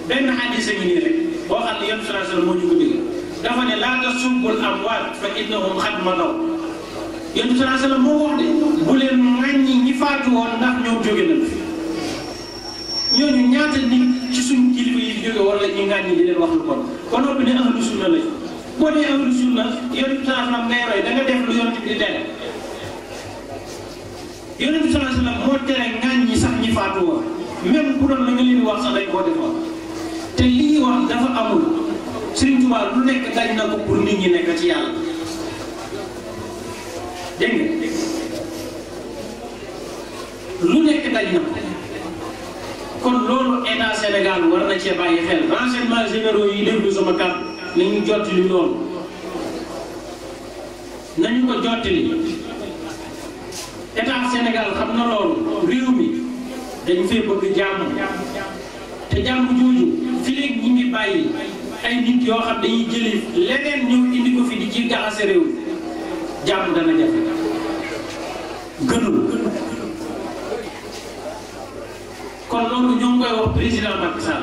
benn xadis a nii rek boo xam ne yonent bi wa sallam moo ñu ko digal dafa ne laa tasubbul amwaat fa innahum xad madaw yéen bi sallallahu alayhi moo wax de bu leen ñi faatu woon ndax ñoom jóge nañ fi ñooñu ñaata ci suñ kilifa yi jóge woon la di leen wax lu kon ba noppi ne ahlu sunna lañ boo dee ahlu sunna yéen bi sallallahu alayhi wasallam ngay roy da nga def lu sax ñi faatu woon même bu doon la leen wax sax dañ koo defoo te lii wax dafa amul Sëriñ Tuubaa lu nekk daj na ko pour nit ñi nekk ci yàlla. dégg nga lu nekk daj na kon loolu état Sénégal war na cee bàyyi xel renseignements généraux yi déglu sama kàddu nañu jottali loolu nañu ko jottali état Sénégal xam na loolu réew mi dañ fee bëgg jàmm te jàmm jooju fi léegi ngi bàyyi ay nit yoo xam dañuy jëli leneen ñëw indi ko fi di ci jaxase réew jàmm dana jafe gënul kon loolu ñoo koy wax président Macky Sall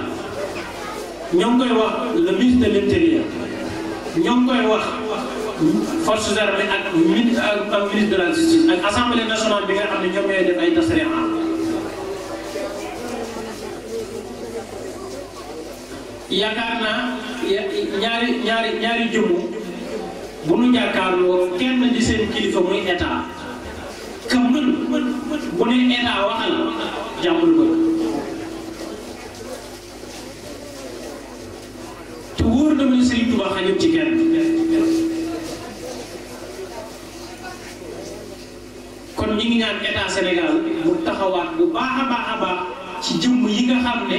ñoo ngi koy wax le ministre de l'intérieur ñoo koy wax forces armées ak ministre de la assemblée nationale bi nga xam ne ñoom ñooy def ay tasariya yaakaar naa ñaari ñaari ñaari jëmm bu nu jàkkaarloo kenn di seen kilifa muy état ka mën bu ne état waxal jàmbul ko te wóor na mu Sëriñ xajul ci kenn kon ñi ngi ñaan état Sénégal mu taxawaat bu baax a baax a baax ci jëmm yi nga xam ne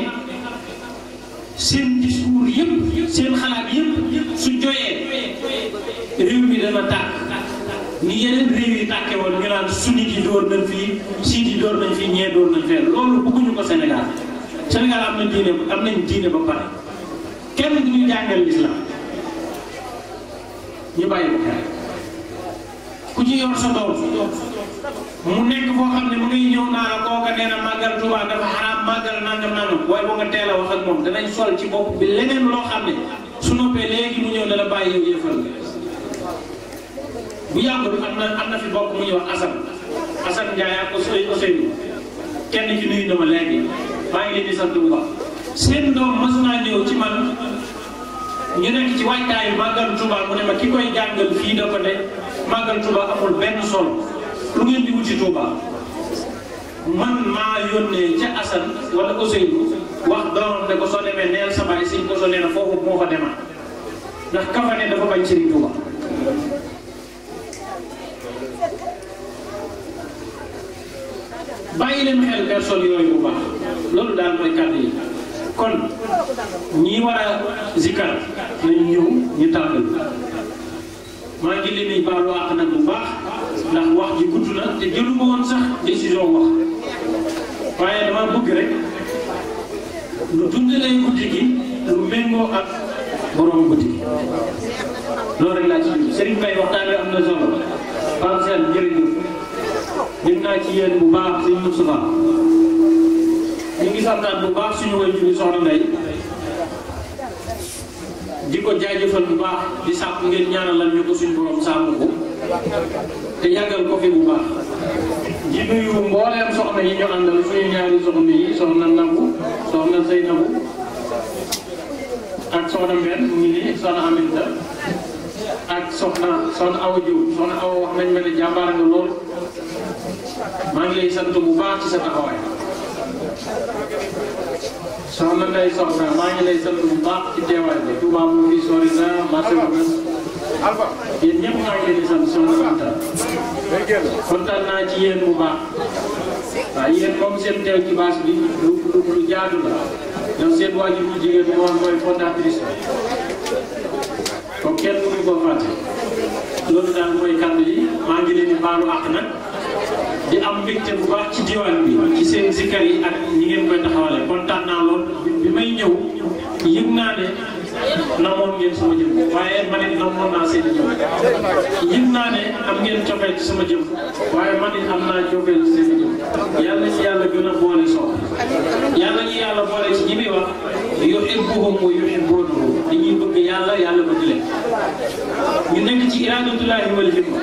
seen discours yëpp seen xalaat yëpp su joyee réew mi dana tàkk ni yeneen réew yi tàkke woon ñu naan sunni yi door nañ fii siit yi door nañ fii ñee door nañ fee loolu bëgguñu ko Sénégal Sénégal am na diine am nañ diine ba pare kenn du ñu jàngal lislaam ñu bàyyi ko xel ku ci yor sa mu nekk foo xam ne mu ngi ñëw naa la kooka nee na màggal Tuubaa dafa xaraam màggal nangam nangam waaye boo nga teel wax ak moom danañ sol ci bopp bi leneen loo xam ne su noppee léegi mu ñëw dana bàyyi yow yëfal bu yàggul am na am na fi bokk mu ñuy wax Assane Assane Ndiaye ak Ousseynou kenn ci nuyu dama léegi maa seen doom mas naa ñëw ci man ñu nekk ci waajtaayu màggal Tuubaa mu ne ma ki koy jàngal fii dafa ne màggal Tuubaa amul benn solo. lu ngeen di wut ci Touba man maa yónnee ca Assane wala Ousseynou wax doomam ne ko soo demee neel sa baay sëñ ko soo nee foofu moo fa demaat ndax ka fa ne dafa bañ Serigne Touba. bàyyi leen xel personne yooyu bu baax loolu daal mooy kàddu kon ñi war a zikar nañ ñëw ñu tàmbali. maa ngi leen di baalu àq nag bu baax ndax wax ji gudd na te jëluma sax décision wax waaye dama bëgg rek lu dundalee guddi gi lu méngoo ak borom guddi gi loolu rek laa ci jublu Serigne Mbaye waxtaan wi am na solo Pape Sène jërëjëf dégg naa ci yéen bu baax Serigne Moustapha ñu ngi santaan bu baax suñu way juri soxna diko jajeufal bu baax di sàpp ngeen ñaanalal ñu ko suñu borom sàmm bu te yagal ko fi bu baax di nuyu mbolem soxna yi ñu andal suñu ñaari soxna yi soxna nangu soxna say nangu ak soxna ben mu ngi ni soxna aminta ak soxna soxna awa jiw soxna awa wax nañu mel ne nga lool ma ngi lay sant bu baax ci sa taxaway soxna Ndeye Soxna maa ngi lay sant bu baax ci teewaay bi Touba mu ngi sori na marché bu gën yéen ñëpp maa ngi leen di sant soxna Fanta kontaan naa ci yéen bu baax waaw yéen moom seen teew ci bi lu lu lu jaadu la ndax seen waajur bu jigéen bi moom mooy fondatrice kon kenn mënu ko fàtte loolu daal mooy maa ngi leen di baalu àq di am mbégte bu baax ci diwaan bi ci seen sikkar yi ak ñi ngeen koy taxawale kontaan naa lool bi may ñëw yëg naa ne namoon ngeen sama jëm waaye man it namoon naa seen jëm yëg ne am ngeen cofeel ci sama jëm waaye man am naa cofeel la seen yàlla ci yàlla gën a boole soo yàlla ñu yàlla boole ci ñi muy wax yuhibbuhum wa yuhibbunahu dañuy bëgg yàlla yàlla bëgg leen ñu nekk ci iradatullahi wal himma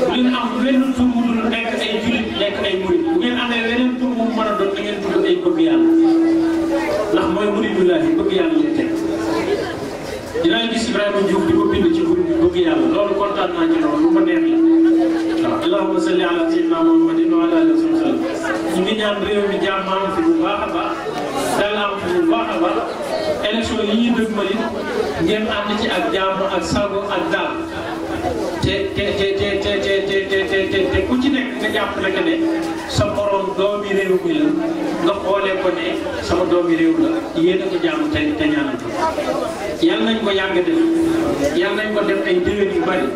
duñ am wenn tur bu dul nekk eh, ay eh, julit nekk eh, ay murid bu ngeen amee weneen tur bu mën a doon da ngeen tudd ay bëgg yàlla ndax mooy muridullahi bëgg yàlla lay teg dinaa gis Ibrahima Diouf di ko bind ci xur bi bëgg yàlla loolu kontaan naa ci loolu lu ko neex nah, la waaw allahumma salli ala sayyidina muhammadin wa ala alihi wa sallam ñu ngi ñaan réew mi jàmm am fi bu baax a baax dal am fi bu baax a baax élection yi ñuy dëgmal it ngeen ànd ci ak jàmm ak sago ak daal te te te te ku ci nekk nga jàpp la que ne sa borom doomi réew mi la nga xoolee ko ne sama doomi réew la yéen a ko jaamu te te ñaanal nañ ko yàgg def yal nañ ko def ay déwén yu bari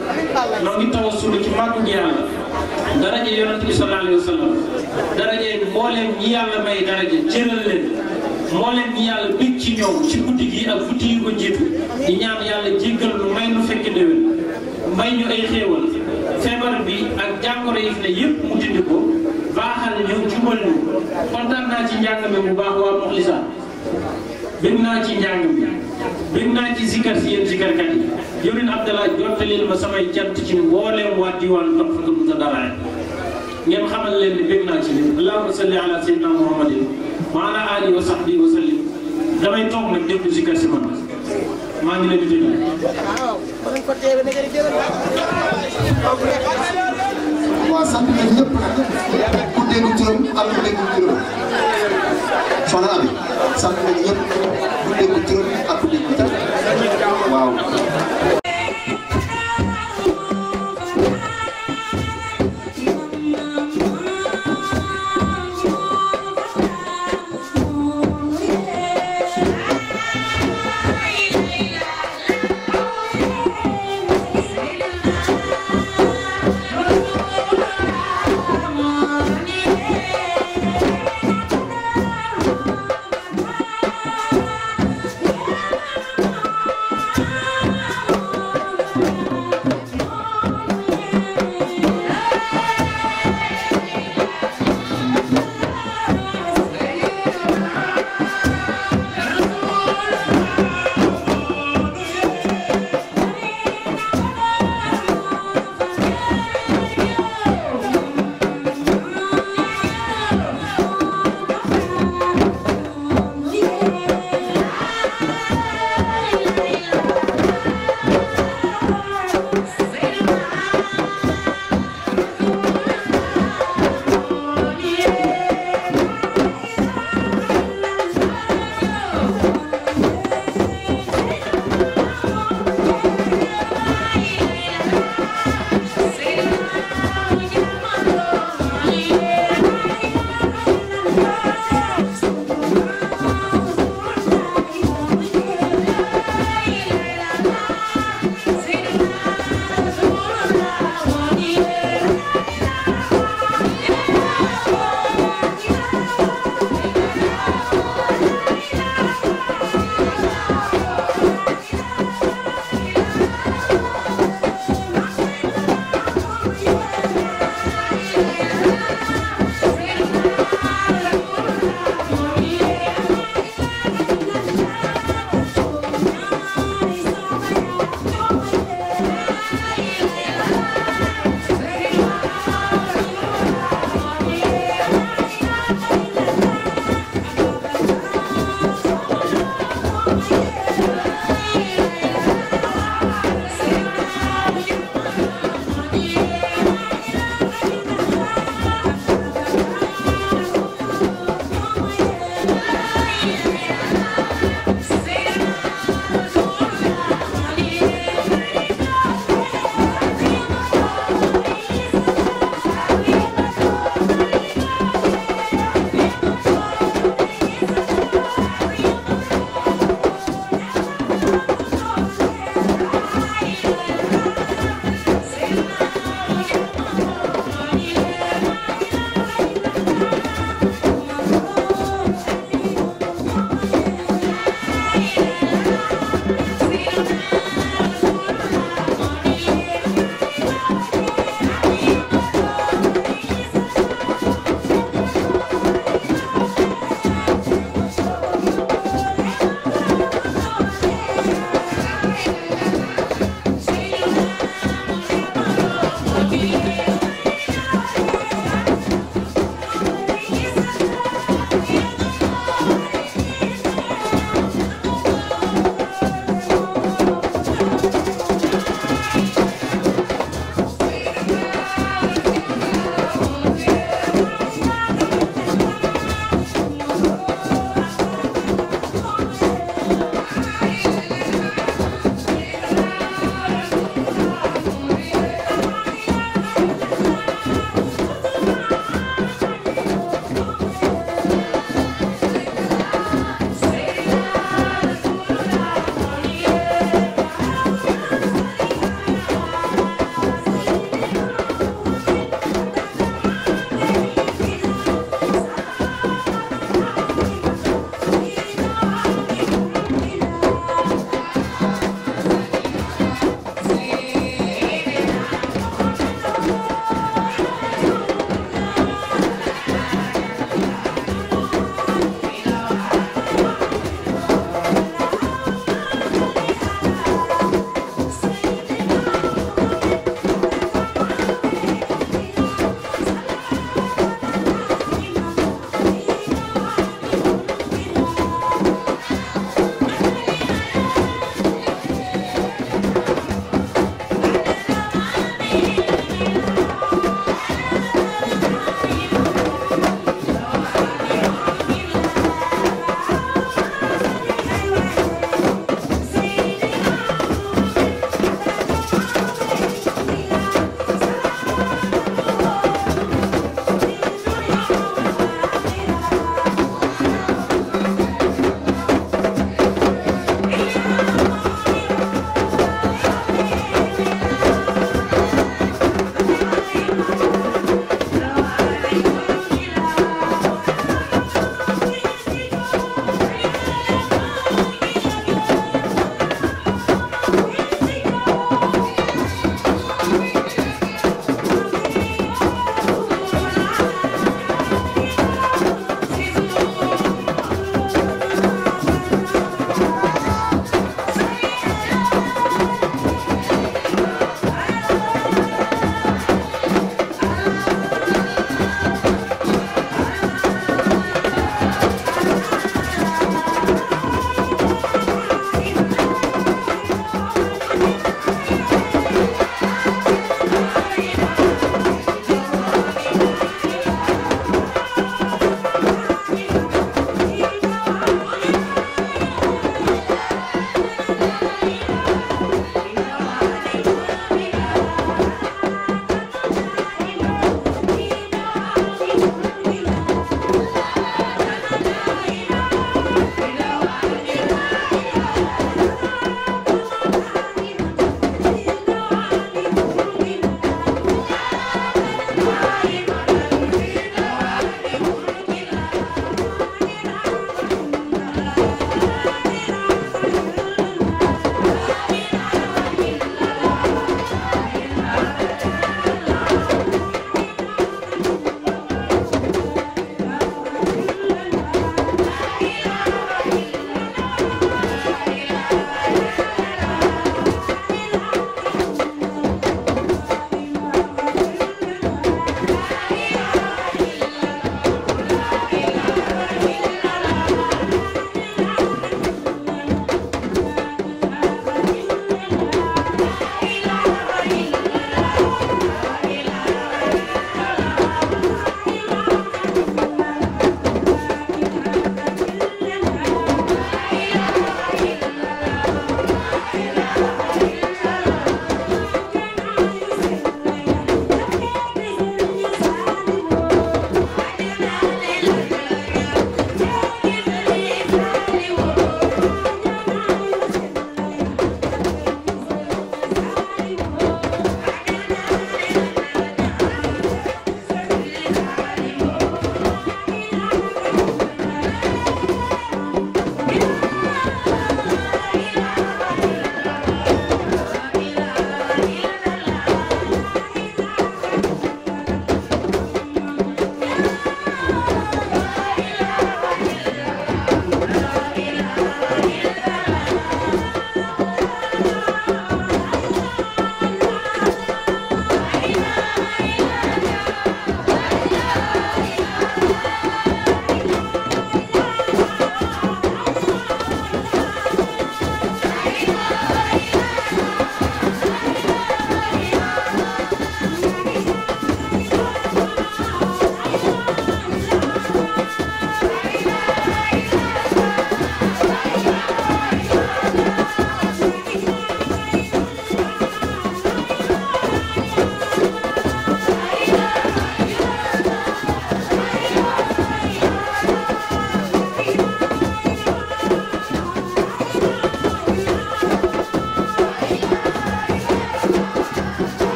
noo ngi tawassul ci màggu gi yàlla daraje yonent bi sallallahu alayhi wa sallam daraje mbooleem ñi yàlla may daraje jëral leen mbooleem ñi yàlla bég ci ñoom ci guddi gi ak guddi yi ko jiitu di ñaan yàlla jéggal lu may nu fekk déwén may ñu ay xéewal feebar bi ak jàngoro yi fi ne yëpp mu dindi ko baaxal ñu jubal ñu kontaan naa ci njàng mi baax waa Muxlisa bég naa ci njàng mi bég ci zikar si yéen zikarkat yi yorin Abdallah jottalil ma samay cant ci mbooleem waa diwaan Tahfatul Mutadarain ngeen xamal leen ni bég naa ci ñun allahumma salli ala sayyidina muhammadin wa ala wa sahbihi wa sallim damay toog nag déglu zikar si man maa ngi leen di nuyu. waaw sant nañ ñëpp nag ku dégg turam ak ku déggul turam soxna Ami sant nañ ñëpp ku dégg turam ak ku déggul turam waaw.